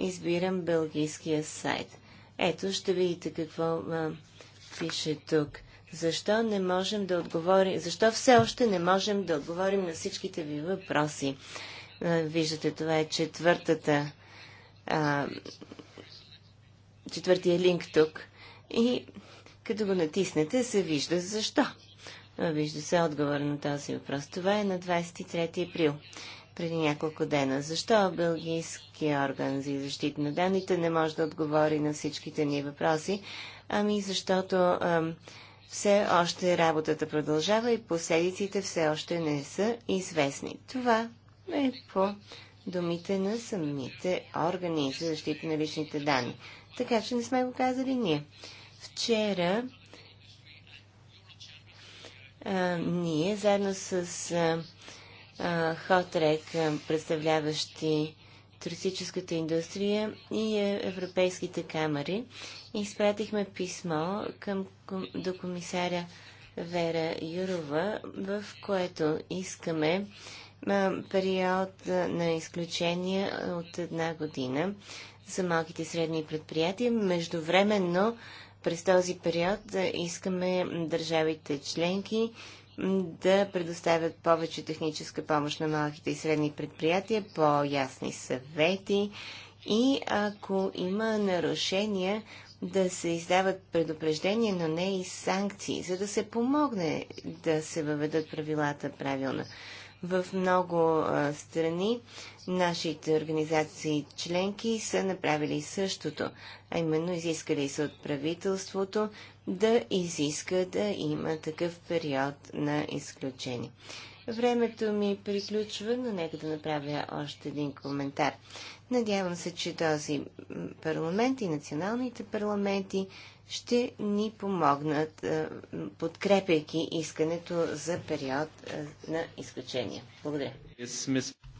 избирам белгийския сайт. Ето, ще видите какво пише тук защо не можем да отговорим, защо все още не можем да отговорим на всичките ви въпроси. Виждате, това е четвъртата, а, четвъртия линк тук. И като го натиснете, се вижда защо. Вижда се отговор на този въпрос. Това е на 23 април, преди няколко дена. Защо Белгийския орган за защита на данните не може да отговори на всичките ни въпроси? Ами защото все още работата продължава и последиците все още не са известни. Това е по думите на самите органи за защита на личните данни. Така че не сме го казали ние. Вчера а, ние заедно с а, а, Хотрек, представляващи туристическата индустрия и е европейските камери. Изпратихме писмо към, до комисаря Вера Юрова, в което искаме период на изключение от една година за малките и средни предприятия. Междувременно през този период искаме държавите членки да предоставят повече техническа помощ на малките и средни предприятия, по-ясни съвети и ако има нарушения, да се издават предупреждения, но не и санкции, за да се помогне да се въведат правилата правилно. В много страни нашите организации членки са направили същото, а именно изискали са от правителството да изиска да има такъв период на изключение. Времето ми приключва, но нека да направя още един коментар. Надявам се, че този парламент и националните парламенти ще ни помогнат, е, подкрепяйки искането за период е, на изключение. Благодаря.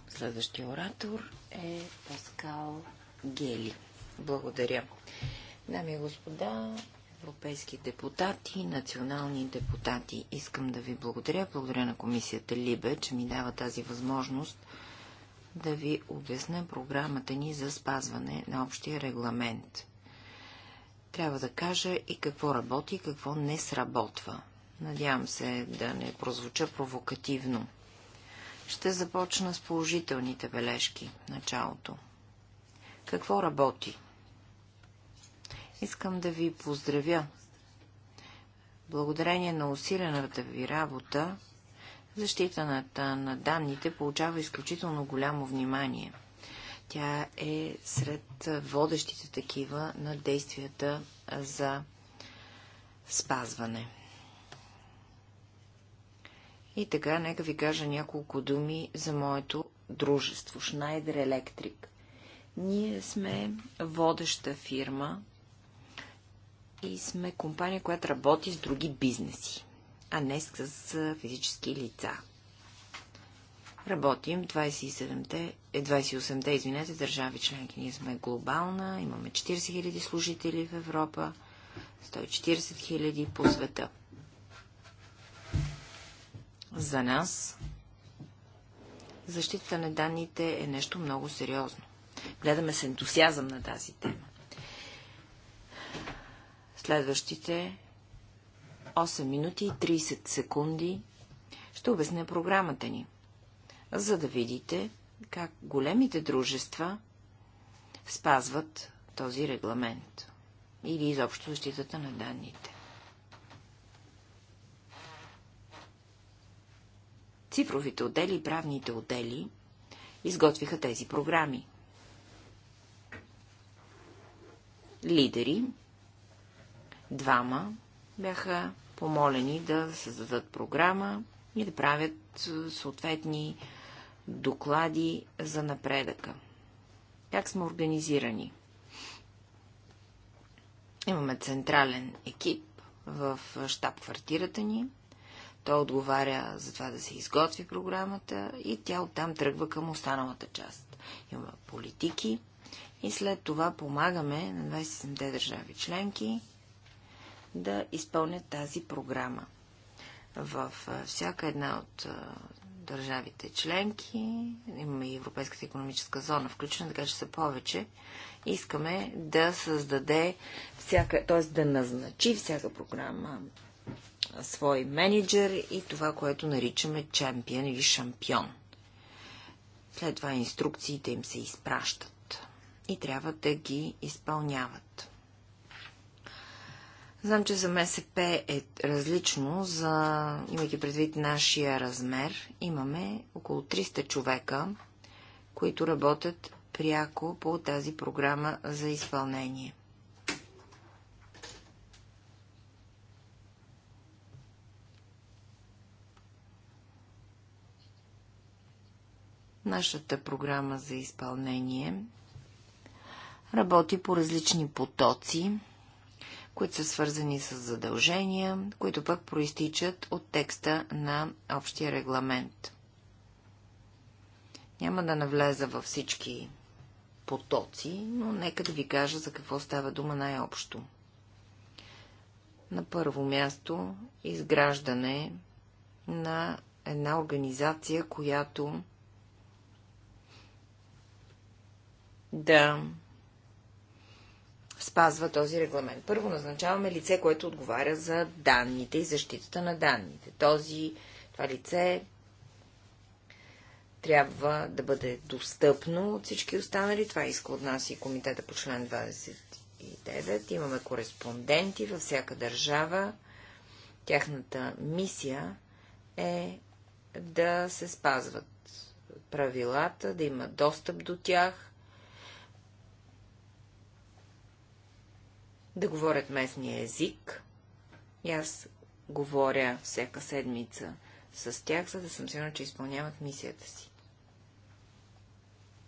Следващия оратор е Паскал Гели. Благодаря. Дами и господа, европейски депутати, национални депутати, искам да ви благодаря. Благодаря на комисията Либе, че ми дава тази възможност да ви обясня програмата ни за спазване на общия регламент трябва да кажа и какво работи, и какво не сработва. Надявам се да не прозвуча провокативно. Ще започна с положителните бележки началото. Какво работи? Искам да ви поздравя. Благодарение на усилената ви работа, защитаната на данните получава изключително голямо внимание – тя е сред водещите такива на действията за спазване. И така, нека ви кажа няколко думи за моето дружество Schneider Electric. Ние сме водеща фирма и сме компания, която работи с други бизнеси, а не с физически лица. Работим 27-те, 28-те, е, извинете, държави членки. Ние сме глобална, имаме 40 000 служители в Европа, 140 000 по света. За нас защита на данните е нещо много сериозно. Гледаме с ентусиазъм на тази тема. Следващите 8 минути и 30 секунди ще обясня програмата ни за да видите как големите дружества спазват този регламент или изобщо защитата на данните. Цифровите отдели и правните отдели изготвиха тези програми. Лидери, двама, бяха помолени да създадат програма и да правят съответни доклади за напредъка. Как сме организирани? Имаме централен екип в щаб-квартирата ни. Той отговаря за това да се изготви програмата и тя оттам тръгва към останалата част. Има политики и след това помагаме на 27-те държави членки да изпълнят тази програма. В всяка една от държавите членки, имаме и Европейската економическа зона включена, така че са повече, искаме да създаде всяка, т.е. да назначи всяка програма свой менеджер и това, което наричаме чемпион или шампион. След това инструкциите им се изпращат и трябва да ги изпълняват. Знам, че за МСП е различно, за, имайки предвид нашия размер, имаме около 300 човека, които работят пряко по тази програма за изпълнение. Нашата програма за изпълнение работи по различни потоци които са свързани с задължения, които пък проистичат от текста на общия регламент. Няма да навлеза във всички потоци, но нека да ви кажа за какво става дума най-общо. На първо място изграждане на една организация, която да спазва този регламент. Първо назначаваме лице, което отговаря за данните и защитата на данните. Този, това лице трябва да бъде достъпно от всички останали. Това иска от нас и комитета по член 29. Имаме кореспонденти във всяка държава. Тяхната мисия е да се спазват правилата, да има достъп до тях да говорят местния език. И аз говоря всяка седмица с тях, за да съм сигурна, че изпълняват мисията си.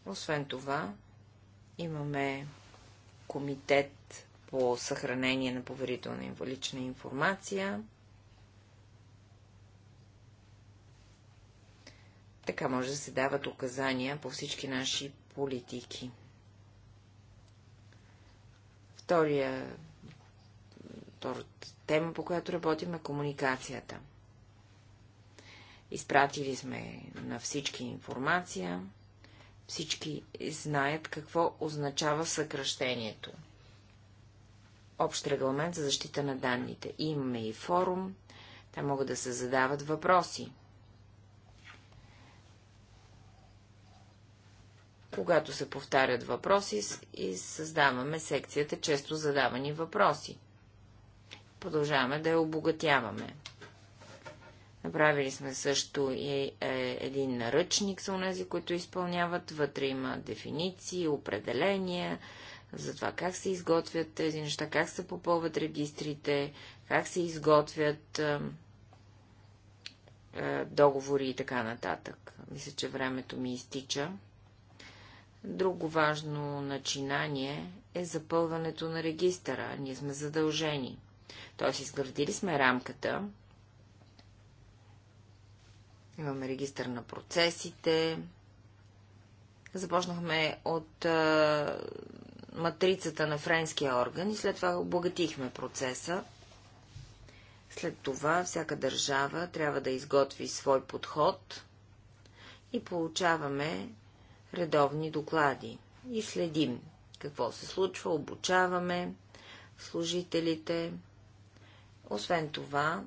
Освен това, имаме комитет по съхранение на поверителна лична информация. Така може да се дават указания по всички наши политики. Втория, втората тема, по която работим е комуникацията. Изпратили сме на всички информация. Всички знаят какво означава съкръщението. Общ регламент за защита на данните. Имаме и форум. Там могат да се задават въпроси. когато се повтарят въпроси и създаваме секцията често задавани въпроси. Продължаваме да я обогатяваме. Направили сме също и е, един наръчник за тези, които изпълняват. Вътре има дефиниции, определения за това как се изготвят тези неща, как се попълват регистрите, как се изготвят е, е, договори и така нататък. Мисля, че времето ми изтича. Друго важно начинание е запълването на регистъра. Ние сме задължени. Тоест, изградили сме рамката. Имаме регистър на процесите. Започнахме от а, матрицата на френския орган и след това обогатихме процеса. След това всяка държава трябва да изготви свой подход и получаваме редовни доклади и следим какво се случва, обучаваме служителите. Освен това,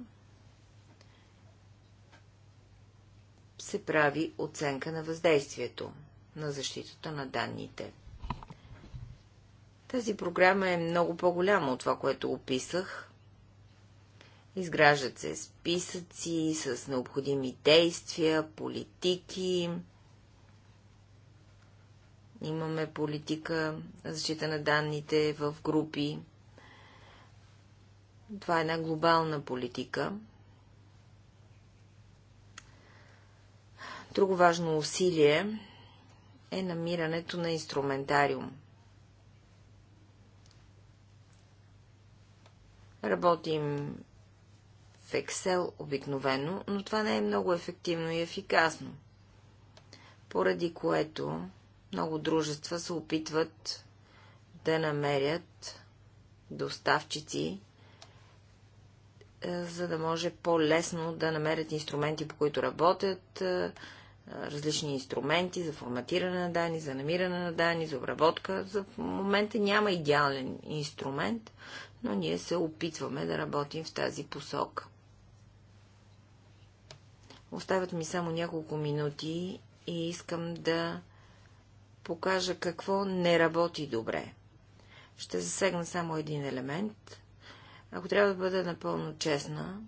се прави оценка на въздействието на защитата на данните. Тази програма е много по-голяма от това, което описах. Изграждат се списъци с необходими действия, политики, Имаме политика защита на данните в групи. Това е една глобална политика. Друго важно усилие е намирането на инструментариум. Работим в Excel обикновено, но това не е много ефективно и ефикасно, поради което много дружества се опитват да намерят доставчици, е, за да може по-лесно да намерят инструменти, по които работят, е, различни инструменти за форматиране на данни, за намиране на данни, за обработка. За момента няма идеален инструмент, но ние се опитваме да работим в тази посока. Оставят ми само няколко минути и искам да покажа какво не работи добре. Ще засегна само един елемент. Ако трябва да бъда напълно честна,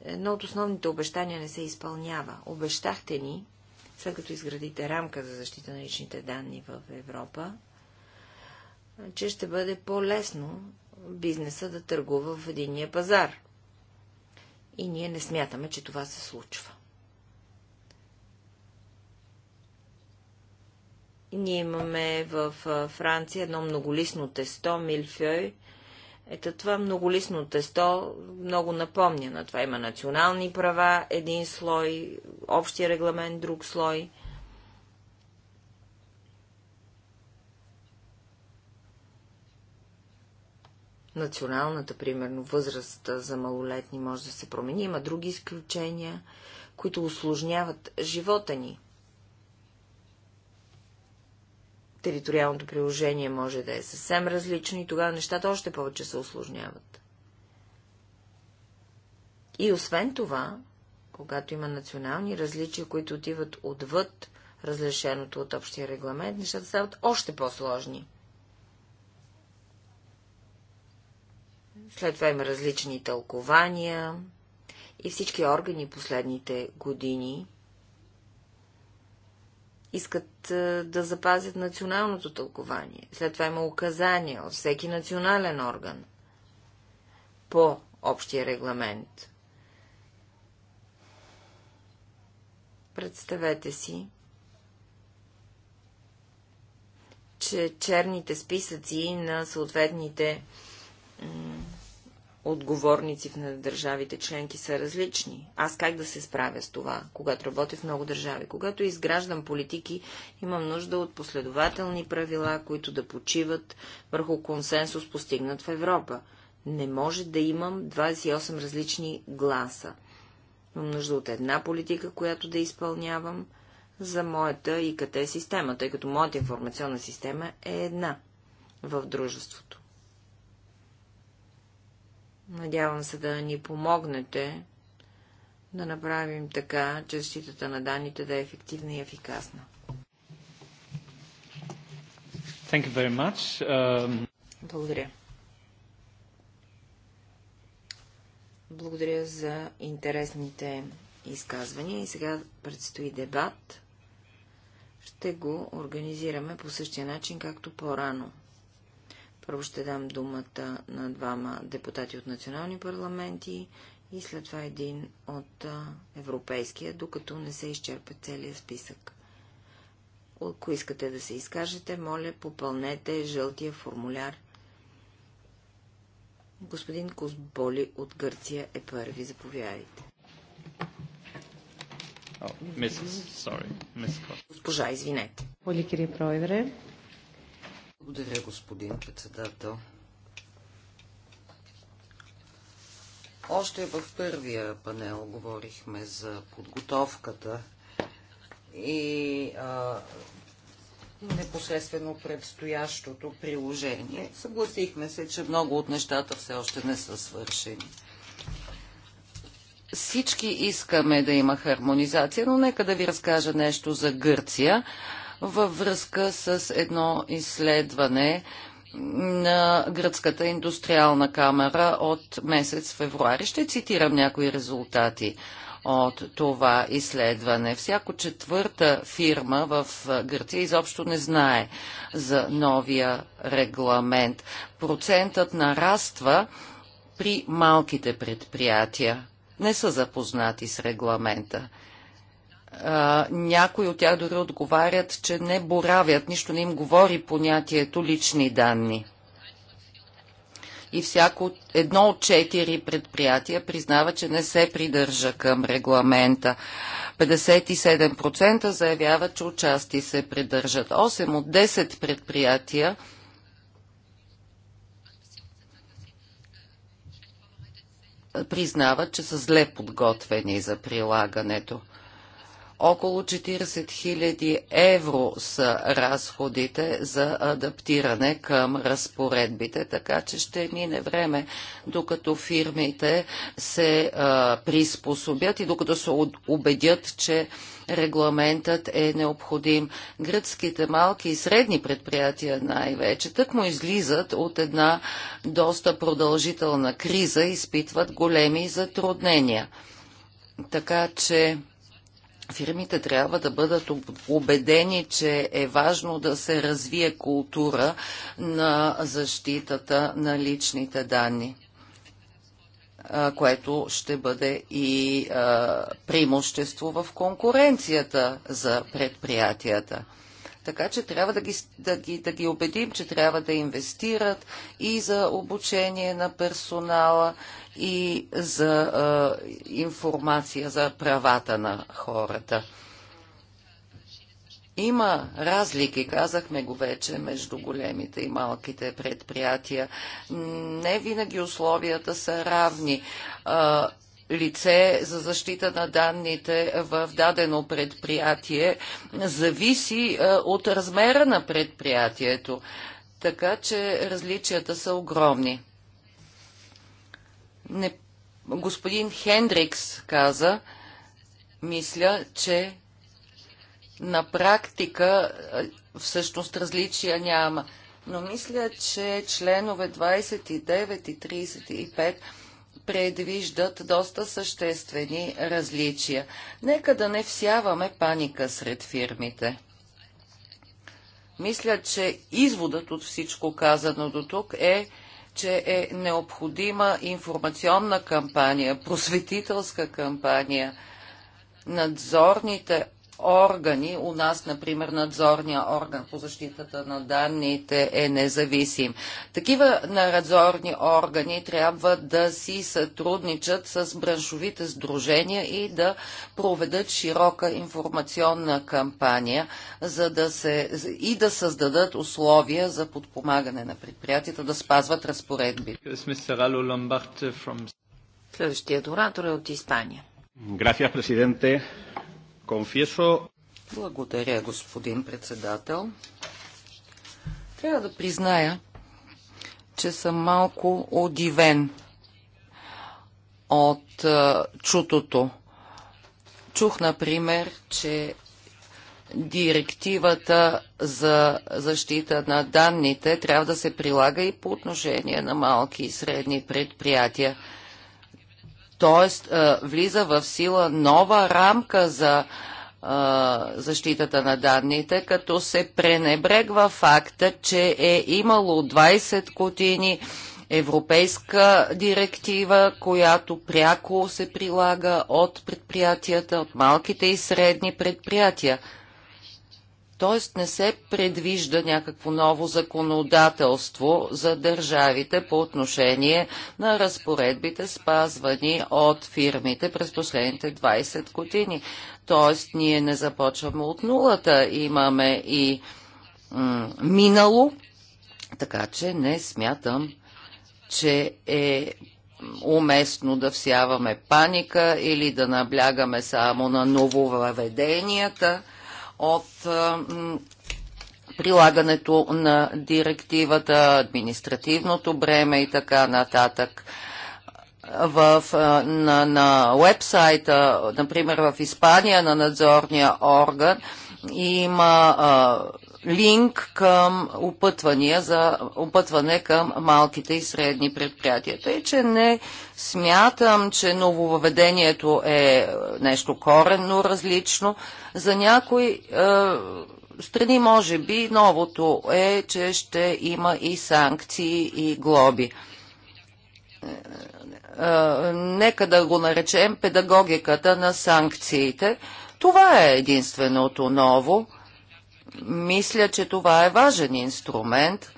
едно от основните обещания не се изпълнява. Обещахте ни, след като изградите рамка за защита на личните данни в Европа, че ще бъде по-лесно бизнеса да търгува в единния пазар. И ние не смятаме, че това се случва. Ние имаме в Франция едно многолисно тесто, Милфьой. Ето това многолисно тесто много напомня на това. Има национални права, един слой, общия регламент, друг слой. националната, примерно, възраст за малолетни може да се промени. Има други изключения, които осложняват живота ни. териториалното приложение може да е съвсем различно и тогава нещата още повече се осложняват. И освен това, когато има национални различия, които отиват отвъд разрешеното от общия регламент, нещата стават още по-сложни. След това има различни тълкования и всички органи последните години искат е, да запазят националното тълкование. След това има указания от всеки национален орган по общия регламент. Представете си, че черните списъци на съответните отговорници в държавите членки са различни. Аз как да се справя с това, когато работя в много държави? Когато изграждам политики, имам нужда от последователни правила, които да почиват върху консенсус постигнат в Европа. Не може да имам 28 различни гласа. Имам нужда от една политика, която да изпълнявам за моята ИКТ система, тъй като моята информационна система е една в дружеството. Надявам се да ни помогнете да направим така, че защитата на данните да е ефективна и ефикасна. Thank you very much. Um... Благодаря. Благодаря за интересните изказвания и сега предстои дебат. Ще го организираме по същия начин, както по-рано. Първо ще дам думата на двама депутати от национални парламенти и след това един от европейския, докато не се изчерпа целият списък. Ако искате да се изкажете, моля, попълнете жълтия формуляр. Господин Козболи от Гърция е първи. Заповядайте. Oh, Госпожа, извинете. Поли, Пройдре. Благодаря, господин председател. Още в първия панел говорихме за подготовката и а, непосредствено предстоящото приложение. Съгласихме се, че много от нещата все още не са свършени. Всички искаме да има хармонизация, но нека да ви разкажа нещо за Гърция във връзка с едно изследване на Гръцката индустриална камера от месец февруари. Ще цитирам някои резултати от това изследване. Всяко четвърта фирма в Гърция изобщо не знае за новия регламент. Процентът нараства при малките предприятия. Не са запознати с регламента а, някои от тях дори отговарят, че не боравят, нищо не им говори понятието лични данни. И всяко едно от четири предприятия признава, че не се придържа към регламента. 57% заявяват, че участи се придържат. 8 от 10 предприятия признават, че са зле подготвени за прилагането. Около 40 000 евро са разходите за адаптиране към разпоредбите, така че ще мине време, докато фирмите се а, приспособят и докато се убедят, че регламентът е необходим. Гръцките малки и средни предприятия най-вече тък му излизат от една доста продължителна криза, и изпитват големи затруднения. Така че фирмите трябва да бъдат убедени, че е важно да се развие култура на защитата на личните данни което ще бъде и преимущество в конкуренцията за предприятията. Така че трябва да ги, да, ги, да ги убедим, че трябва да инвестират и за обучение на персонала, и за а, информация за правата на хората. Има разлики, казахме го вече, между големите и малките предприятия. Не винаги условията са равни лице за защита на данните в дадено предприятие зависи е, от размера на предприятието, така че различията са огромни. Не, господин Хендрикс каза, мисля, че на практика е, всъщност различия няма. Но мисля, че членове 29 и 35 предвиждат доста съществени различия. Нека да не всяваме паника сред фирмите. Мисля, че изводът от всичко казано до тук е, че е необходима информационна кампания, просветителска кампания. Надзорните органи. У нас, например, надзорния орган по защитата на данните е независим. Такива надзорни органи трябва да си сътрудничат с браншовите сдружения и да проведат широка информационна кампания за да се, и да създадат условия за подпомагане на предприятията да спазват разпоредби. Следващият оратор е от Испания. Gracias, presidente. Confieso... Благодаря, господин председател. Трябва да призная, че съм малко удивен от а, е, чутото. Чух, например, че директивата за защита на данните трябва да се прилага и по отношение на малки и средни предприятия. Тоест, е, влиза в сила нова рамка за е, защитата на данните, като се пренебрегва факта, че е имало 20 години европейска директива, която пряко се прилага от предприятията, от малките и средни предприятия. Т.е. не се предвижда някакво ново законодателство за държавите по отношение на разпоредбите, спазвани от фирмите през последните 20 години. Т.е. ние не започваме от нулата, имаме и минало, така че не смятам, че е уместно да всяваме паника или да наблягаме само на нововъведенията – от прилагането на директивата, административното бреме и така нататък. В, на, на вебсайта, например в Испания на надзорния орган, има а, линк към опътвания за опътване към малките и средни предприятия. Тъй, че не смятам, че нововъведението е нещо коренно различно. За някои е, страни, може би, новото е, че ще има и санкции и глоби е, е, нека да го наречем педагогиката на санкциите. Това е единственото ново. Мисля, че това е важен инструмент,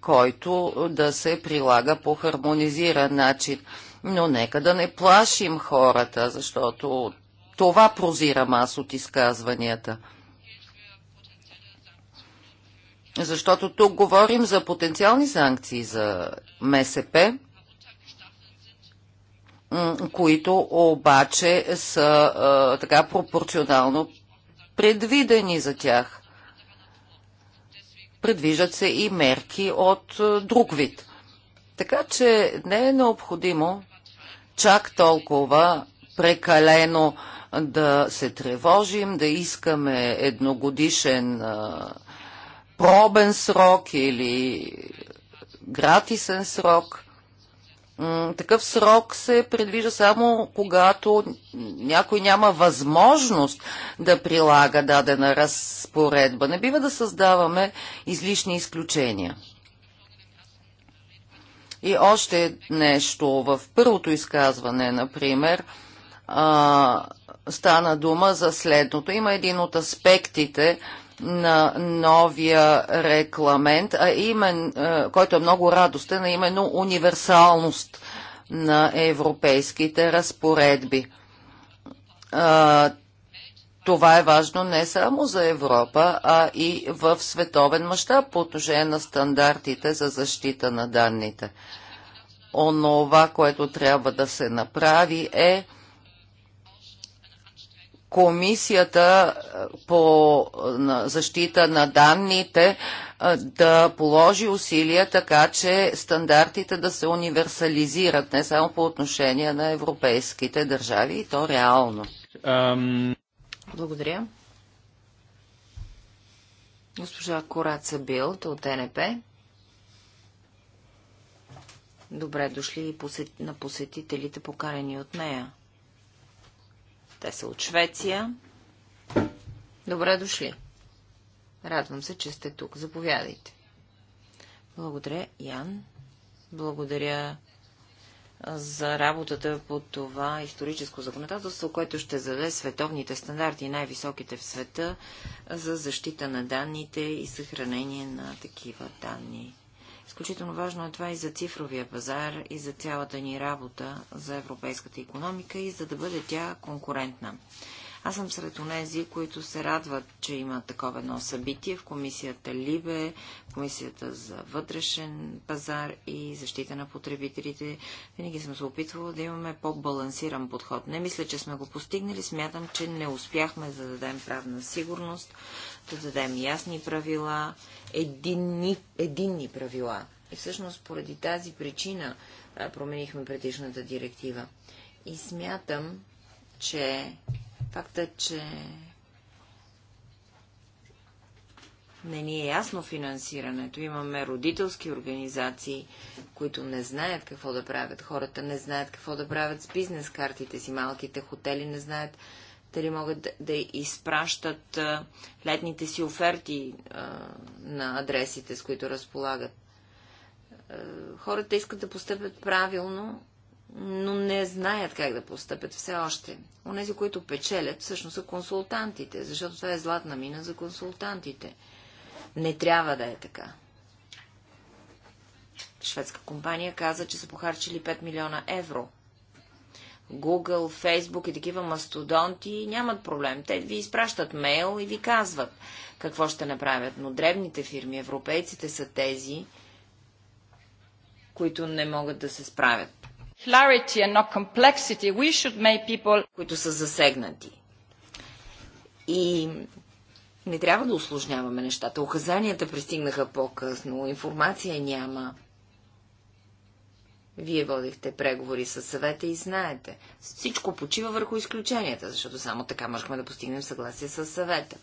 който да се прилага по хармонизиран начин. Но нека да не плашим хората, защото това прозира аз от изказванията. Защото тук говорим за потенциални санкции за МСП, които обаче са а, така пропорционално предвидени за тях. Предвиждат се и мерки от е, друг вид. Така че не е необходимо чак толкова прекалено да се тревожим, да искаме едногодишен е, пробен срок или гратисен срок. Такъв срок се предвижда само когато някой няма възможност да прилага дадена разпоредба. Не бива да създаваме излишни изключения. И още нещо. В първото изказване, например, стана дума за следното. Има един от аспектите на новия рекламент, а имен, който е много радостен, а именно универсалност на европейските разпоредби. Това е важно не само за Европа, а и в световен мащаб по отношение на стандартите за защита на данните. Онова, което трябва да се направи е комисията е, по защита на данните е, да положи усилия така, че стандартите да се универсализират не само по отношение на европейските държави и то реално. Um... Благодаря. Госпожа Кораца Билт от НП. Добре дошли на посетителите, поканени от нея. Те са от Швеция. Добре дошли. Радвам се, че сте тук. Заповядайте. Благодаря, Ян. Благодаря за работата по това историческо законодателство, което ще заде световните стандарти, най-високите в света, за защита на данните и съхранение на такива данни. Изключително важно е това и за цифровия пазар, и за цялата ни работа за европейската економика, и за да бъде тя конкурентна. Аз съм сред онези, които се радват, че има такова едно събитие в комисията Либе, комисията за вътрешен пазар и защита на потребителите. Винаги съм се опитвала да имаме по-балансиран подход. Не мисля, че сме го постигнали. Смятам, че не успяхме да дадем правна сигурност, да дадем ясни правила единни, единни правила. И всъщност поради тази причина променихме предишната директива. И смятам, че факта, че не ни е ясно финансирането. Имаме родителски организации, които не знаят какво да правят. Хората не знаят какво да правят с бизнес картите си. Малките хотели не знаят дали могат да, да изпращат а, летните си оферти а, на адресите, с които разполагат. А, хората искат да постъпят правилно, но не знаят как да постъпят все още. Онези, които печелят, всъщност са консултантите, защото това е златна мина за консултантите. Не трябва да е така. Шведска компания каза, че са похарчили 5 милиона евро – Google, Facebook и такива мастодонти нямат проблем. Те ви изпращат мейл и ви казват какво ще направят. Но древните фирми, европейците са тези, които не могат да се справят. People... които са засегнати. И не трябва да осложняваме нещата. Указанията пристигнаха по-късно, информация няма. Вие водихте преговори с съвета и знаете. Всичко почива върху изключенията, защото само така можехме да постигнем съгласие с съвета.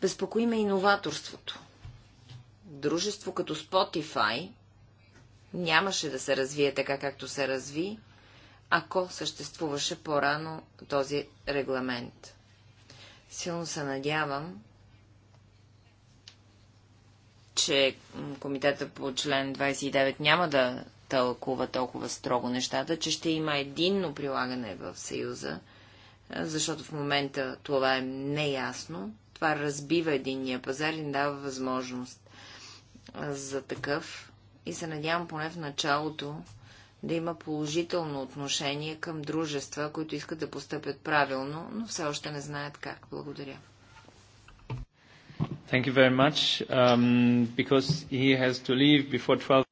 Безпокоиме иноваторството. Дружество като Spotify нямаше да се развие така, както се разви, ако съществуваше по-рано този регламент. Силно се надявам, че комитета по член 29 няма да тълкува толкова строго нещата, че ще има единно прилагане в Съюза, защото в момента това е неясно. Това разбива единния пазар и дава възможност за такъв. И се надявам поне в началото да има положително отношение към дружества, които искат да постъпят правилно, но все още не знаят как. Благодаря. Thank you very much. Um, because he has to leave before 12.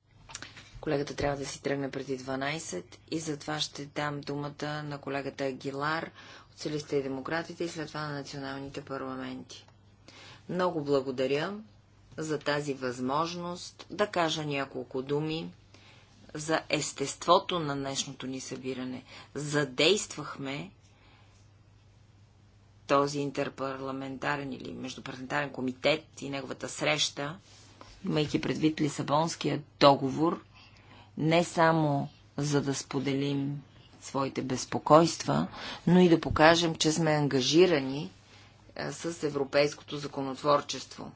Колегата трябва да си тръгне преди 12 и затова ще дам думата на колегата Агилар от Селиста и Демократите и след това на националните парламенти. Много благодаря за тази възможност да кажа няколко думи за естеството на днешното ни събиране. Задействахме този интерпарламентарен или междупарламентарен комитет и неговата среща, имайки предвид Лисабонския договор не само за да споделим своите безпокойства, но и да покажем, че сме ангажирани е, с европейското законотворчество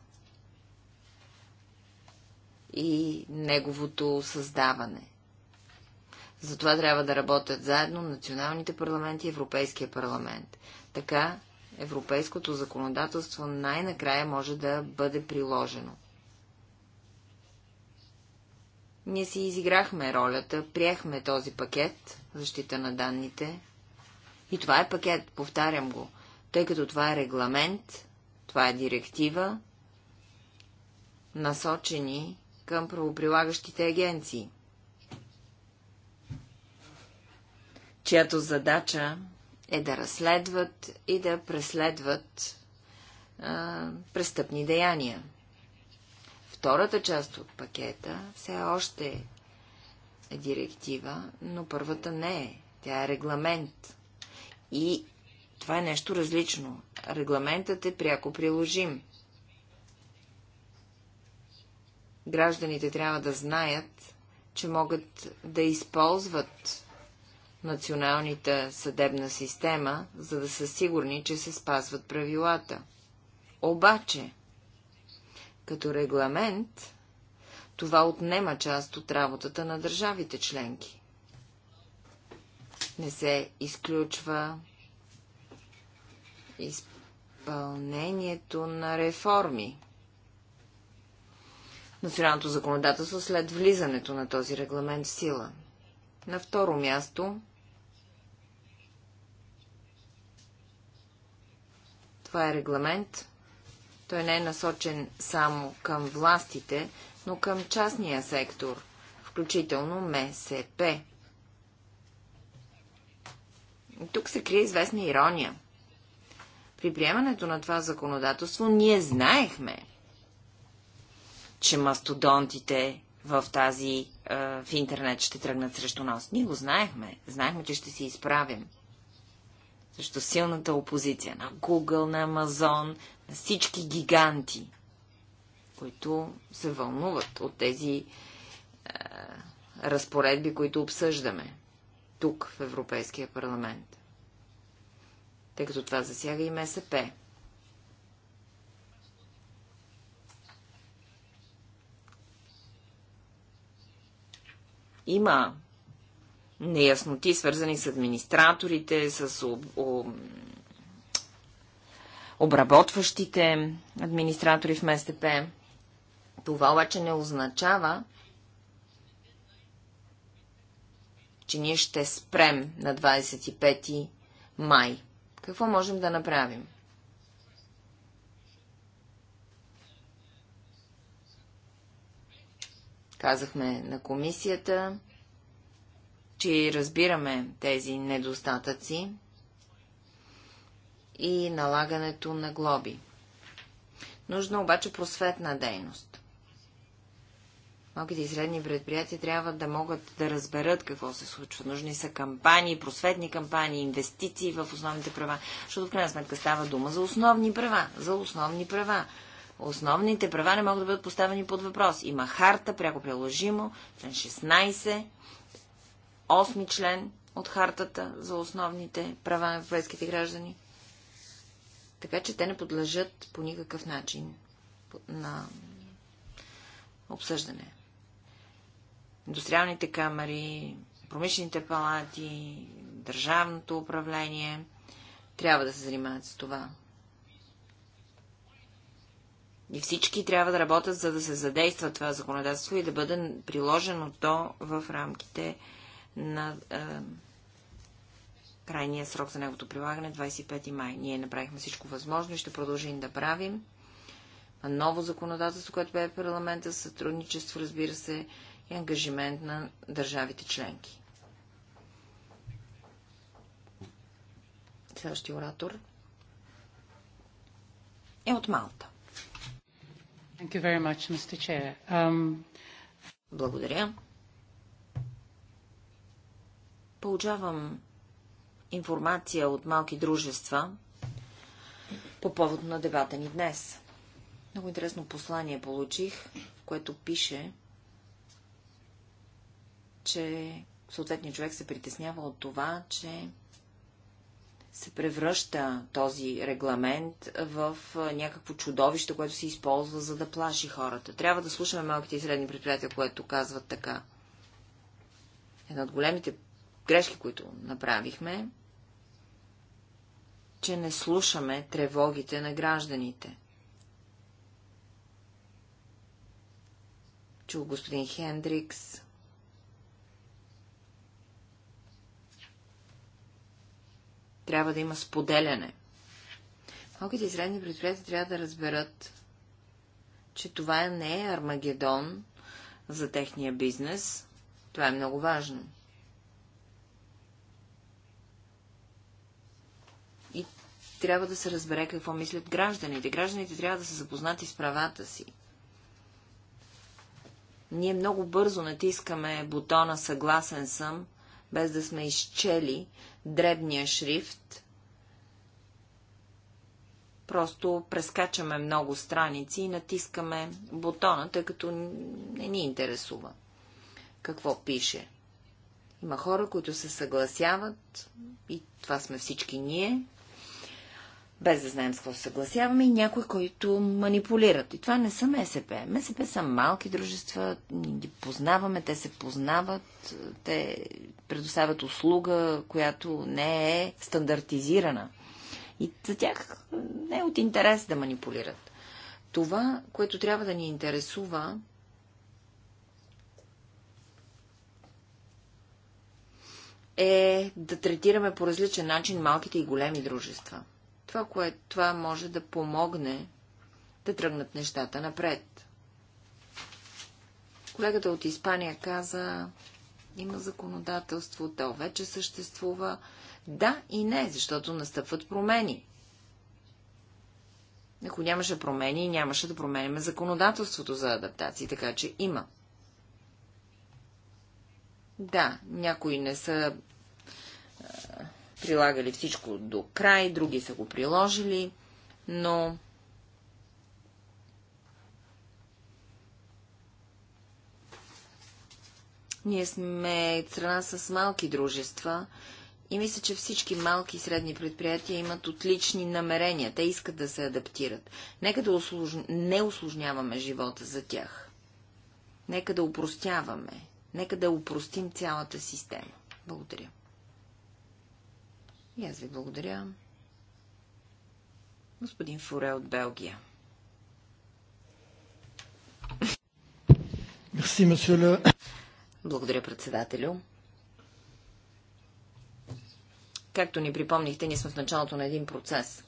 и неговото създаване. Затова трябва да работят заедно националните парламенти и Европейския парламент. Така европейското законодателство най-накрая може да бъде приложено. Ние си изиграхме ролята, приехме този пакет, защита на данните. И това е пакет, повтарям го, тъй като това е регламент, това е директива, насочени към правоприлагащите агенции, чиято задача е да разследват и да преследват а, престъпни деяния. Втората част от пакета все още е директива, но първата не е. Тя е регламент. И това е нещо различно. Регламентът е пряко приложим. Гражданите трябва да знаят, че могат да използват националната съдебна система, за да са сигурни, че се спазват правилата. Обаче, като регламент, това отнема част от работата на държавите членки. Не се изключва изпълнението на реформи. Националното законодателство след влизането на този регламент в сила. На второ място това е регламент, той не е насочен само към властите, но към частния сектор, включително МСП. Тук се крие известна ирония. При приемането на това законодателство ние знаехме, че мастодонтите в тази, е, в интернет ще тръгнат срещу нас. Ние го знаехме. Знаехме, че ще се изправим срещу силната опозиция на Google, на Амазон, на всички гиганти, които се вълнуват от тези е, разпоредби, които обсъждаме тук в Европейския парламент. Тъй като това засяга и МСП. Има неясноти, свързани с администраторите, с об, обработващите администратори в МСТП. Това обаче не означава, че ние ще спрем на 25 май. Какво можем да направим? Казахме на комисията, че разбираме тези недостатъци и налагането на глоби. Нужна обаче просветна дейност. Малките и средни предприятия трябва да могат да разберат какво се случва. Нужни са кампании, просветни кампании, инвестиции в основните права, защото в крайна сметка става дума за основни права, за основни права. Основните права не могат да бъдат поставени под въпрос. Има харта, пряко приложимо, член 16, Осми член от хартата за основните права на европейските граждани. Така че те не подлежат по никакъв начин на обсъждане. Индустриалните камери, промишлените палати, държавното управление трябва да се занимават с това. И всички трябва да работят, за да се задейства това законодателство и да бъде приложено то в рамките на а, крайния срок за неговото прилагане 25 май. Ние направихме всичко възможно и ще продължим да правим. А ново законодателство, което бе в парламента, сътрудничество, разбира се, и ангажимент на държавите членки. Следващия оратор е от Малта. Much, um... Благодаря. Получавам информация от малки дружества по повод на дебата ни днес. Много интересно послание получих, в което пише, че съответният човек се притеснява от това, че се превръща този регламент в някакво чудовище, което се използва, за да плаши хората. Трябва да слушаме малките и средни предприятия, което казват така. Една от големите грешки, които направихме, че не слушаме тревогите на гражданите. Чул господин Хендрикс. Трябва да има споделяне. Малките и средни предприятия трябва да разберат, че това не е Армагедон за техния бизнес. Това е много важно. трябва да се разбере какво мислят гражданите. Гражданите трябва да са запознати с правата си. Ние много бързо натискаме бутона Съгласен съм, без да сме изчели дребния шрифт. Просто прескачаме много страници и натискаме бутона, тъй като не ни интересува какво пише. Има хора, които се съгласяват, и това сме всички ние, без да знаем с какво съгласяваме, и някои, които манипулират. И това не са МСП. МСП са малки дружества, ги познаваме, те се познават, те предоставят услуга, която не е стандартизирана. И за тях не е от интерес да манипулират. Това, което трябва да ни интересува, е да третираме по различен начин малките и големи дружества – това, което това може да помогне да тръгнат нещата напред. Колегата от Испания каза, има законодателство, то вече съществува. Да и не, защото настъпват промени. Ако нямаше промени, нямаше да променяме законодателството за адаптации, така че има. Да, някои не са прилагали всичко до край, други са го приложили, но Ние сме страна с малки дружества и мисля, че всички малки и средни предприятия имат отлични намерения. Те искат да се адаптират. Нека да услуж... не осложняваме живота за тях. Нека да упростяваме. Нека да упростим цялата система. Благодаря. И аз ви благодаря. Господин Фуре от Белгия. Благодаря, председателю. Както ни припомнихте, ние сме в началото на един процес.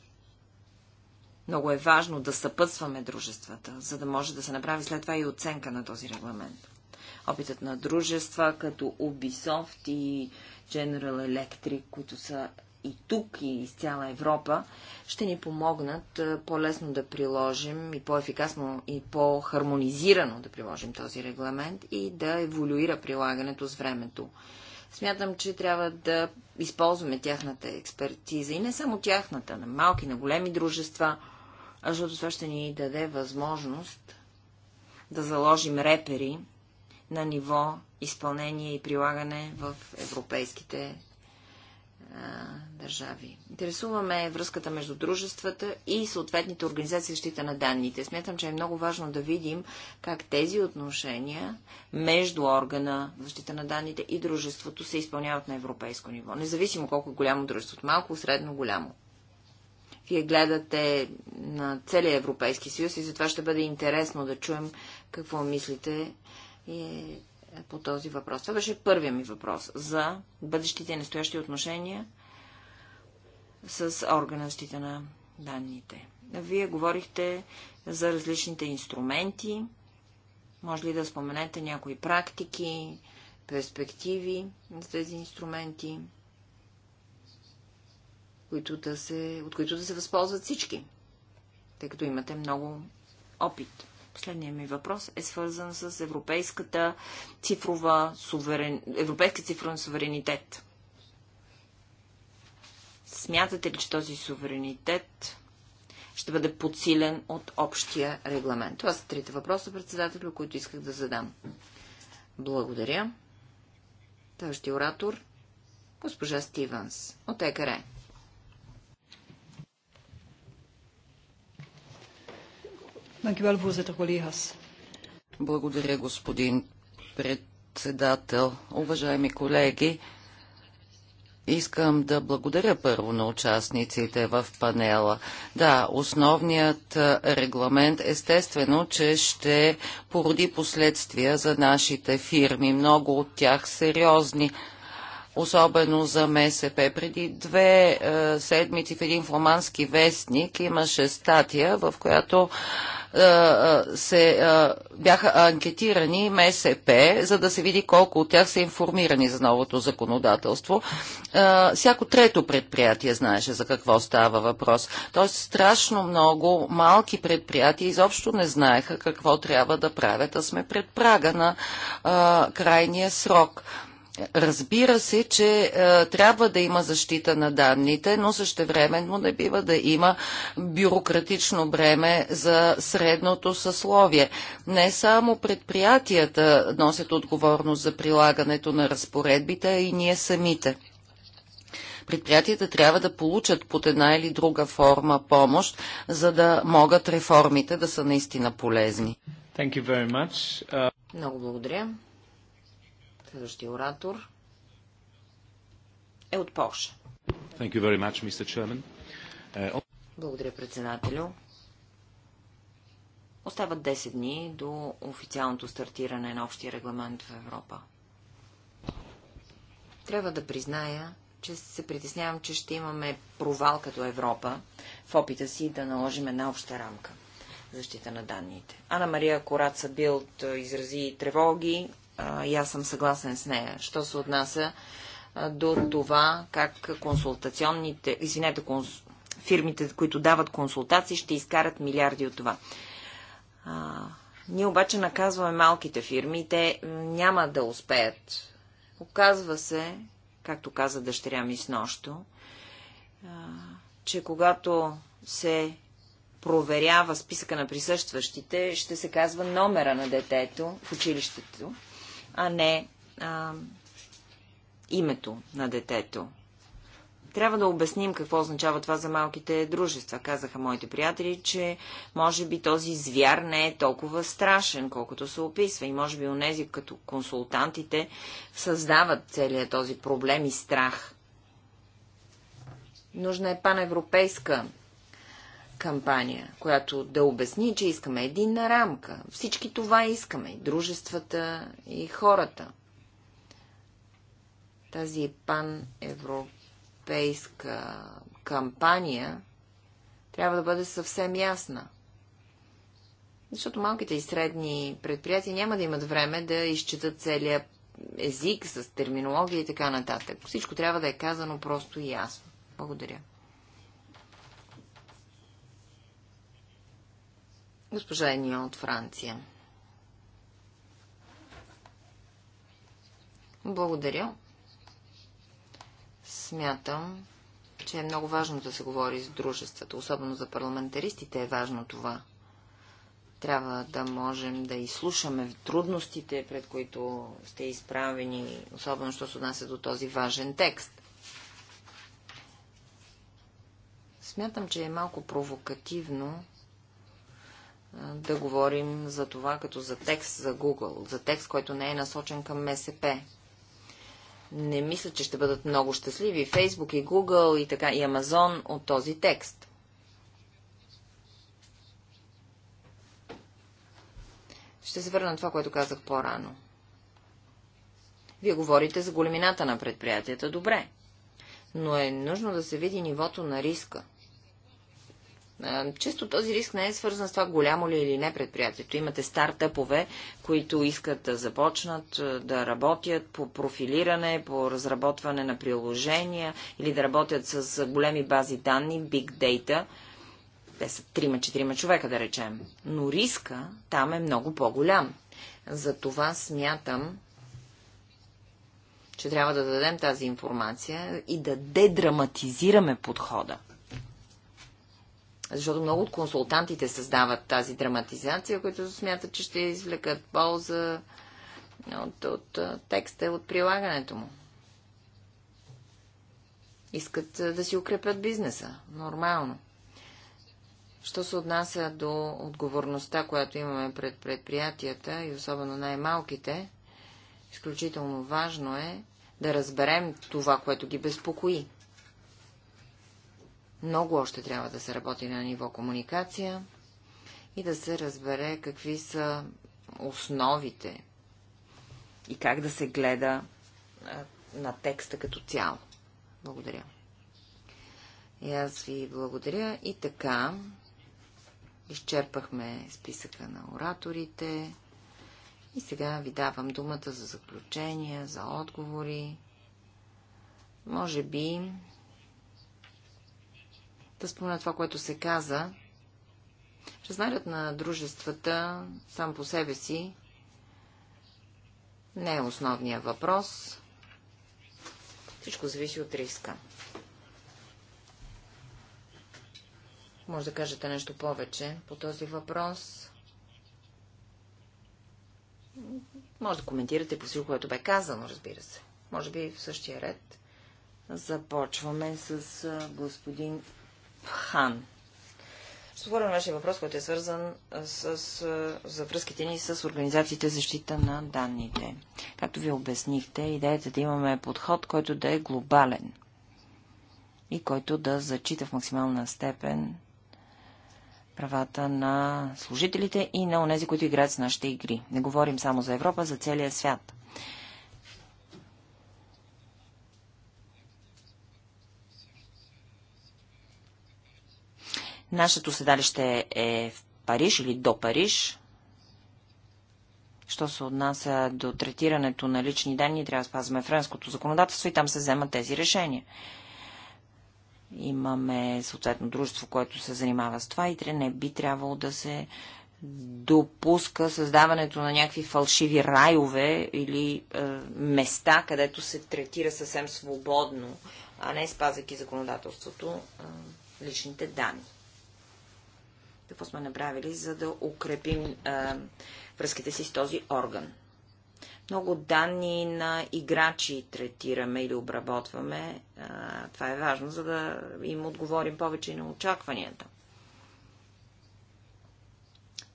Много е важно да съпътстваме дружествата, за да може да се направи след това и оценка на този регламент. Опитът на дружества като Ubisoft и General Electric, които са и тук, и из цяла Европа, ще ни помогнат е, по-лесно да приложим и по-ефикасно и по-хармонизирано да приложим този регламент и да еволюира прилагането с времето. Смятам, че трябва да използваме тяхната експертиза и не само тяхната, на малки, на големи дружества, защото това ще ни даде възможност да заложим репери на ниво изпълнение и прилагане в европейските държави. Интересуваме връзката между дружествата и съответните организации защита на данните. Смятам, че е много важно да видим как тези отношения между органа защита на данните и дружеството се изпълняват на европейско ниво. Независимо колко голямо дружеството, малко, средно, голямо. Вие гледате на целия Европейски съюз и затова ще бъде интересно да чуем какво мислите и е, по този въпрос. Това беше първият ми въпрос за бъдещите и настоящи отношения с органа защита на данните. Вие говорихте за различните инструменти. Може ли да споменете някои практики, перспективи за тези инструменти, които да се, от които да се възползват всички, тъй като имате много опит. Последният ми въпрос е свързан с европейската цифрова суверен... европейска цифрова суверенитет. Смятате ли, че този суверенитет ще бъде подсилен от общия регламент? Това са трите въпроса, председателю, които исках да задам. Благодаря. Тъжди оратор, госпожа Стивенс от ЕКРЕ. Благодаря, господин председател. Уважаеми колеги, Искам да благодаря първо на участниците в панела. Да, основният регламент естествено, че ще породи последствия за нашите фирми. Много от тях сериозни особено за МСП. Преди две е, седмици в един фламандски вестник имаше статия, в която е, е, се е, бяха анкетирани МСП, за да се види колко от тях са информирани за новото законодателство. Всяко трето предприятие знаеше за какво става въпрос. Тоест страшно много малки предприятия изобщо не знаеха какво трябва да правят, а сме пред прага на крайния срок. Разбира се, че е, трябва да има защита на данните, но същевременно не бива да има бюрократично бреме за средното съсловие. Не само предприятията носят отговорност за прилагането на разпоредбите, а и ние самите. Предприятията трябва да получат под една или друга форма помощ, за да могат реформите да са наистина полезни. Uh... Много благодаря. Следващия оратор е от Польша. Much, uh, Благодаря, председателю. Остават 10 дни до официалното стартиране на общия регламент в Европа. Трябва да призная, че се притеснявам, че ще имаме провал като Европа в опита си да наложим една обща рамка защита на данните. Ана Мария Корат Билт изрази тревоги и аз съм съгласен с нея. Що се отнася до това, как консултационните, извинете, конс, фирмите, които дават консултации, ще изкарат милиарди от това. А, ние обаче наказваме малките фирми те няма да успеят. Оказва се, както каза дъщеря ми с нощо, че когато се проверява списъка на присъстващите, ще се казва номера на детето в училището а не а, името на детето. Трябва да обясним какво означава това за малките дружества. Казаха моите приятели, че може би този звяр не е толкова страшен, колкото се описва. И може би онези като консултантите създават целият този проблем и страх. Нужна е паневропейска кампания, която да обясни, че искаме единна рамка. Всички това искаме. И дружествата, и хората. Тази пан Европейска кампания трябва да бъде съвсем ясна. Защото малките и средни предприятия няма да имат време да изчитат целият език с терминология и така нататък. Всичко трябва да е казано просто и ясно. Благодаря. Госпожа Ения от Франция. Благодаря. Смятам, че е много важно да се говори с дружествата, особено за парламентаристите е важно това. Трябва да можем да изслушаме трудностите, пред които сте изправени, особено що се отнася до този важен текст. Смятам, че е малко провокативно да говорим за това като за текст за Google, за текст, който не е насочен към МСП. Не мисля, че ще бъдат много щастливи Facebook и Google и така и Amazon от този текст. Ще се върна на това, което казах по-рано. Вие говорите за големината на предприятията. Добре. Но е нужно да се види нивото на риска. Често този риск не е свързан с това голямо ли или не предприятието. Имате стартъпове, които искат да започнат да работят по профилиране, по разработване на приложения или да работят с големи бази данни, big data. Те са 3-4 човека, да речем. Но риска там е много по-голям. Затова смятам, че трябва да дадем тази информация и да дедраматизираме подхода. Защото много от консултантите създават тази драматизация, които смятат, че ще извлекат полза от, от текста, от прилагането му. Искат да си укрепят бизнеса. Нормално. Що се отнася до отговорността, която имаме пред предприятията и особено най-малките, изключително важно е да разберем това, което ги безпокои. Много още трябва да се работи на ниво комуникация и да се разбере какви са основите и как да се гледа на текста като цяло. Благодаря. И аз ви благодаря. И така, изчерпахме списъка на ораторите. И сега ви давам думата за заключения, за отговори. Може би да спомена това, което се каза. Размерът на дружествата сам по себе си не е основният въпрос. Всичко зависи от риска. Може да кажете нещо повече по този въпрос. Може да коментирате по всичко, което бе казано, разбира се. Може би в същия ред. Започваме с господин Хан. Ще отговоря на вашия въпрос, който е свързан с, с връзките ни с организациите защита на данните. Както ви обяснихте, идеята е да имаме подход, който да е глобален и който да зачита в максимална степен правата на служителите и на онези, които играят с нашите игри. Не говорим само за Европа, за целия свят. Нашето седалище е в Париж или до Париж. Що се отнася до третирането на лични данни, трябва да спазваме френското законодателство и там се вземат тези решения. Имаме съответно дружество, което се занимава с това и не би трябвало да се допуска създаването на някакви фалшиви райове или е, места, където се третира съвсем свободно, а не спазвайки законодателството, е, личните данни какво сме направили, за да укрепим а, връзките си с този орган. Много данни на играчи третираме или обработваме. А, това е важно, за да им отговорим повече на очакванията.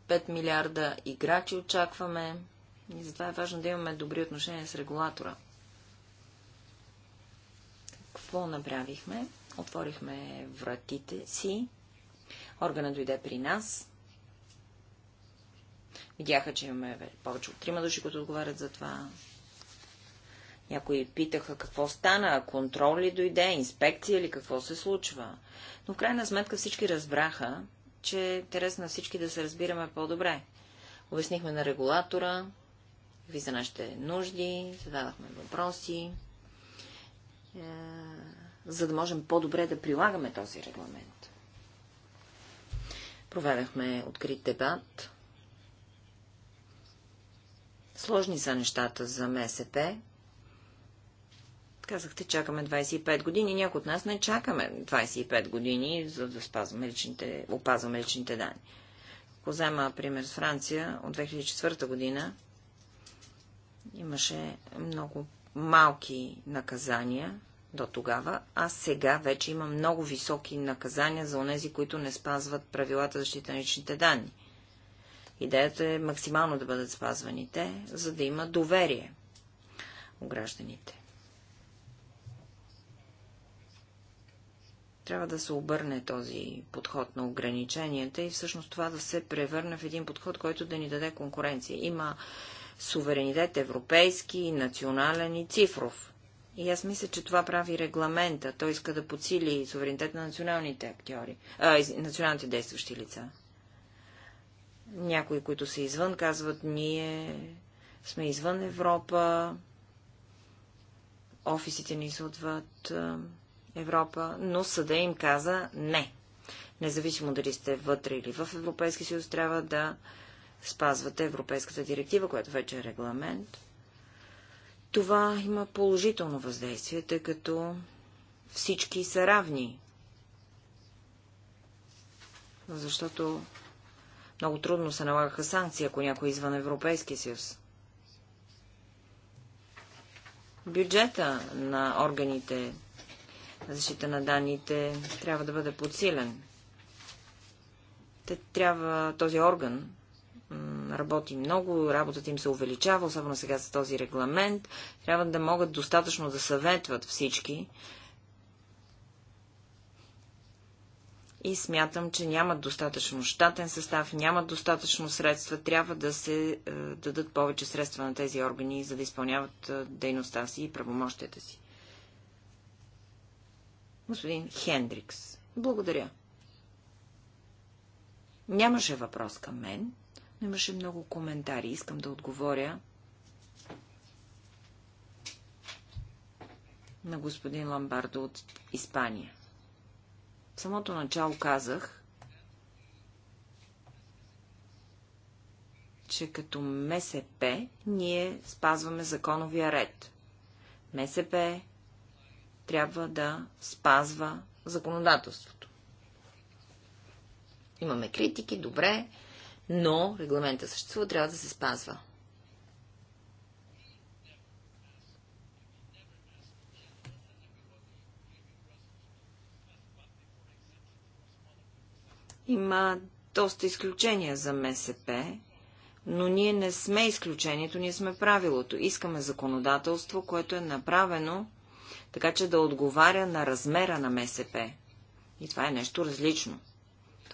5 милиарда играчи очакваме. И затова е важно да имаме добри отношения с регулатора. Какво направихме? Отворихме вратите си Органът дойде при нас. Видяха, че имаме повече от трима души, които отговарят за това. Някои питаха какво стана, контрол ли дойде, инспекция ли, какво се случва. Но в крайна сметка всички разбраха, че е интерес на всички да се разбираме по-добре. Обяснихме на регулатора, какви са нашите нужди, зададахме въпроси, е, за да можем по-добре да прилагаме този регламент. Проведахме открит дебат. Сложни са нещата за МСП. Казахте, чакаме 25 години. Някои от нас не чакаме 25 години, за да спазваме личните, опазваме личните данни. Ако взема пример с Франция, от 2004 година имаше много малки наказания до тогава, а сега вече има много високи наказания за онези, които не спазват правилата за защита на личните данни. Идеята е максимално да бъдат спазвани те, за да има доверие у гражданите. Трябва да се обърне този подход на ограниченията и всъщност това да се превърне в един подход, който да ни даде конкуренция. Има суверенитет европейски, национален и цифров. И аз мисля, че това прави регламента. Той иска да подсили суверенитет на националните актьори, а, националните действащи лица. Някои, които са извън, казват, ние сме извън Европа, офисите ни са отвъд Европа, но съда им каза не. Независимо дали сте вътре или в Европейски съюз, трябва да спазвате Европейската директива, която вече е регламент – това има положително въздействие, тъй като всички са равни. защото много трудно се налагаха санкции, ако някой е извън Европейския съюз. Бюджета на органите на защита на данните трябва да бъде подсилен. Те трябва този орган работи много, работата им се увеличава, особено сега с този регламент. Трябва да могат достатъчно да съветват всички. И смятам, че нямат достатъчно щатен състав, нямат достатъчно средства, трябва да се е, дадат повече средства на тези органи, за да изпълняват е, дейността си и правомощията си. Господин Хендрикс, благодаря. Нямаше въпрос към мен но имаше много коментари. Искам да отговоря на господин Ламбардо от Испания. В самото начало казах, че като МСП ние спазваме законовия ред. МСП трябва да спазва законодателството. Имаме критики, добре, но регламента съществува, трябва да се спазва. Има доста изключения за МСП, но ние не сме изключението, ние сме правилото. Искаме законодателство, което е направено така, че да отговаря на размера на МСП. И това е нещо различно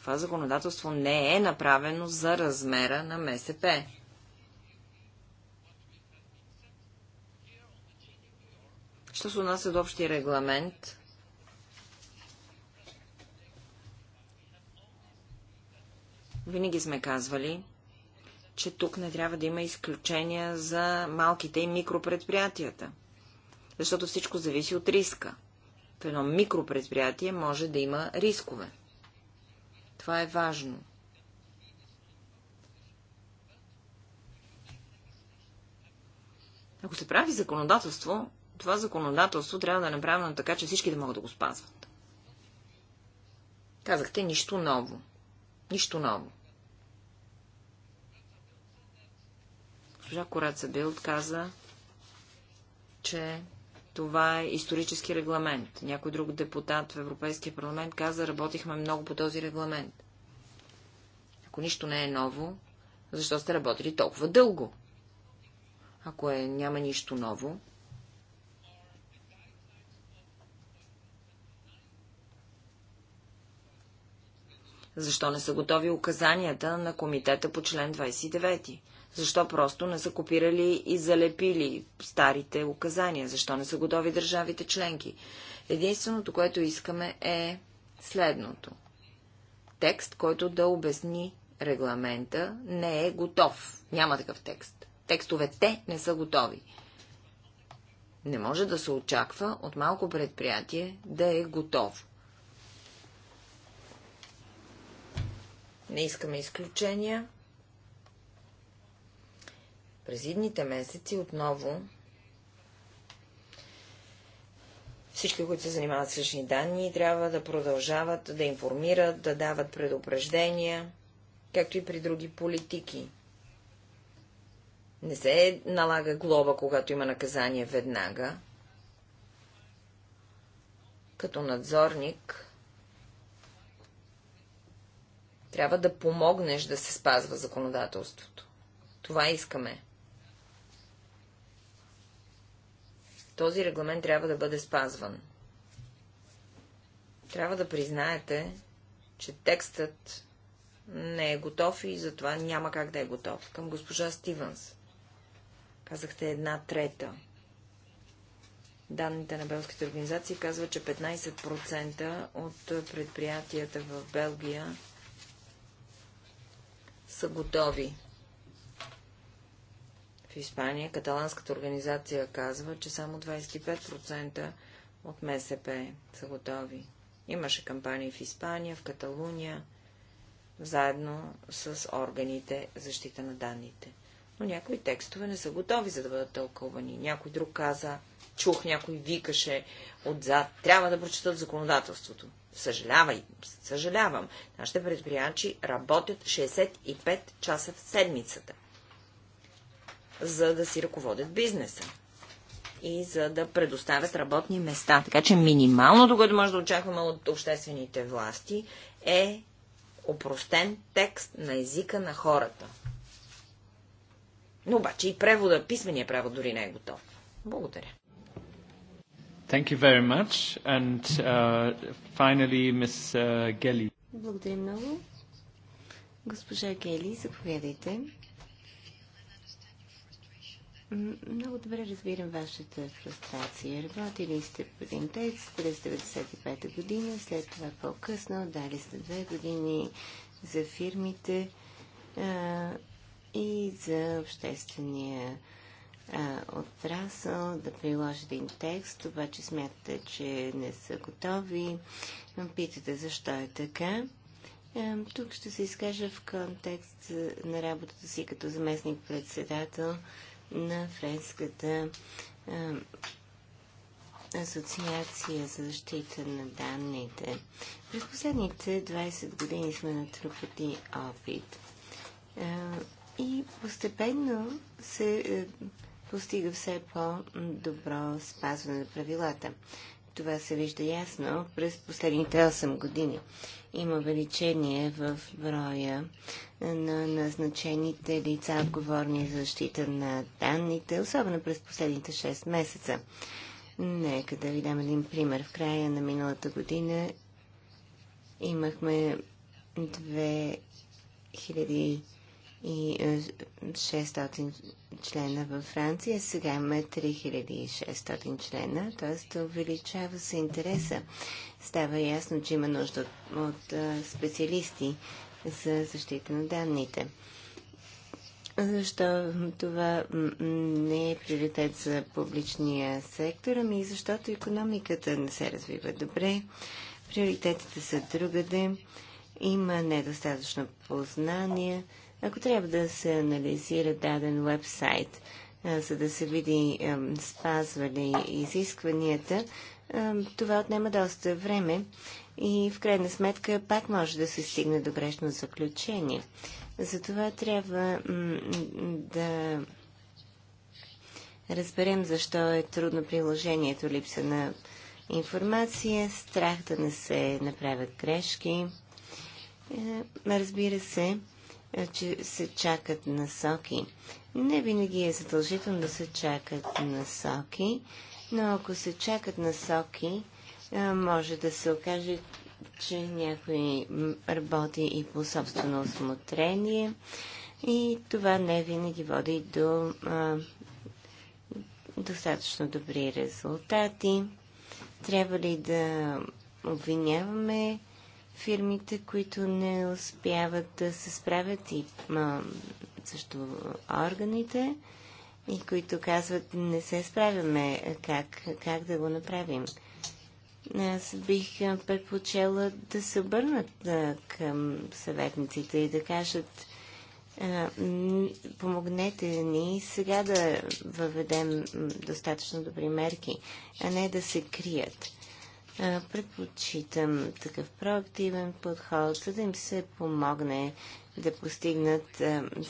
това законодателство не е направено за размера на МСП. Що се отнася до общия регламент, винаги сме казвали, че тук не трябва да има изключения за малките и микропредприятията, защото всичко зависи от риска. В едно микропредприятие може да има рискове. Това е важно. Ако се прави законодателство, това законодателство трябва да е направено така, че всички да могат да го спазват. Казахте нищо ново. Нищо ново. Госпожа Кораца Билд каза, че това е исторически регламент. Някой друг депутат в Европейския парламент каза, работихме много по този регламент. Ако нищо не е ново, защо сте работили толкова дълго? Ако е, няма нищо ново, Защо не са готови указанията на комитета по член 29? Защо просто не са копирали и залепили старите указания? Защо не са готови държавите членки? Единственото, което искаме е следното. Текст, който да обясни регламента, не е готов. Няма такъв текст. Текстовете не са готови. Не може да се очаква от малко предприятие да е готов. Не искаме изключения. През идните месеци отново всички, които се занимават с лични данни, трябва да продължават да информират, да дават предупреждения, както и при други политики. Не се налага глоба, когато има наказание веднага. Като надзорник трябва да помогнеш да се спазва законодателството. Това искаме. Този регламент трябва да бъде спазван. Трябва да признаете, че текстът не е готов и затова няма как да е готов. Към госпожа Стивенс. Казахте една трета. Данните на белските организации казват, че 15% от предприятията в Белгия са готови Испания каталанската организация казва, че само 25% от МСП са готови. Имаше кампании в Испания, в Каталуния, заедно с органите защита на данните. Но някои текстове не са готови, за да бъдат тълкувани. Някой друг каза, чух, някой викаше отзад, трябва да прочитат законодателството. Съжалявай, съжалявам. Нашите предприячи работят 65 часа в седмицата за да си ръководят бизнеса и за да предоставят работни места. Така че минималното, което може да очакваме от обществените власти е опростен текст на езика на хората. Но обаче и превода, писмения превод дори не е готов. Благодаря. Thank you very much. And uh, finally, Miss Uh, Благодаря много. Госпожа Гели, заповядайте. Много добре разбирам вашата фрустрация. Работили сте по един текст през 1995 година, след това по-късно, дали сте две години за фирмите а, и за обществения а, отрасъл да приложите един текст, обаче смятате, че не са готови. Питате защо е така. тук ще се изкажа в контекст на работата си като заместник председател на Френската асоциация за защита на данните. През последните 20 години сме натрупати опит. и постепенно се постига все по-добро спазване на правилата. Това се вижда ясно през последните 8 години има увеличение в броя на назначените лица, отговорни за защита на данните, особено през последните 6 месеца. Нека да ви дам един пример. В края на миналата година имахме 2000 и 600 е, члена във Франция, сега има 3600 члена, т.е. увеличава се интереса. Става ясно, че има нужда от, от е, специалисти за защита на данните. Защо това не е приоритет за публичния сектор? Ами защото економиката не се развива добре, приоритетите са другаде, има недостатъчно познание, ако трябва да се анализира даден вебсайт, за да се види спазва ли изискванията, това отнема доста време и в крайна сметка пак може да се стигне до грешно заключение. Затова трябва да разберем защо е трудно приложението, липса на информация, страх да не се направят грешки. Е, разбира се, е, че се чакат насоки. Не винаги е задължително да се чакат насоки, но ако се чакат насоки, е, може да се окаже, че някой работи и по собствено осмотрение и това не винаги води до е, достатъчно добри резултати. Трябва ли да обвиняваме фирмите, които не успяват да се справят и а, също органите, и които казват не се справяме, как, как да го направим. Аз бих предпочела да се обърнат а, към съветниците и да кажат а, помогнете ни сега да въведем достатъчно добри мерки, а не да се крият предпочитам такъв проактивен подход, за да им се помогне да постигнат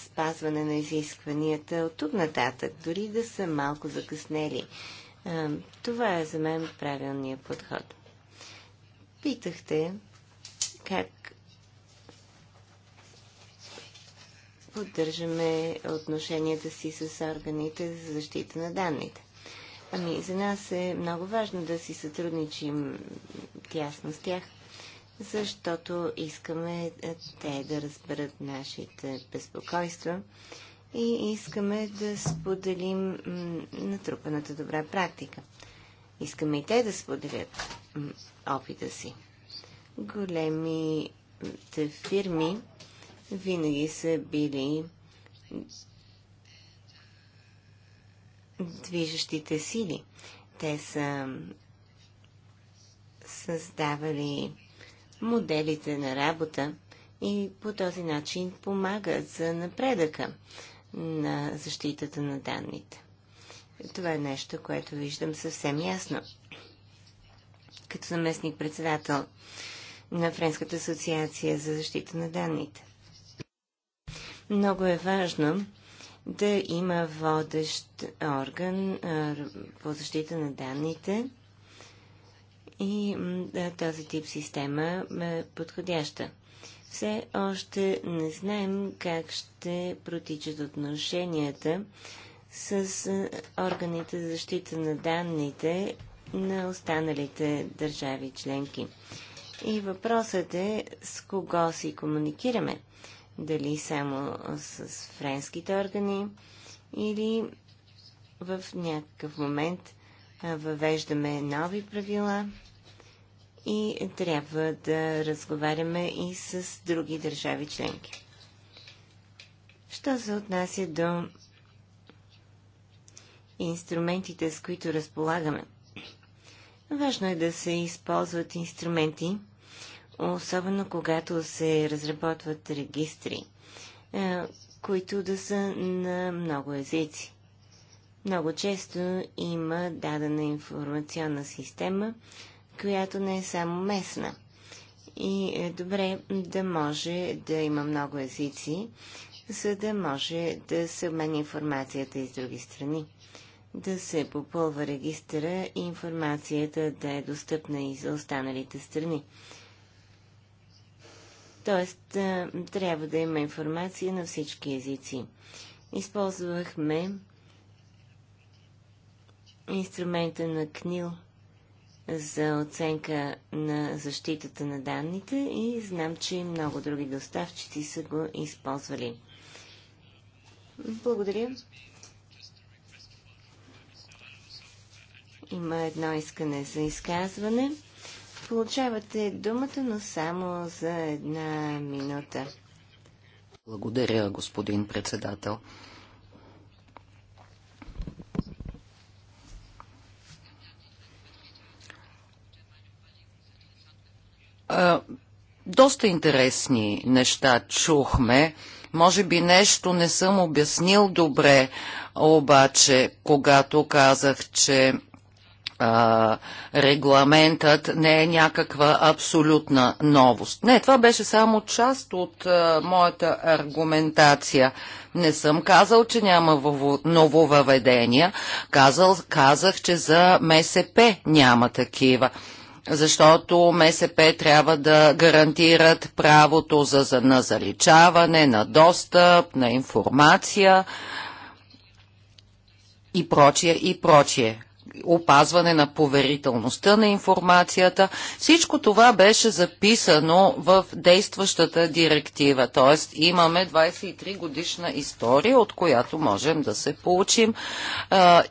спазване на изискванията от тук нататък, дори да са малко закъснели. това е за мен правилният подход. Питахте как поддържаме отношенията си с органите за защита на данните. Ами, за нас е много важно да си сътрудничим тясно с тях, защото искаме е, те да разберат нашите безпокойства и искаме да споделим натрупаната добра практика. Искаме и те да споделят опита си. Големите фирми винаги са били движещите сили. Те са създавали моделите на работа и по този начин помагат за напредъка на защитата на данните. Това е нещо, което виждам съвсем ясно. Като заместник председател на Френската асоциация за защита на данните. Много е важно да има водещ орган по защита на данните и този тип система е подходяща. Все още не знаем как ще протичат отношенията с органите за защита на данните на останалите държави членки. И въпросът е с кого си комуникираме дали само с френските органи или в някакъв момент въвеждаме нови правила и трябва да разговаряме и с други държави членки. Що се отнася до инструментите, с които разполагаме? Важно е да се използват инструменти, особено когато се разработват регистри, е, които да са на много езици. Много често има дадена информационна система, която не е само местна. И е добре да може да има много езици, за да може да се обменя информацията и с други страни. Да се попълва регистъра и информацията да е достъпна и за останалите страни. Тоест, трябва да има информация на всички езици. Използвахме инструмента на КНИЛ за оценка на защитата на данните и знам, че и много други доставчици са го използвали. Благодаря. Има едно искане за изказване. Получавате думата, но само за една минута. Благодаря, господин председател. А, доста интересни неща чухме. Може би нещо не съм обяснил добре, обаче, когато казах, че а, регламентът не е някаква абсолютна новост. Не, това беше само част от а, моята аргументация. Не съм казал, че няма нововъведения. Казал, казах, че за МСП няма такива защото МСП трябва да гарантират правото за, за, на заличаване, на достъп, на информация и прочие, и прочие опазване на поверителността на информацията. Всичко това беше записано в действащата директива, т.е. имаме 23 годишна история, от която можем да се получим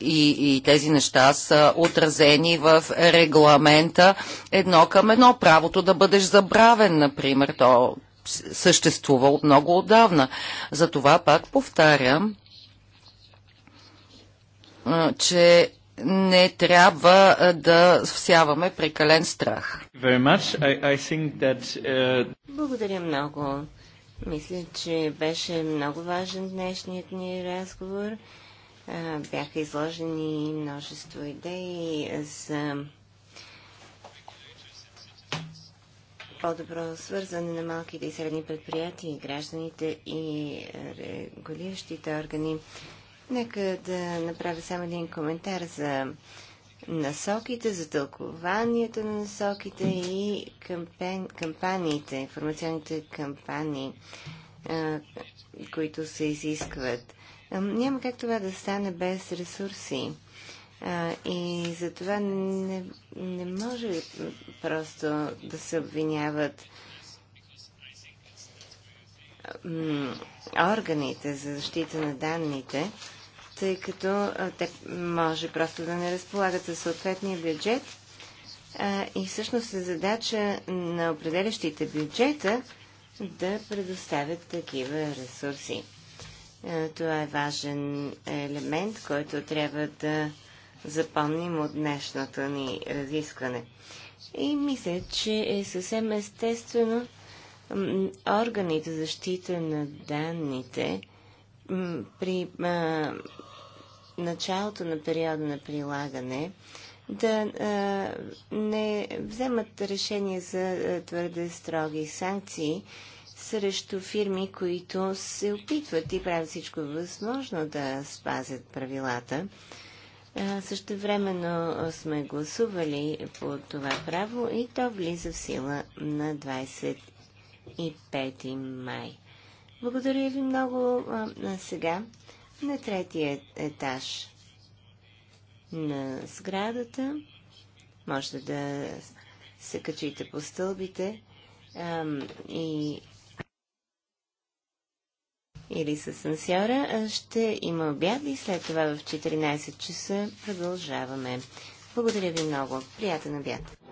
и, и тези неща са отразени в регламента едно към едно. Правото да бъдеш забравен, например, то съществува от много отдавна. Затова пак повтарям, че не трябва да всяваме прекален страх. Uh, Благодаря много. Мисля, че беше много важен днешният ни разговор. Бяха изложени множество идеи за по-добро свързане на малките и средни предприятия, гражданите и регулиращите органи. Нека да направя само един коментар за насоките, за тълкованието на насоките и кампен, кампаниите, информационните кампании, които се изискват. няма как това да стане без ресурси. И и затова не, не може просто да се обвиняват органите за защита на данните, тъй като те може просто да не разполагат за съответния бюджет. И всъщност е задача на определящите бюджета да предоставят такива ресурси. Това е важен елемент, който трябва да запомним от днешното ни разискване. И мисля, че е съвсем естествено органите за защита на данните при началото на периода на прилагане да а, не вземат решение за твърде строги санкции срещу фирми, които се опитват и правят всичко възможно да спазят правилата. Също времено сме гласували по това право и то влиза в сила на 25 май. Благодаря ви много а, сега на третия етаж на сградата. Можете да се качите по стълбите ам, и или с сансьора. Ще има обяд и след това в 14 часа продължаваме. Благодаря ви много. Приятен обяд!